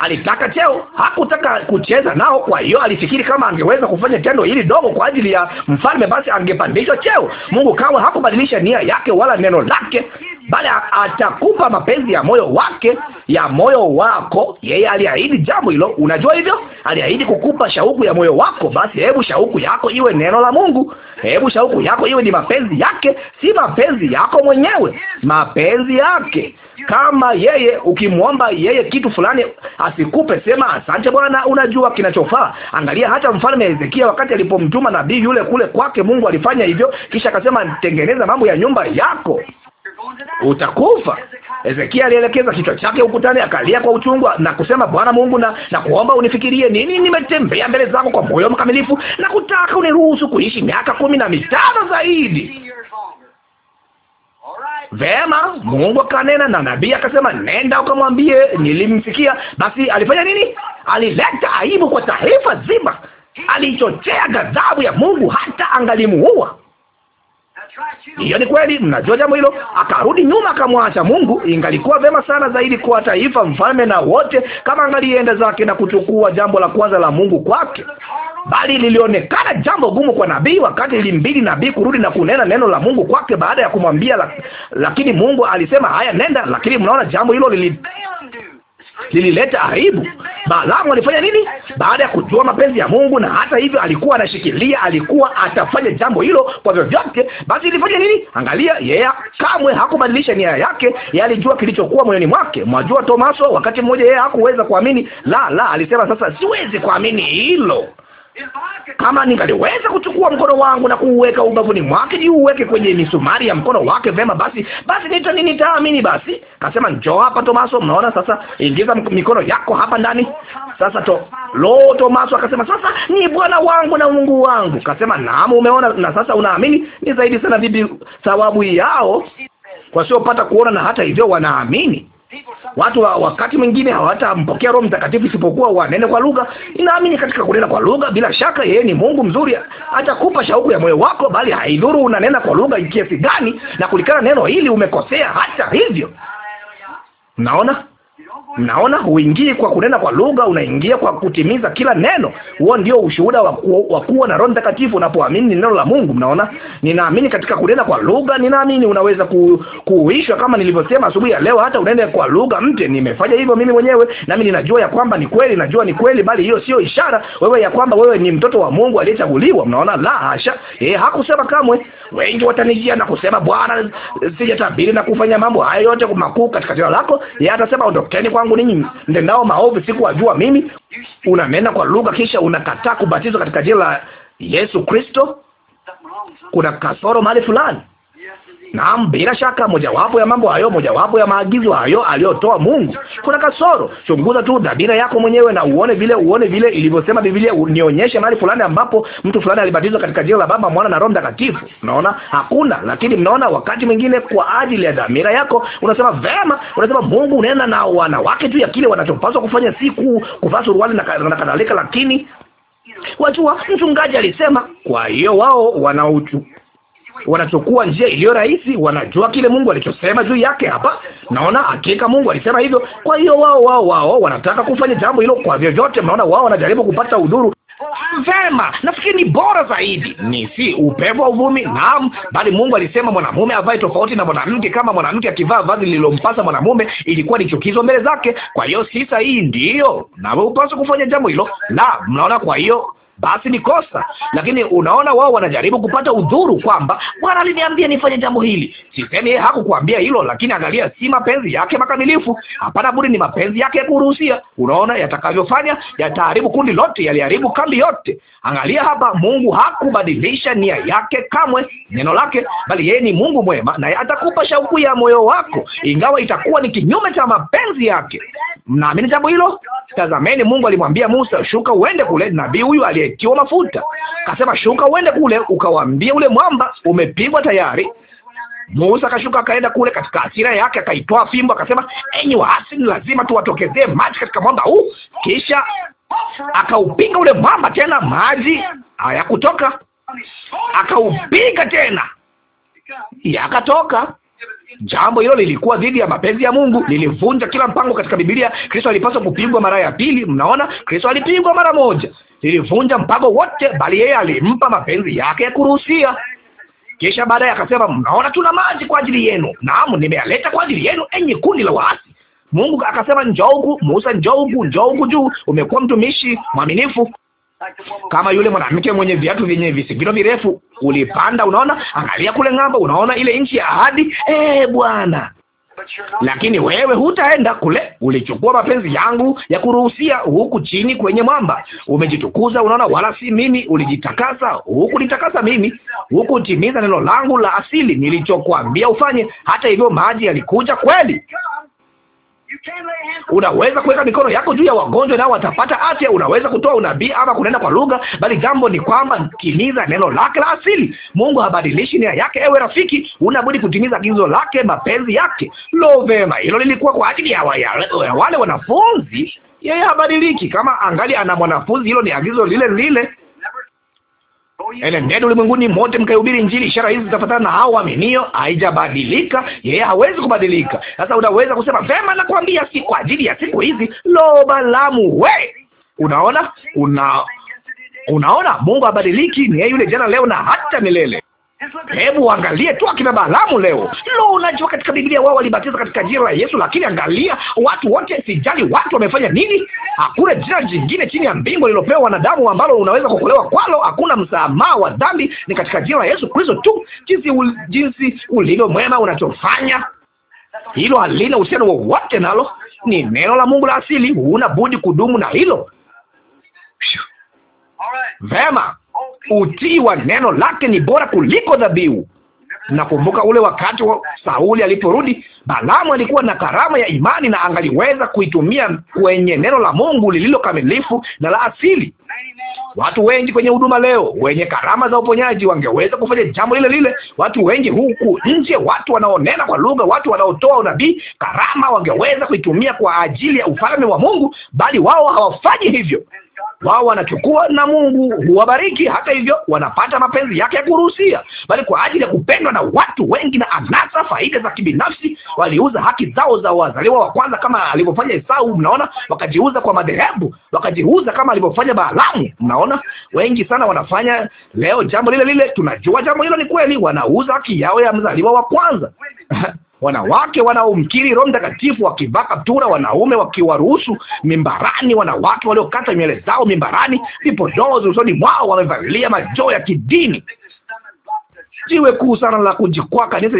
alitaka cheo, hakutaka kucheza nao. Kwa hiyo alifikiri kama angeweza kufanya tendo hili dogo kwa ajili ya mfalme, basi angepandishwa cheo. Mungu kawa hakubadilisha nia yake wala neno lake bali atakupa mapenzi ya moyo wake, ya moyo wako. Yeye aliahidi jambo hilo, unajua hivyo, aliahidi kukupa shauku ya moyo wako. Basi hebu shauku yako iwe neno la Mungu, hebu shauku yako iwe ni mapenzi yake, si mapenzi yako mwenyewe, mapenzi yake. Kama yeye ukimwomba yeye kitu fulani asikupe, sema asante Bwana, unajua kinachofaa. Angalia hata mfalme Hezekia, wakati alipomtuma nabii yule kule kwake, Mungu alifanya hivyo, kisha akasema, tengeneza mambo ya nyumba yako utakufa. Hezekia alielekeza kichwa chake ukutani, akalia kwa uchungu na kusema, Bwana Mungu, na na kuomba unifikirie nini, nimetembea mbele zako kwa moyo mkamilifu na kutaka uniruhusu kuishi miaka kumi na mitano zaidi. Vema, Mungu akanena na nabii akasema, nenda ukamwambie nilimfikia. Basi alifanya nini? Alileta aibu kwa taifa zima, alichochea ghadhabu ya Mungu hata angalimuua. Hiyo ni kweli, mnajua jambo hilo. Akarudi nyuma akamwacha Mungu. Ingalikuwa vema sana zaidi kwa taifa, mfalme na wote, kama angalienda zake na kuchukua jambo la kwanza la Mungu kwake, bali lilionekana jambo gumu kwa nabii, wakati ilimbidi nabii kurudi na kunena neno la Mungu kwake baada ya kumwambia, lakini Mungu alisema haya, nenda. Lakini mnaona jambo hilo lili lilileta aibu. Balaamu alifanya nini? Baada ya kujua mapenzi ya Mungu, na hata hivyo alikuwa anashikilia, alikuwa atafanya jambo hilo kwa vyovyote. Basi ilifanya nini? Angalia, yeye yeah, kamwe hakubadilisha nia yake. Yeye alijua kilichokuwa moyoni mwake. Mwajua Tomaso, wakati mmoja yeye hakuweza kuamini. La la, alisema sasa siwezi kuamini hilo. Kama ningaliweza kuchukua mkono wangu na kuuweka ubavuni mwake, uweke kwenye misumari ya mkono wake vema, basi basi nita nitaamini. Basi kasema, njoo hapa Tomaso. Mnaona sasa, ingiza mikono yako hapa ndani sasa. To, lo, Tomaso akasema, sasa ni Bwana wangu na Mungu wangu. Kasema, naam, umeona, na sasa unaamini. Ni zaidi sana vipi thawabu yao wasiopata kuona na hata hivyo wanaamini. Watu wa wakati mwingine hawatampokea Roho Mtakatifu isipokuwa wanene kwa lugha. Ninaamini katika kunena kwa lugha, bila shaka yeye ni Mungu mzuri, atakupa shauku ya moyo wako, bali haidhuru unanena kwa lugha kiasi gani na kulikana neno hili, umekosea hata hivyo. Naona Mnaona, huingii kwa kunena kwa lugha, unaingia kwa kutimiza kila neno. Huo ndio ushuhuda wa kuwa na Roho Mtakatifu unapoamini neno la Mungu. Mnaona, ninaamini katika kunena kwa lugha, ninaamini unaweza ku, kuuishwa kama nilivyosema asubuhi ya leo, hata unene kwa lugha mte. Nimefanya hivyo mimi mwenyewe, nami ninajua ya kwamba ni kweli, najua ni kweli, bali hiyo sio ishara wewe ya kwamba wewe ni mtoto wa Mungu aliyechaguliwa. Mnaona, la hasha. Yeye eh, hakusema kamwe, wengi watanijia na kusema Bwana, sijatabiri na kufanya mambo haya yote makuu katika jina lako. Yeye atasema ondokeni kwangu wangu ninyi mtendao maovu, sikuwajua mimi. Unanena kwa lugha, kisha unakataa kubatizwa katika jina la Yesu Kristo. Kuna kasoro mahali fulani. Naam, bila shaka, mojawapo ya mambo hayo, mojawapo ya maagizo hayo aliyotoa Mungu. Kuna kasoro. Chunguza tu dhamira yako mwenyewe na uone vile, uone vile ilivyosema Biblia, nionyeshe mahali fulani ambapo mtu fulani alibatizwa katika jina la Baba, Mwana na Roho Mtakatifu. Mnaona? Hakuna. Lakini mnaona, wakati mwingine kwa ajili ya dhamira yako unasema vema, unasema Mungu unaenda na wanawake tu ya kile wanachopaswa kufanya, si kuvaa suruali na kadhalika, lakini Wajua, mchungaji alisema. Kwa hiyo wao wanauchu, wanachukua njia iliyo rahisi. Wanajua kile Mungu alichosema juu yake. Hapa naona hakika Mungu alisema hivyo. Kwa hiyo wao wao wao wanataka kufanya jambo hilo kwa vyovyote. Mnaona, wao wanajaribu kupata udhuru. Vema, nafikiri ni bora zaidi ni si upepo wa uvumi. Naam, bali Mungu alisema mwanamume avae tofauti na mwanamke. Kama mwanamke akivaa vazi lililompasa mwanamume, ilikuwa ni chukizo mbele zake. Kwa hiyo si sahihi, ndiyo, na upaswa kufanya jambo hilo la. Mnaona, kwa hiyo basi ni kosa. Lakini unaona, wao wanajaribu kupata udhuru kwamba Bwana aliniambia nifanye jambo hili. Sisemi yeye hakukuambia hilo, lakini angalia, si mapenzi yake makamilifu. Hapana budi, ni mapenzi yake ya kuruhusia. Unaona yatakavyofanya, yataharibu kundi lote, yaliharibu kambi yote. Angalia hapa, Mungu hakubadilisha nia yake kamwe, neno lake, bali yeye ni Mungu mwema, naye atakupa shauku ya moyo wako, ingawa itakuwa ni kinyume cha mapenzi yake. Mnaamini jambo hilo? Tazameni, Mungu alimwambia Musa, shuka uende kule, nabii huyu aliye umetiwa mafuta. Kasema, shuka uende kule ukawaambie ule mwamba umepigwa tayari. Musa akashuka akaenda kule, katika hasira yake akaitoa fimbo, akasema, enyi waasi, ni lazima tuwatokezee maji katika mwamba huu. Kisha akaupiga ule mwamba tena, maji hayakutoka. Akaupiga tena, yakatoka. Jambo hilo lilikuwa dhidi ya mapenzi ya Mungu, lilivunja kila mpango katika Biblia. Kristo alipaswa kupigwa mara ya pili. Mnaona, Kristo alipigwa mara moja, lilivunja mpango wote, bali yeye alimpa mapenzi yake ya kuruhusia. Kisha baadaye akasema, mnaona, tuna maji kwa ajili yenu, naam, nimeyaleta kwa ajili yenu, enyi kundi la waasi. Mungu akasema, njoo huku Musa, njoo huku, njoo huku juu, umekuwa mtumishi mwaminifu kama yule mwanamke mwenye viatu vyenye visigino virefu. Ulipanda, unaona, angalia kule ng'ambo, unaona ile nchi ya ahadi. Eh, Bwana, lakini wewe hutaenda kule. Ulichukua mapenzi yangu ya kuruhusia huku chini kwenye mwamba, umejitukuza. Unaona, wala si mimi. Ulijitakasa huku nitakasa mimi, huku timiza neno langu la asili nilichokuambia ufanye. Hata hivyo maji yalikuja kweli Unaweza kuweka mikono yako juu ya wagonjwa nao watapata afya. Unaweza kutoa unabii ama kunena kwa lugha, bali jambo ni kwamba timiza neno lake la asili. Mungu habadilishi nia yake. Ewe rafiki, unabudi kutimiza agizo lake, mapenzi yake. Lo, vema, hilo lilikuwa kwa ajili ya, wa, ya, ya wale wanafunzi. Yeye habadiliki. Kama angali ana mwanafunzi, hilo ni agizo lile lile. Enendeni ulimwenguni mote mkaihubiri Injili, ishara hizi zitafuatana na hao waaminio. Haijabadilika, yeye hawezi kubadilika. Sasa unaweza kusema vema, na kuambia si kwa ajili ya siku hizi. Lo, Balamu we! Unaona, una unaona, Mungu abadiliki, ni yeye yule jana, leo na hata milele. Hebu angalie tu akina balamu leo. Lo, unajua katika Biblia wao walibatiza katika jina la Yesu, lakini angalia watu wote, sijali watu wamefanya nini. Hakuna jina jingine chini ya mbingu lilopewa wanadamu ambalo unaweza kukolewa kwalo. Hakuna msamaha wa dhambi, ni katika jina la Yesu Kristo tu. Jinsi ul, jinsi ulivyo mwema unachofanya hilo halina uhusiano wowote nalo, ni neno la Mungu la asili. Huna budi kudumu na hilo. Vema, utii wa neno lake ni bora kuliko dhabihu. Nakumbuka ule wakati wa Sauli aliporudi, Balaamu alikuwa na karama ya imani na angaliweza kuitumia kwenye neno la Mungu lililo kamilifu na la asili. Watu wengi kwenye huduma leo wenye karama za uponyaji wangeweza kufanya jambo lile lile. Watu wengi huku nje, watu wanaonena kwa lugha, watu wanaotoa unabii, karama wangeweza kuitumia kwa ajili ya ufalme wa Mungu, bali wao hawafanyi hivyo wao wanachukua na Mungu huwabariki. Hata hivyo, wanapata mapenzi yake ya kuruhusia, bali kwa ajili ya kupendwa na watu wengi na anasa, faida za kibinafsi, waliuza haki zao za wazaliwa wa kwanza kama alivyofanya Esau. Mnaona, wakajiuza kwa madhehebu, wakajiuza kama alivyofanya Balaamu. Mnaona, wengi sana wanafanya leo jambo lile lile. Tunajua jambo hilo ni kweli, wanauza haki yao ya mzaliwa wa kwanza wanawake wanaomkiri Roho Mtakatifu wakivaa kaptura, wanaume wakiwaruhusu mimbarani, wanawake waliokata nywele zao mimbarani, vipodozi usoni mwao, wamevalia majoo ya kidini jiwe kuu sana la kujikwaa kanisa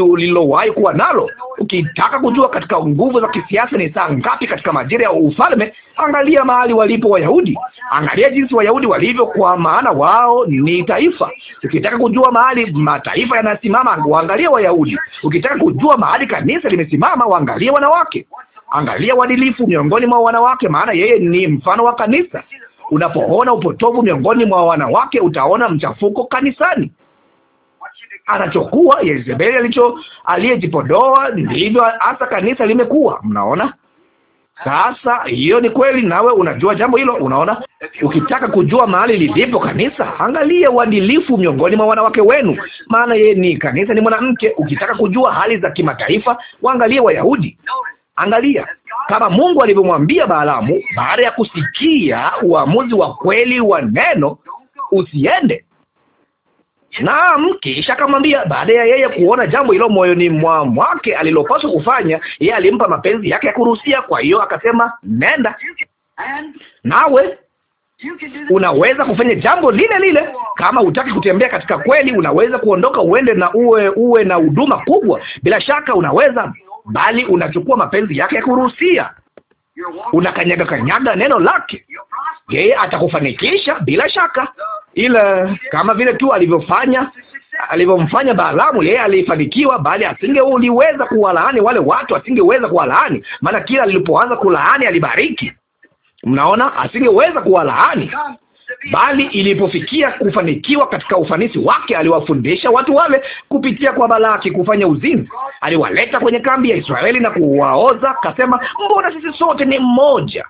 lililowahi kuwa nalo. Ukitaka kujua katika nguvu za kisiasa ni saa ngapi katika majira ya ufalme, angalia mahali walipo Wayahudi, angalia jinsi Wayahudi walivyo, kwa maana wao ni taifa. Ukitaka kujua mahali mataifa yanasimama, waangalie Wayahudi. Ukitaka kujua mahali kanisa limesimama, waangalie wanawake. Angalia uadilifu miongoni mwa wanawake, maana yeye ni mfano wa kanisa. Unapoona upotovu miongoni mwa wanawake, utaona mchafuko kanisani anachokuwa Yezebeli alicho aliyejipodoa, ndivyo hasa kanisa limekuwa. Mnaona sasa, hiyo ni kweli, nawe unajua jambo hilo. Unaona, ukitaka kujua mahali lilipo kanisa, angalia uadilifu miongoni mwa wanawake wenu, maana yeye ni kanisa, ni mwanamke. Ukitaka kujua hali za kimataifa, waangalie Wayahudi. Angalia kama Mungu alivyomwambia Balaamu, baada ya kusikia uamuzi wa kweli wa neno, usiende Naam, kisha akamwambia, baada ya yeye kuona jambo hilo moyoni mwa mwake alilopaswa kufanya, yeye alimpa mapenzi yake ya kuruhusia. Kwa hiyo akasema, nenda nawe unaweza kufanya jambo lile lile. Kama hutaki kutembea katika kweli, unaweza kuondoka uende na uwe uwe na huduma kubwa. Bila shaka unaweza, bali unachukua mapenzi yake ya kuruhusia, unakanyaga kanyaga neno lake yeye atakufanikisha bila shaka, ila kama vile tu alivyofanya alivyomfanya Balaamu, yeye alifanikiwa, bali asingeuliweza kuwalaani wale watu, asingeweza kuwalaani, maana kila alipoanza kulaani alibariki. Mnaona, asingeweza kuwalaani bali ilipofikia kufanikiwa katika ufanisi wake, aliwafundisha watu wale kupitia kwa Balaki kufanya uzinzi. Aliwaleta kwenye kambi ya Israeli na kuwaoza, kasema, mbona sisi sote ni mmoja?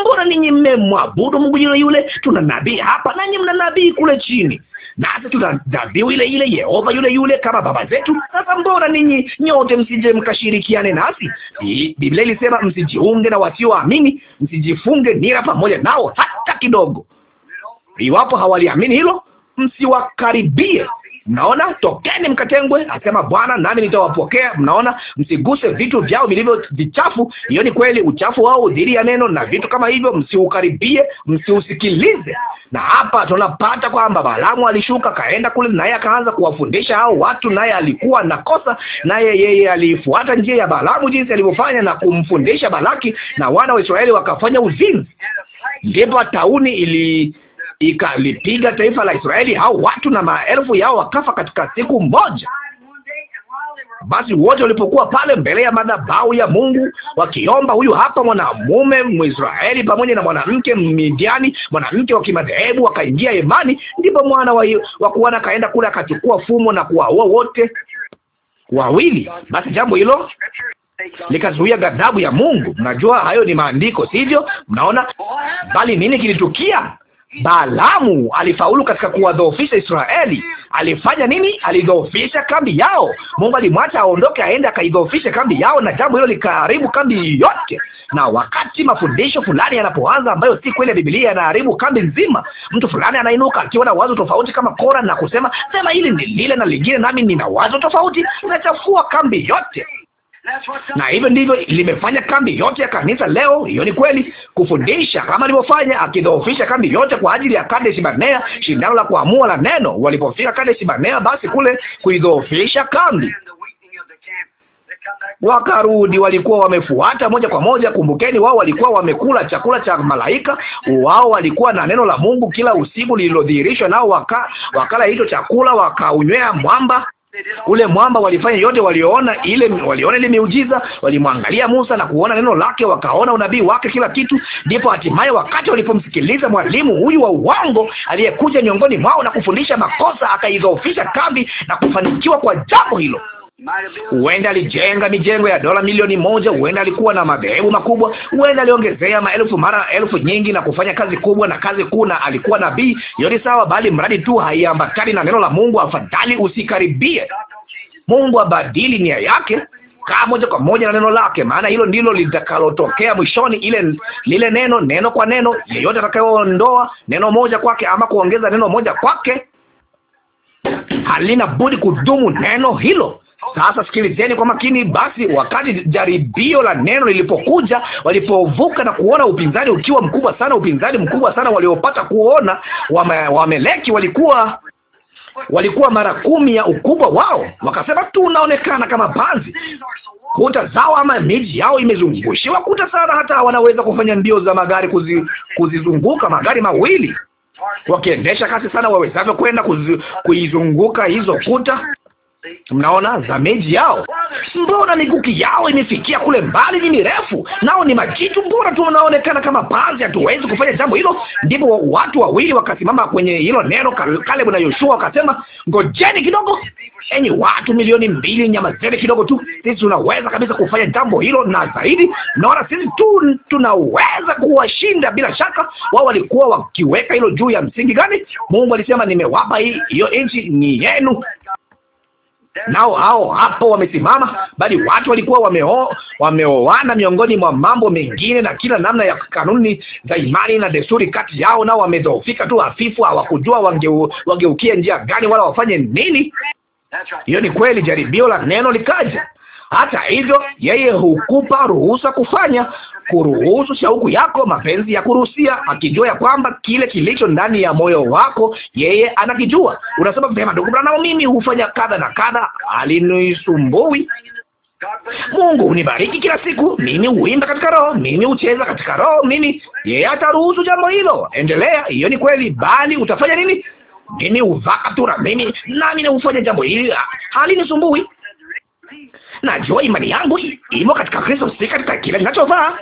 Mbona ninyi mmemwabudu Mungu yule yule? Tuna nabii hapa nanyi mna nabii kule chini nasi tuna dhabihu ile ile Yehova yule yule kama baba zetu. Sasa mbona ninyi nyote msije mkashirikiane nasi? Biblia ilisema msijiunge na wasioamini, msijifunge nira pamoja nao hata kidogo. Iwapo hawaliamini hilo, msiwakaribie. Mnaona, tokeni mkatengwe, asema Bwana, nami nitawapokea. Mnaona, msiguse vitu vyao vilivyo vichafu. Hiyo ni kweli, uchafu wao dhidi ya neno na vitu kama hivyo, msiukaribie, msiusikilize. Na hapa tunapata kwamba Balaamu alishuka kaenda kule, naye akaanza kuwafundisha hao watu, naye alikuwa na kosa, naye yeye alifuata njia ya Balaamu jinsi alivyofanya na kumfundisha Balaki, na wana wa Israeli wakafanya uzinzi. Ndipo tauni ili ikalipiga taifa la Israeli, hao watu na maelfu yao wakafa katika siku moja. Basi wote walipokuwa pale mbele ya madhabahu ya Mungu wakiomba, huyu hapa mwanamume Mwisraeli pamoja na mwanamke Midiani, mwanamke wa kimadhehebu, wakaingia imani. Ndipo mwana wa kuana akaenda kule akachukua fumo na kuwaua wote wawili. Basi jambo hilo likazuia ghadhabu ya Mungu. Mnajua hayo ni maandiko, sivyo? Mnaona, bali nini kilitukia? Balaamu alifaulu katika kuwadhoofisha Israeli. Alifanya nini? Alidhoofisha kambi yao. Mungu alimwacha aondoke, aende akaidhoofishe kambi yao, na jambo hilo likaharibu kambi yote. Na wakati mafundisho fulani yanapoanza ambayo si kweli ya Biblia, yanaharibu kambi nzima. Mtu fulani anainuka akiwa na wazo tofauti kama Kora na kusema, sema hili ni lile na lingine, nami nina wazo tofauti, inachafua kambi yote na hivyo ndivyo limefanya kambi yote ya kanisa leo. Hiyo ni kweli, kufundisha kama alivyofanya, akidhoofisha kambi yote kwa ajili ya Kadesh Barnea, shindano la kuamua la neno. Walipofika Kadesh Barnea, basi kule kuidhoofisha kambi wakarudi walikuwa wamefuata moja kwa moja. Kumbukeni, wao walikuwa wamekula chakula cha malaika, wao walikuwa na neno la Mungu kila usiku lililodhihirishwa nao, waka, wakala hicho chakula wakaunywea mwamba ule mwamba walifanya yote, waliona ile, waliona ile miujiza, walimwangalia Musa na kuona neno lake, wakaona unabii wake, kila kitu. Ndipo hatimaye wakati walipomsikiliza mwalimu huyu wa uongo aliyekuja miongoni mwao na kufundisha makosa, akaidhoofisha kambi na kufanikiwa kwa jambo hilo. Huenda alijenga mijengo ya dola milioni moja. Huenda alikuwa na madhehebu makubwa. Huenda aliongezea maelfu mara elfu nyingi na kufanya kazi kubwa na kazi kuu, na alikuwa nabii. Yote sawa, bali mradi tu haiambatani na neno la Mungu, afadhali usikaribie. Mungu abadili nia yake kaa moja kwa moja na neno lake, maana hilo ndilo litakalotokea mwishoni. Ile lile neno neno kwa neno, yeyote atakayoondoa neno moja kwake ama kuongeza neno moja kwake halina budi kudumu neno hilo. Sasa sikilizeni kwa makini. Basi wakati jaribio la neno lilipokuja, walipovuka na kuona upinzani ukiwa mkubwa sana, upinzani mkubwa sana waliopata kuona, Wameleki walikuwa walikuwa mara kumi ya ukubwa wao. Wakasema, tunaonekana kama panzi kuta zao ama miji yao imezungushiwa kuta sana, hata wanaweza kufanya mbio za magari kuzi, kuzizunguka magari mawili wakiendesha kasi sana wawezavyo kwenda kuizunguka hizo kuta. Mnaona zameji yao, mbona mikuki yao imefikia kule mbali, ni mirefu, nao ni majitu, mbona tunaonekana kama panzi, hatuwezi kufanya jambo hilo. Ndipo watu wawili wakasimama kwenye hilo neno, Kalebu na Yoshua, wakasema, ngojeni kidogo, enyi watu milioni mbili, nyamazeni kidogo tu, sisi tunaweza kabisa kufanya jambo hilo na zaidi. Naona sisi tu tunaweza kuwashinda bila shaka. Wao walikuwa wakiweka hilo juu ya msingi gani? Mungu alisema, nimewapa hiyo nchi, ni yenu nao hao hapo wamesimama, bali watu walikuwa wameo wameoana miongoni mwa mambo mengine na kila namna ya kanuni za imani na desturi kati yao, nao wamedhoofika tu, hafifu, hawakujua wange, wangeukia njia gani wala wafanye nini. Hiyo ni kweli. Jaribio la neno likaja. Hata hivyo, yeye hukupa ruhusa kufanya kuruhusu shauku yako, mapenzi ya kuruhusia, akijua ya kwamba kile kilicho ndani ya moyo wako yeye anakijua. Unasema vema, ndugu Branham, mimi hufanya kadha na kadha, alinisumbui Mungu unibariki kila siku. Mimi huimba katika roho, mimi hucheza katika roho, mimi yeye ataruhusu jambo hilo. Endelea, hiyo ni kweli, bali utafanya nini? Mimi huvaa kaptura, mimi nami hufanya jambo hili, halinisumbui. Najua imani yangu imo katika Kristo, si katika kile ninachovaa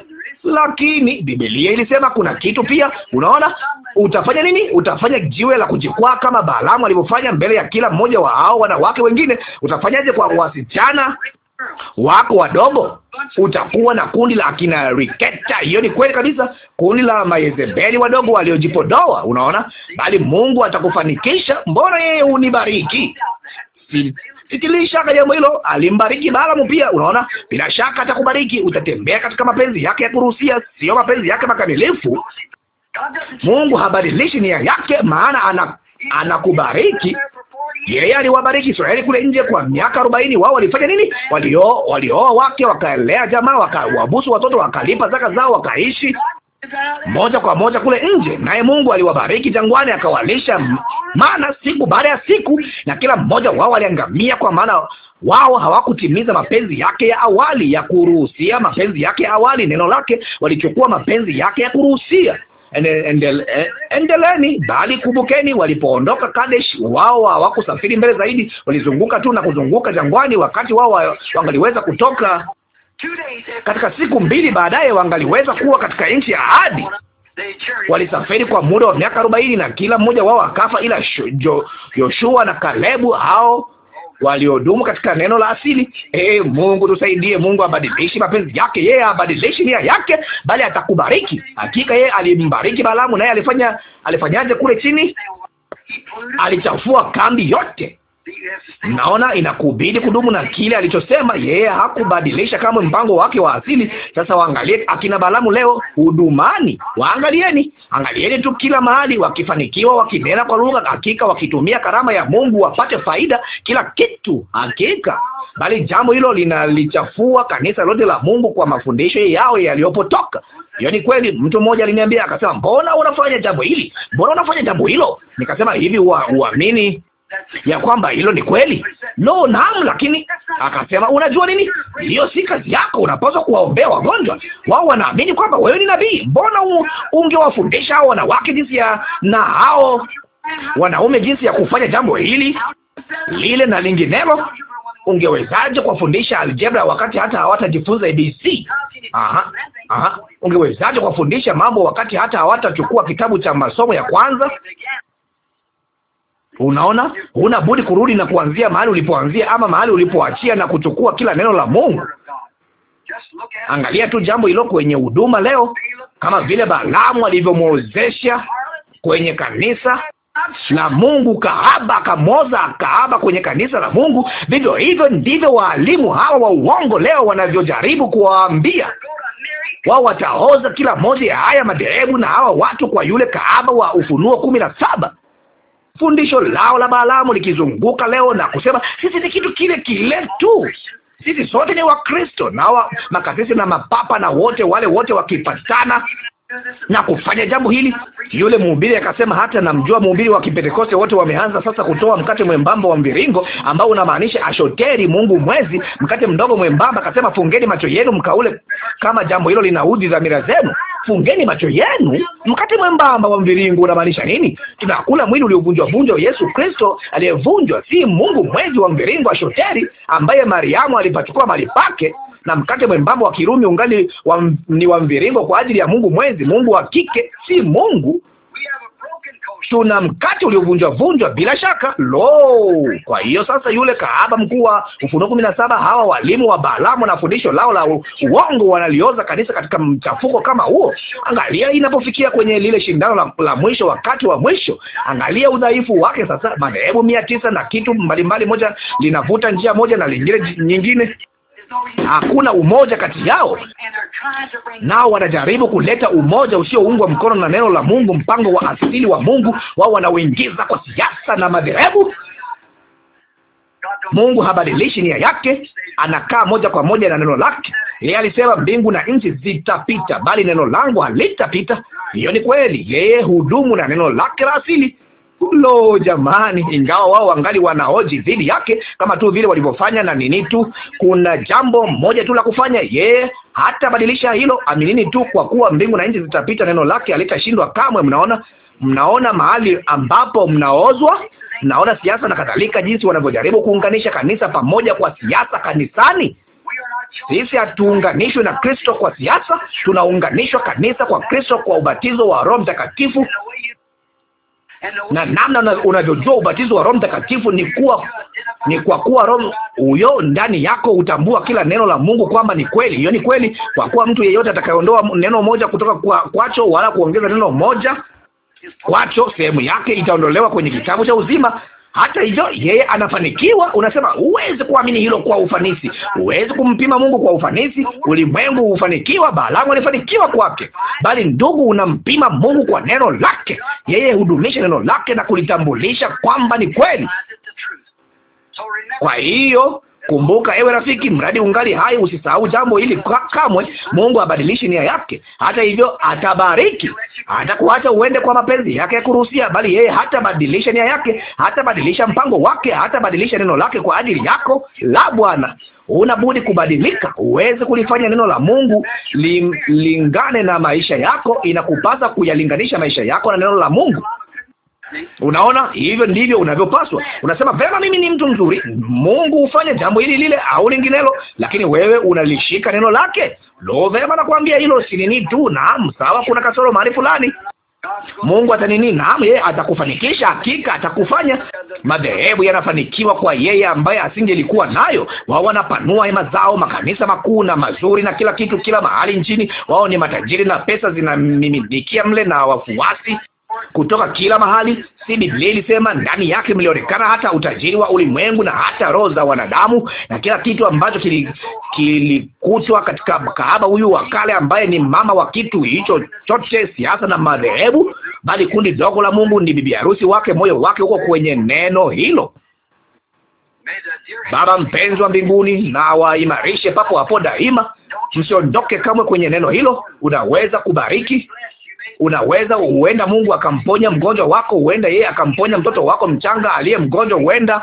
lakini Biblia ilisema kuna kitu pia. Unaona, utafanya nini? Utafanya jiwe la kujikwaa kama Balaamu alivyofanya mbele ya kila mmoja wa hao wanawake wengine. Utafanyaje kwa wasichana wako wadogo? Utakuwa na kundi la akina Riketa. Hiyo ni kweli kabisa, kundi la Mayezebeli wadogo waliojipodoa. Unaona, bali Mungu atakufanikisha. Mbona yeye unibariki? shaka jambo hilo, alimbariki Balaamu pia. Unaona, bila shaka atakubariki, utatembea katika mapenzi yake ya kuruhusia, sio mapenzi yake makamilifu. Mungu habadilishi nia yake, maana ana anakubariki yeye aliwabariki Israeli kule nje kwa miaka arobaini. Wao walifanya nini? Walioa walioa wake, wakalea jamaa, wakawabusu watoto, wakalipa zaka zao, wakaishi moja kwa moja kule nje, naye Mungu aliwabariki jangwani, akawalisha mana siku baada ya siku, na kila mmoja wao aliangamia, kwa maana wao hawakutimiza mapenzi yake ya awali ya kuruhusia. Mapenzi yake ya awali, neno lake, walichukua mapenzi yake ya kuruhusia. E, endeleni bali kumbukeni, walipoondoka Kadesh, wao hawakusafiri mbele zaidi, walizunguka tu na kuzunguka jangwani. Wakati wao wangaliweza kutoka katika siku mbili baadaye wangaliweza kuwa katika nchi ya ahadi. Walisafiri kwa muda wa miaka arobaini na kila mmoja wao akafa, ila Yoshua na Kalebu, hao waliodumu katika neno la asili. E, Mungu tusaidie. Mungu abadilishi mapenzi yake, yeye abadilishi nia yake, bali atakubariki. Hakika yeye alimbariki balamu naye alifanya alifanyaje kule chini? Alichafua kambi yote naona inakubidi kudumu na kile alichosema yeye. Yeah, hakubadilisha kama mpango wake wa asili. Sasa waangalie akina Balamu leo hudumani, waangalieni, angalieni tu kila mahali, wakifanikiwa, wakinena kwa lugha, hakika wakitumia karama ya Mungu wapate faida, kila kitu hakika. Bali jambo hilo linalichafua kanisa lote la Mungu kwa mafundisho yao yaliyopotoka. Hiyo ni kweli. Mtu mmoja aliniambia akasema, mbona unafanya jambo hili, mbona unafanya jambo hilo? Nikasema hivi, uamini ya kwamba hilo ni kweli. Lo, naam, lakini akasema, unajua nini, hiyo si kazi yako. Unapaswa kuwaombea wagonjwa. Wao wanaamini kwamba wewe ni nabii. Mbona ungewafundisha hao wanawake jinsi ya na hao wanaume jinsi ya kufanya jambo hili lile na linginelo? Ungewezaje kuwafundisha algebra wakati hata hawatajifunza ABC? Aha, aha. Ungewezaje kuwafundisha mambo wakati hata hawatachukua kitabu cha masomo ya kwanza? Unaona, huna budi kurudi na kuanzia mahali ulipoanzia ama mahali ulipoachia na kuchukua kila neno la Mungu. Angalia tu jambo hilo kwenye huduma leo, kama vile Balaamu alivyomwozesha kwenye kanisa la Mungu, kahaba akamwoza kahaba kwenye kanisa la Mungu. Vivyo hivyo ndivyo waalimu hawa wa uongo leo wanavyojaribu kuwaambia wao wataoza kila moja ya haya madhehebu na hawa watu kwa yule kahaba wa Ufunuo kumi na saba fundisho lao la Balaamu likizunguka leo na kusema sisi ni kitu kile kile tu sisi sote ni Wakristo na wa makasisi na mapapa na wote wale wote wakipatana na kufanya jambo hili. Yule mhubiri akasema, hata namjua mhubiri wa Kipentekoste. Wote wameanza sasa kutoa mkate mwembamba wa mviringo ambao unamaanisha ashoteri, Mungu mwezi, mkate mdogo mwembamba. Akasema, fungeni macho yenu mkaule, kama jambo hilo linaudhi dhamira zenu. Fungeni macho yenu. Mkate mwembamba wa mviringo unamaanisha nini? Tunakula mwili uliovunjwa vunjwa, Yesu Kristo aliyevunjwa, si Mungu mwezi wa mviringo ashoteri, ambaye Mariamu alipachukua mali pake na mkate mwembamba wa Kirumi ungali wa, ni wa mviringo kwa ajili ya Mungu mwenzi, Mungu wa kike, si Mungu. Tuna mkate uliovunjwa vunjwa bila shaka. Lo, kwa hiyo sasa, yule kahaba mkuu wa Ufunuo kumi na saba, hawa walimu wa balamu na fundisho lao la uongo wanalioza kanisa katika mchafuko kama huo. Angalia inapofikia kwenye lile shindano la, la mwisho, wakati wa mwisho. Angalia udhaifu wake. Sasa madhehebu mia tisa na kitu mbalimbali, moja linavuta njia moja na lingine nyingine hakuna umoja kati yao, nao wanajaribu kuleta umoja usioungwa mkono na neno la Mungu, mpango wa asili wa Mungu, wao wanauingiza kwa siasa na madhehebu. Mungu habadilishi nia yake, anakaa moja kwa moja na neno lake. Yeye alisema mbingu na nchi zitapita, bali neno langu halitapita. Hiyo ni kweli. Yeye hudumu na neno lake la asili. Lo, jamani! Ingawa wao wangali wanaoji dhidi yake kama tu vile walivyofanya na nini tu, kuna jambo moja tu la kufanya yeye, yeah, hatabadilisha hilo. Aminini tu, kwa kuwa mbingu na nchi zitapita, neno lake halitashindwa kamwe. Mnaona, mnaona mahali ambapo mnaozwa, mnaona siasa na kadhalika, jinsi wanavyojaribu kuunganisha kanisa pamoja kwa siasa kanisani. Sisi hatuunganishwi na Kristo kwa siasa, tunaunganishwa kanisa kwa Kristo kwa ubatizo wa Roho Mtakatifu na namna unavyojua ubatizo wa Roho Mtakatifu ni kuwa ni kwa kuwa Roho huyo ndani yako hutambua kila neno la Mungu kwamba ni kweli. Hiyo ni kweli, kwa kuwa mtu yeyote atakayeondoa neno moja kutoka kwa kwacho wala kuongeza neno moja kwacho, sehemu yake itaondolewa kwenye kitabu cha uzima. Hata hivyo yeye anafanikiwa. Unasema huwezi kuamini hilo kwa ufanisi, huwezi kumpima Mungu kwa ufanisi. Ulimwengu hufanikiwa, Balaamu alifanikiwa kwake, bali ndugu, unampima Mungu kwa neno lake. Yeye hudumisha neno lake na kulitambulisha kwamba ni kweli. Kwa hiyo Kumbuka ewe rafiki, mradi ungali hai, usisahau jambo hili kamwe. Mungu abadilishi nia yake. Hata hivyo, atabariki, hatakuacha uende kwa mapenzi yake ya kuruhusia, bali yeye hatabadilisha nia yake, hatabadilisha mpango wake, hatabadilisha neno lake kwa ajili yako la Bwana. Una budi kubadilika, uweze kulifanya neno la Mungu lingane na maisha yako. Inakupasa kuyalinganisha maisha yako na neno la Mungu. Unaona, hivyo ndivyo unavyopaswa. Unasema vema, mimi ni mtu mzuri, Mungu ufanye jambo hili lile au linginelo, lakini wewe unalishika neno lake. Lo, vema, nakwambia hilo si nini tu. Naam, sawa, kuna kasoro mahali fulani. Mungu atanini? Naam, yeye atakufanikisha, hakika atakufanya. Madhehebu yanafanikiwa kwa yeye ambaye asingelikuwa nayo. Wao wanapanua hema zao, makanisa makuu na mazuri na kila kitu, kila mahali nchini. Wao ni matajiri na pesa zinamiminikia mle na wafuasi kutoka kila mahali. Si Biblia ilisema ndani yake mlionekana hata utajiri wa ulimwengu na hata roho za wanadamu na kila kitu ambacho kilikutwa katika kahaba huyu wa kale, ambaye ni mama wa kitu hicho chote, siasa na madhehebu, bali kundi dogo la Mungu ni bibi harusi wake. Moyo wake uko kwenye neno hilo. Baba mpenzi wa mbinguni, na waimarishe papo hapo daima, msiondoke kamwe kwenye neno hilo. Unaweza kubariki Unaweza, huenda Mungu akamponya mgonjwa wako, huenda yeye akamponya mtoto wako mchanga aliye mgonjwa, huenda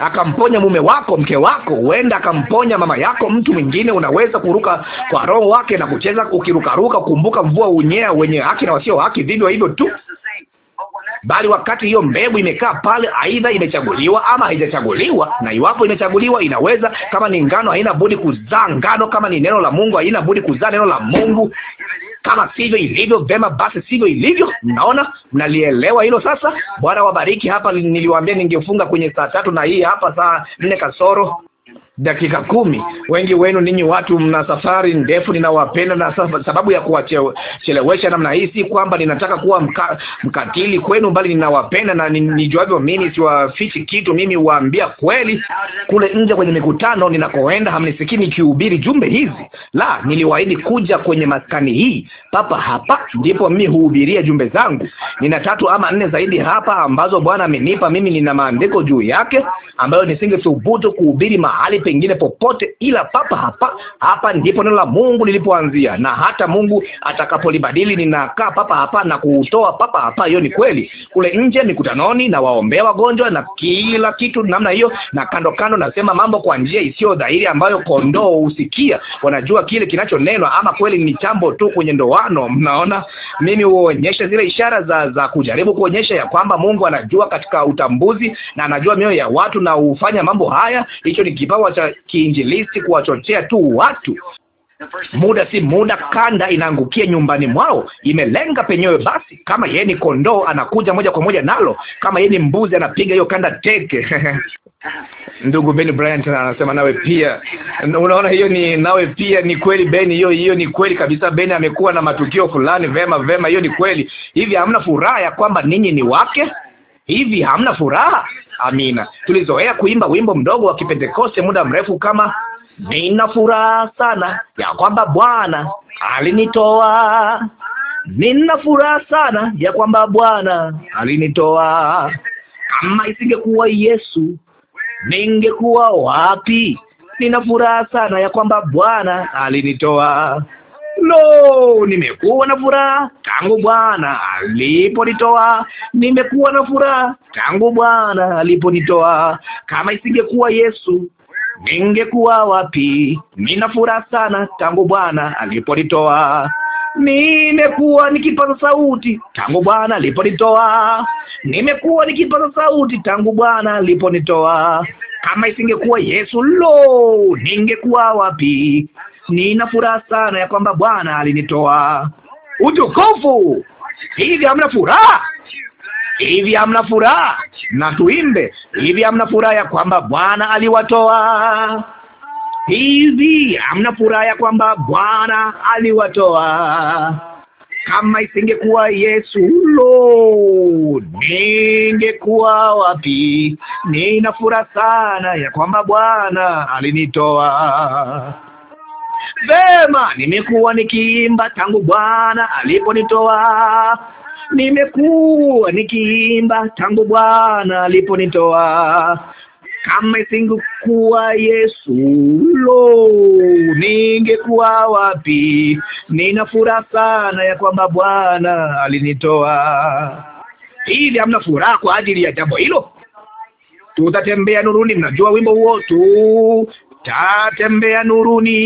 akamponya mume wako, mke wako, huenda akamponya mama yako, mtu mwingine. Unaweza kuruka kwa roho wake na kucheza ukirukaruka. Kumbuka, mvua unyea wenye haki na wasio haki, vivyo hivyo tu bali wakati hiyo mbegu imekaa pale, aidha imechaguliwa ama haijachaguliwa. Na iwapo imechaguliwa, inaweza kama ni ngano, haina budi kuzaa ngano. Kama ni neno la Mungu, haina budi kuzaa neno la Mungu. Kama sivyo ilivyo, vema basi sivyo ilivyo. Mnaona, mnalielewa hilo sasa. Bwana wabariki. Hapa niliwaambia ningefunga kwenye saa tatu na hii hapa saa nne kasoro dakika kumi. Wengi wenu ninyi watu mna safari ndefu, ninawapenda na sababu ya kuwachelewesha namna hii si kwamba ninataka kuwa mka, mkatili kwenu, bali ninawapenda na nijuavyo mimi, siwafichi kitu. Mimi huwaambia kweli. Kule nje kwenye mikutano ninakoenda hamnisikii nikihubiri jumbe hizi, la, niliwaahidi kuja kwenye maskani hii papa hapa, ndipo mimi huhubiria jumbe zangu. Nina tatu ama nne zaidi hapa ambazo Bwana amenipa mimi, nina maandiko juu yake ambayo nisingethubutu kuhubiri mahali pengine popote ila papa hapa. Hapa ndipo neno la Mungu lilipoanzia, na hata Mungu atakapolibadili ninakaa papa hapa na kuutoa papa hapa. Hiyo ni kweli, kule nje mikutanoni, na waombea wagonjwa na kila kitu namna hiyo, na kando kando nasema mambo kwa njia isiyo dhahiri ambayo kondoo husikia, wanajua kile kinachonenwa, ama kweli ni chambo tu kwenye ndoano. Mnaona, mimi huonyesha zile ishara za, za kujaribu kuonyesha ya kwamba Mungu anajua katika utambuzi na anajua mioyo ya watu na hufanya mambo haya. Hicho ni kipawa cha kiinjilisti kuwachochea tu watu. Muda si muda, kanda inaangukia nyumbani mwao, imelenga penyewe. Basi kama yeye ni kondoo, anakuja moja kwa moja nalo. Kama yeye ni mbuzi, anapiga hiyo kanda teke. Ndugu Ben Bryant anasema nawe pia unaona, hiyo ni nawe pia ni kweli Ben, hiyo hiyo ni kweli kabisa. Ben amekuwa na matukio fulani. Vema, vema, hiyo ni kweli. Hivi hamna furaha ya kwamba ninyi ni wake? Hivi hamna furaha? Amina. Tulizoea kuimba wimbo mdogo wa Kipentekoste muda mrefu kama nina furaha sana ya kwamba Bwana alinitoa, nina furaha sana ya kwamba Bwana alinitoa. Kama isingekuwa Yesu ningekuwa wapi? Nina furaha sana ya kwamba Bwana alinitoa. Lo, nimekuwa na furaha tangu Bwana aliponitoa, nimekuwa na furaha tangu Bwana aliponitoa. Kama isingekuwa Yesu ningekuwa wapi? Nina furaha sana tangu Bwana aliponitoa. Nimekuwa nikipaza sauti tangu Bwana aliponitoa. Nimekuwa nikipaza sauti tangu Bwana aliponitoa. Kama isingekuwa Yesu, lo, ningekuwa wapi? Nina furaha sana ya kwamba Bwana alinitoa utukufu. Hivi hamna furaha? Hivi hamna furaha? Na tuimbe hivi, hamna furaha ya kwamba Bwana aliwatoa? Hivi hamna furaha ya kwamba Bwana aliwatoa? Kama isingekuwa Yesu, lo, ningekuwa wapi? Nina furaha sana ya kwamba Bwana alinitoa. Vema, nimekuwa nikiimba tangu Bwana aliponitoa nimekuwa nikiimba tangu Bwana aliponitoa. Kama isingekuwa Yesu, lo, ningekuwa wapi? Nina furaha sana ya kwamba Bwana alinitoa. Hivi hamna furaha kwa ajili ya jambo hilo? Tutatembea nuruni. Mnajua wimbo huo tu, tatembea nuruni,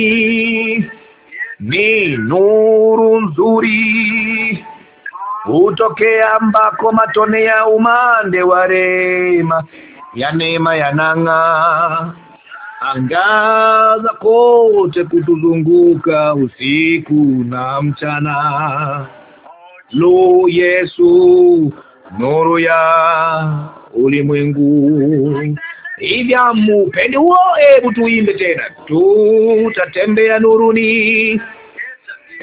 ni nuru nzuri hutokea ambako matone ya umande wa rema ya neema yanang'a angaza kote kutuzunguka usiku na mchana. Lo, Yesu, nuru ya ulimwengu hivi mupendi huo? Hebu tuimbe tena, tutatembea nuruni.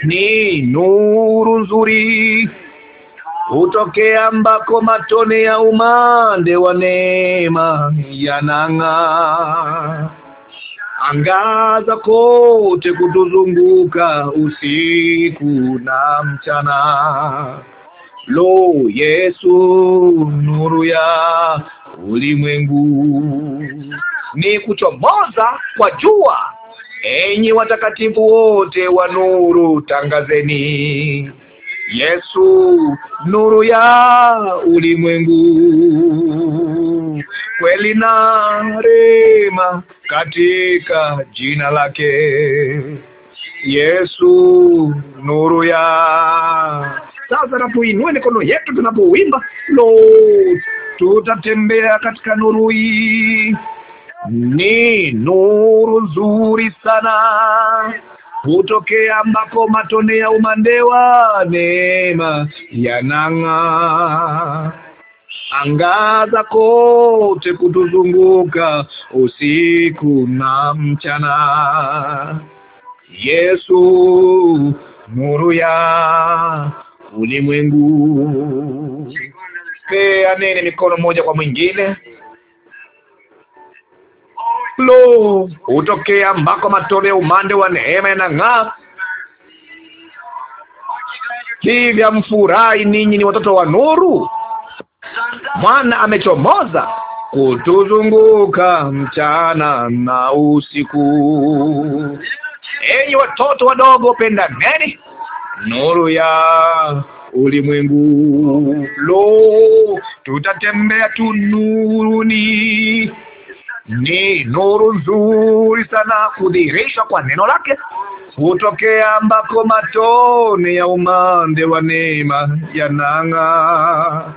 Ni nuru nzuri utokea ambako matone ya umande wa neema yananga angaza kote kutuzunguka usiku na mchana. Lo, Yesu, nuru ya ulimwengu ni kuchomoza kwa jua. Enyi watakatifu wote wa nuru, tangazeni Yesu nuru ya ulimwengu, kweli na rema katika jina lake Yesu nuru ya sasa. Tunapoinua mikono yetu tunapouimba lo tutatembea katika nuru hii. Ni nuru nzuri sana hutokea ambako matone ya umandewa neema yananga Angaza kote kutuzunguka usiku na mchana. Yesu, nuru ya ulimwengu peaneni mikono moja kwa mwingine. Lo, hutokea ambako matone ya umande wa neema yanang'aa hivya. Mfurahi ninyi, ni watoto wa nuru, mwana amechomoza kutuzunguka mchana na usiku. Enyi watoto wadogo, pendaneni nuru ya ulimwengu. Lo, tutatembea tu nuruni. Ni nuru nzuri sana kudhihirishwa kwa neno lake hutokea ambako matone ya umande wa neema yanang'a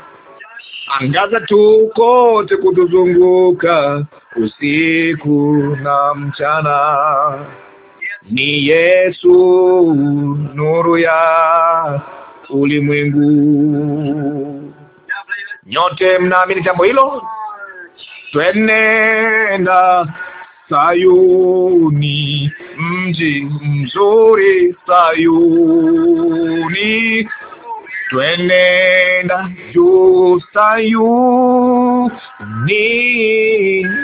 Angaza tu kote kutuzunguka, usiku na mchana. Ni Yesu nuru ya ulimwengu. Nyote mnaamini jambo hilo? Twenenda Sayuni, mji mzuri Sayuni, twenenda juu Sayuni,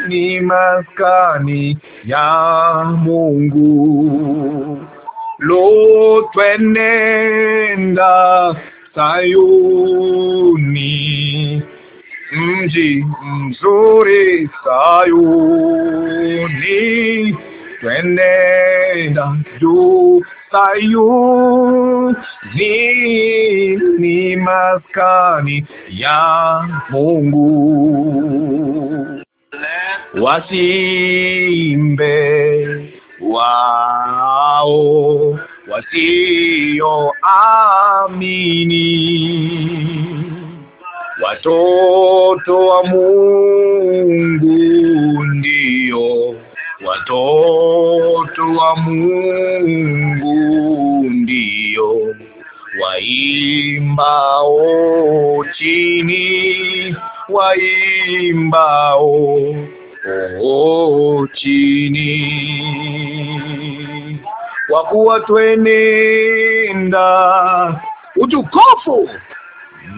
ni maskani ya Mungu. Lo, twenenda Sayuni, mji mzuri Sayuni, twenenda juu Sayuni, ni maskani ya Mungu, wasimbe wao wasioamini, watoto wa Mungu ndio watoto wa Mungu ndio waimbao chini waimbao oh, chini, kwa kuwa twenenda utukufu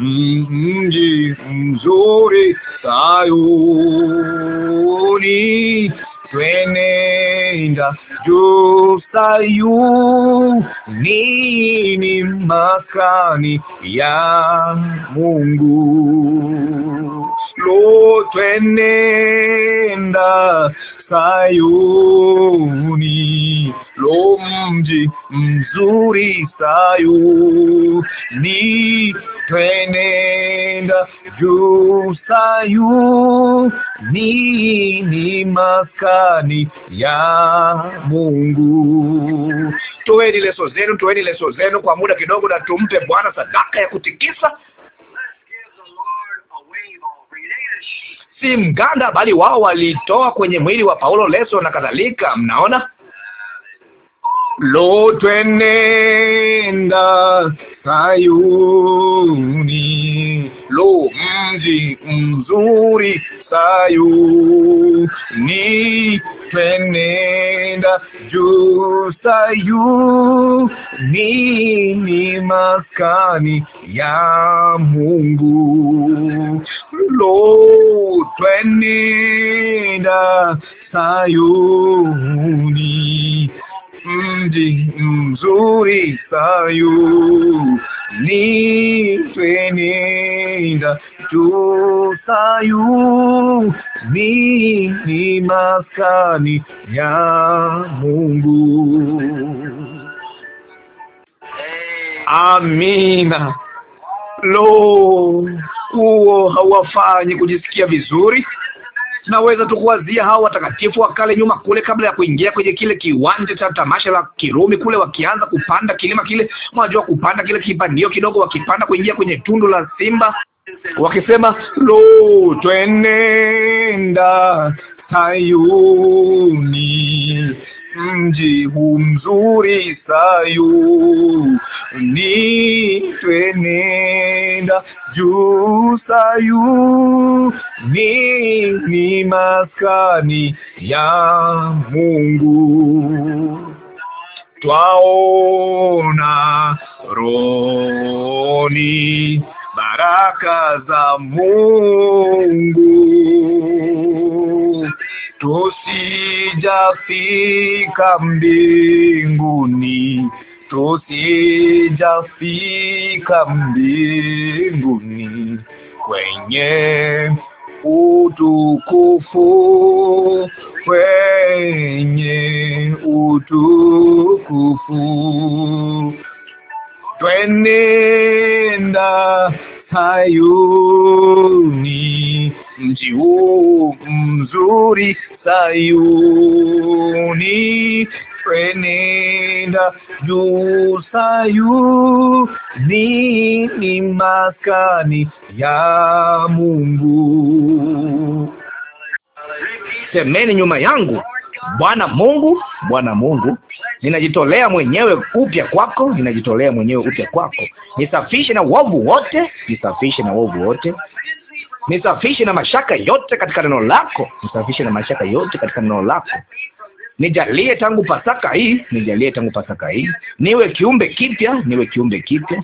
mji mzuri Sayuni twenenda juu Sayuni, ni makani ya Mungu. Lo, twenenda Sayuni, lo mji mzuri Sayuni, twenenda juu Sayuni, ni makani ya Mungu. Toweni leso zenu, toweni leso zenu kwa muda kidogo, na tumpe Bwana sadaka ya kutikisa si mganda, bali wao walitoa kwenye mwili wa Paulo leso na kadhalika. Mnaona, lo, twenenda Sayuni, lo, mji mzuri Sayuni, twenenda juu Sayuni, ni maskani ya Mungu. Lo, twenenda Sayuni, mji mzuri Sayuni ni twenenda tu Sayuni, ni, maskani ya Mungu. Amina. Lo, huo hawafanyi kujisikia vizuri? Tunaweza tu kuwazia hao watakatifu wa kale nyuma kule, kabla ya kuingia kwenye kile kiwanja cha tamasha la Kirumi kule, wakianza kupanda kilima kile, mwajua kupanda kile kipandio kidogo, wakipanda kuingia kwenye tundu la simba, wakisema lo, twenenda Sayuni, mji huu mzuri Sayuni ni twenenda juu Sayuni, ni ni maskani ya Mungu, twaona roni baraka za Mungu, tusijafika mbinguni tusijafika mbinguni kwenye utukufu kwenye utukufu twenenda Sayuni, mji huu mzuri Sayuni, Fenenda juu Sayuni, ni maskani ya Mungu. Semeni nyuma yangu, Bwana Mungu, Bwana Mungu, ninajitolea mwenyewe upya kwako, ninajitolea mwenyewe upya kwako. Nisafishe na uovu wote, nisafishe na uovu wote nisafishe na mashaka yote katika neno lako, nisafishe na mashaka yote katika neno lako nijalie tangu Pasaka hii, nijalie tangu Pasaka hii, niwe kiumbe kipya, niwe kiumbe kipya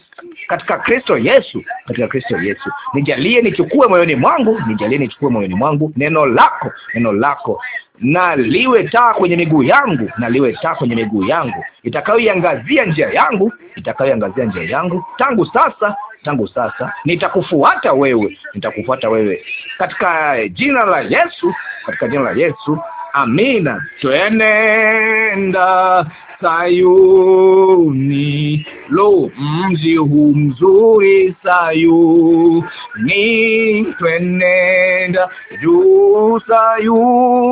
katika Kristo Yesu, katika Kristo Yesu. Nijalie nichukue moyoni mwangu, nijalie nichukue moyoni mwangu neno lako, neno lako na liwe taa kwenye miguu yangu, na liwe taa kwenye miguu yangu itakayoiangazia njia yangu, itakayoiangazia njia yangu. Tangu sasa, tangu sasa nitakufuata wewe, nitakufuata wewe katika jina la Yesu, katika jina la Yesu. Amina. Twenenda Sayuni, lo, mji huu mzuri Sayuni, twenenda juu Sayuni,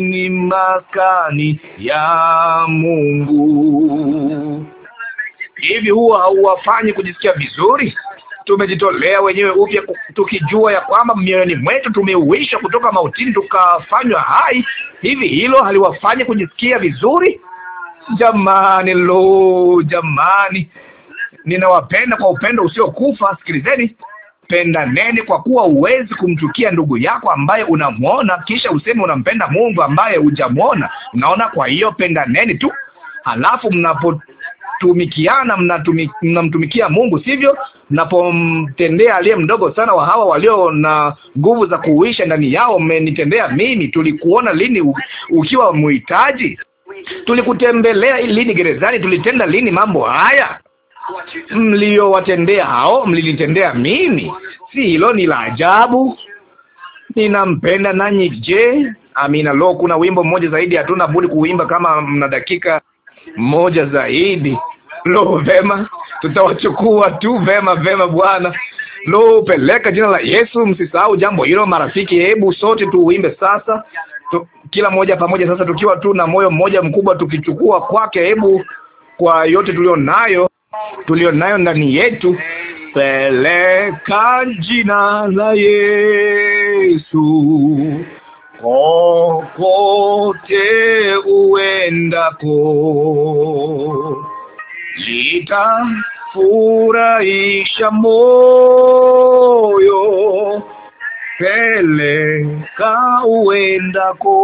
ni makani ya Mungu. Hivi huwa hauwafanyi kujisikia vizuri? tumejitolea wenyewe upya, tukijua ya kwamba mioyoni mwetu tumeuisha kutoka mautini tukafanywa hai. Hivi hilo haliwafanyi kujisikia vizuri? Jamani, lo, jamani, ninawapenda kwa upendo usiokufa. Sikilizeni, pendaneni, kwa kuwa huwezi kumchukia ndugu yako ambaye unamwona, kisha useme unampenda Mungu ambaye hujamwona. Unaona? Kwa hiyo pendaneni tu, halafu mnapotumikiana mnamtumikia Mungu, sivyo? mnapomtendea aliye mdogo sana wa hawa walio na nguvu za kuuisha ndani yao, mmenitendea mimi. Tulikuona lini ukiwa muhitaji? Tulikutembelea lini gerezani? Tulitenda lini mambo haya? mliowatendea hao mlinitendea mimi. Si hilo ni la ajabu? Ninampenda nanyi. Je, amina. Lo, kuna wimbo mmoja zaidi, hatuna budi kuimba kama mna dakika moja zaidi. Lo, vema, tutawachukua tu. Vema, vema, Bwana. Lo, peleka jina la Yesu. Msisahau jambo hilo, marafiki. Hebu sote tuuimbe sasa tu, kila moja pamoja sasa, tukiwa tu na moyo mmoja mkubwa, tukichukua kwake. Hebu kwa yote tulionayo, nayo ndani yetu, peleka jina la Yesu kokote uendako litafurahisha moyo, peleka uendako,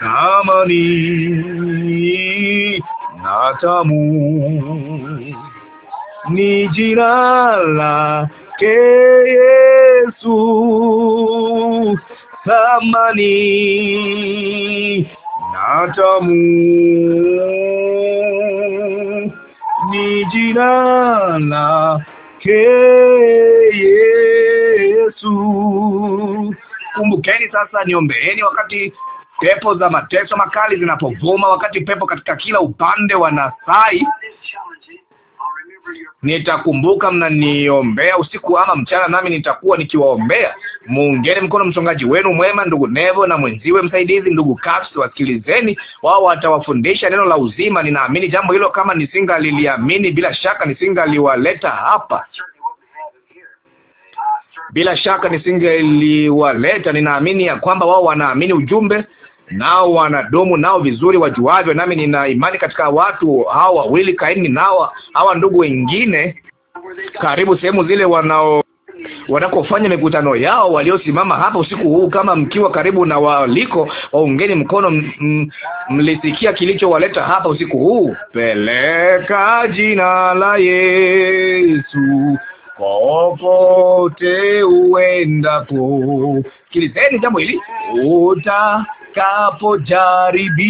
kama ni na tamu ni jina lake Yesu, thamani na tamu ni jina lake Yesu. Kumbukeni sasa, niombeeni wakati pepo za mateso makali zinapovuma, wakati pepo katika kila upande wa nasai Nitakumbuka mnaniombea usiku ama mchana, nami nitakuwa nikiwaombea. Muungeni mkono mchungaji wenu mwema, ndugu Nevo na mwenziwe msaidizi, ndugu Caps. Wasikilizeni, wao watawafundisha neno la uzima. Ninaamini jambo hilo. Kama nisingaliliamini, bila shaka nisingaliwaleta hapa bila shaka nisingeliwaleta. Ninaamini ya kwamba wao wanaamini ujumbe nao wanadumu nao vizuri wajuavyo, nami nina imani katika watu hawa wawili, Kaini nao hawa ndugu wengine, karibu sehemu zile wanao wanakofanya mikutano yao, waliosimama hapa usiku huu, kama mkiwa karibu na waliko, waungeni mkono. Mlisikia kilichowaleta hapa usiku huu. Peleka jina la Yesu popote uendapo. Kilizeni jambo hili uta nitakapojaribiwa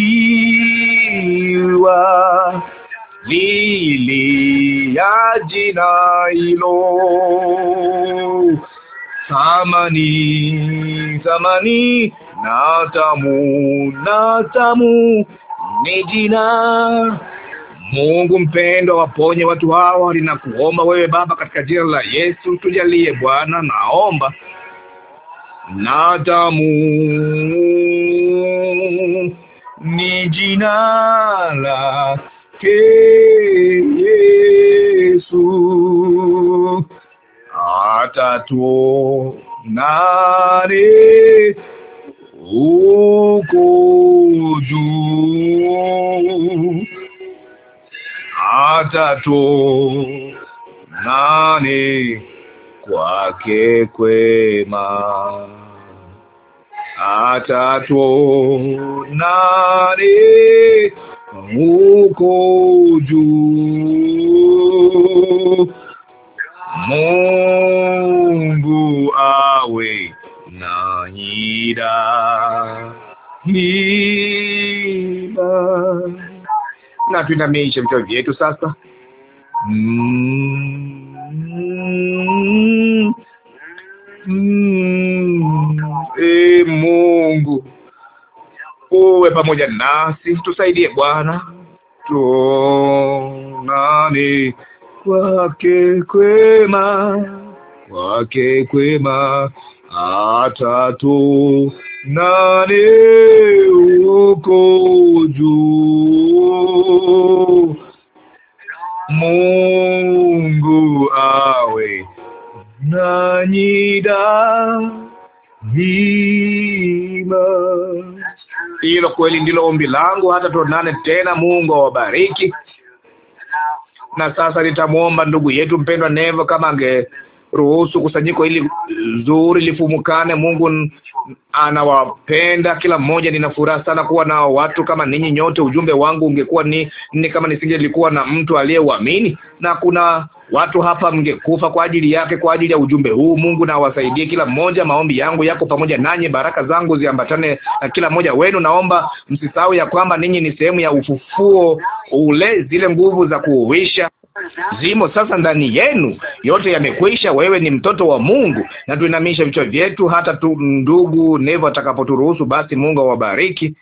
lili ya jina hilo thamani thamani na tamu na tamu ni jina Mungu mpendwa, waponye watu hawa, linakuomba wewe Baba, katika jina la Yesu tujalie Bwana, naomba na damu ni jina lake Yesu atatuonare huko juu atatuonare kwake kwema atatuonani huko juu. Mungu awe nanyi daima. Na tuinamishe vichwa vyetu sasa. mm e Mungu uwe pamoja nasi, tusaidie Bwana, tunani kwake kwema, kwake kwema atatu nani uko juu Mungu awe nanyi daima. Hilo kweli ndilo ombi langu, hata tuonane tena. Mungu awabariki. Na sasa nitamwomba ndugu yetu mpendwa Nevo kama ange ruhusu kusanyiko hili zuri lifumukane. Mungu anawapenda kila mmoja. Nina furaha sana kuwa na watu kama ninyi nyote. Ujumbe wangu ungekuwa ni nini kama nisingelikuwa na mtu aliyeuamini? Na kuna watu hapa mngekufa kwa ajili yake, kwa ajili ya ujumbe huu. Mungu na kila mmoja. Maombi yangu yako pamoja nanyi, baraka zangu ziambatane na kila mmoja wenu. Naomba msisahau ya kwamba ninyi ni sehemu ya ufufuo ule, zile nguvu za kuuisha zimo sasa ndani yenu, yote yamekwisha. Wewe ni mtoto wa Mungu. Na tuinamisha vichwa vyetu hata tu ndugu Nevo atakapoturuhusu. Basi Mungu awabariki.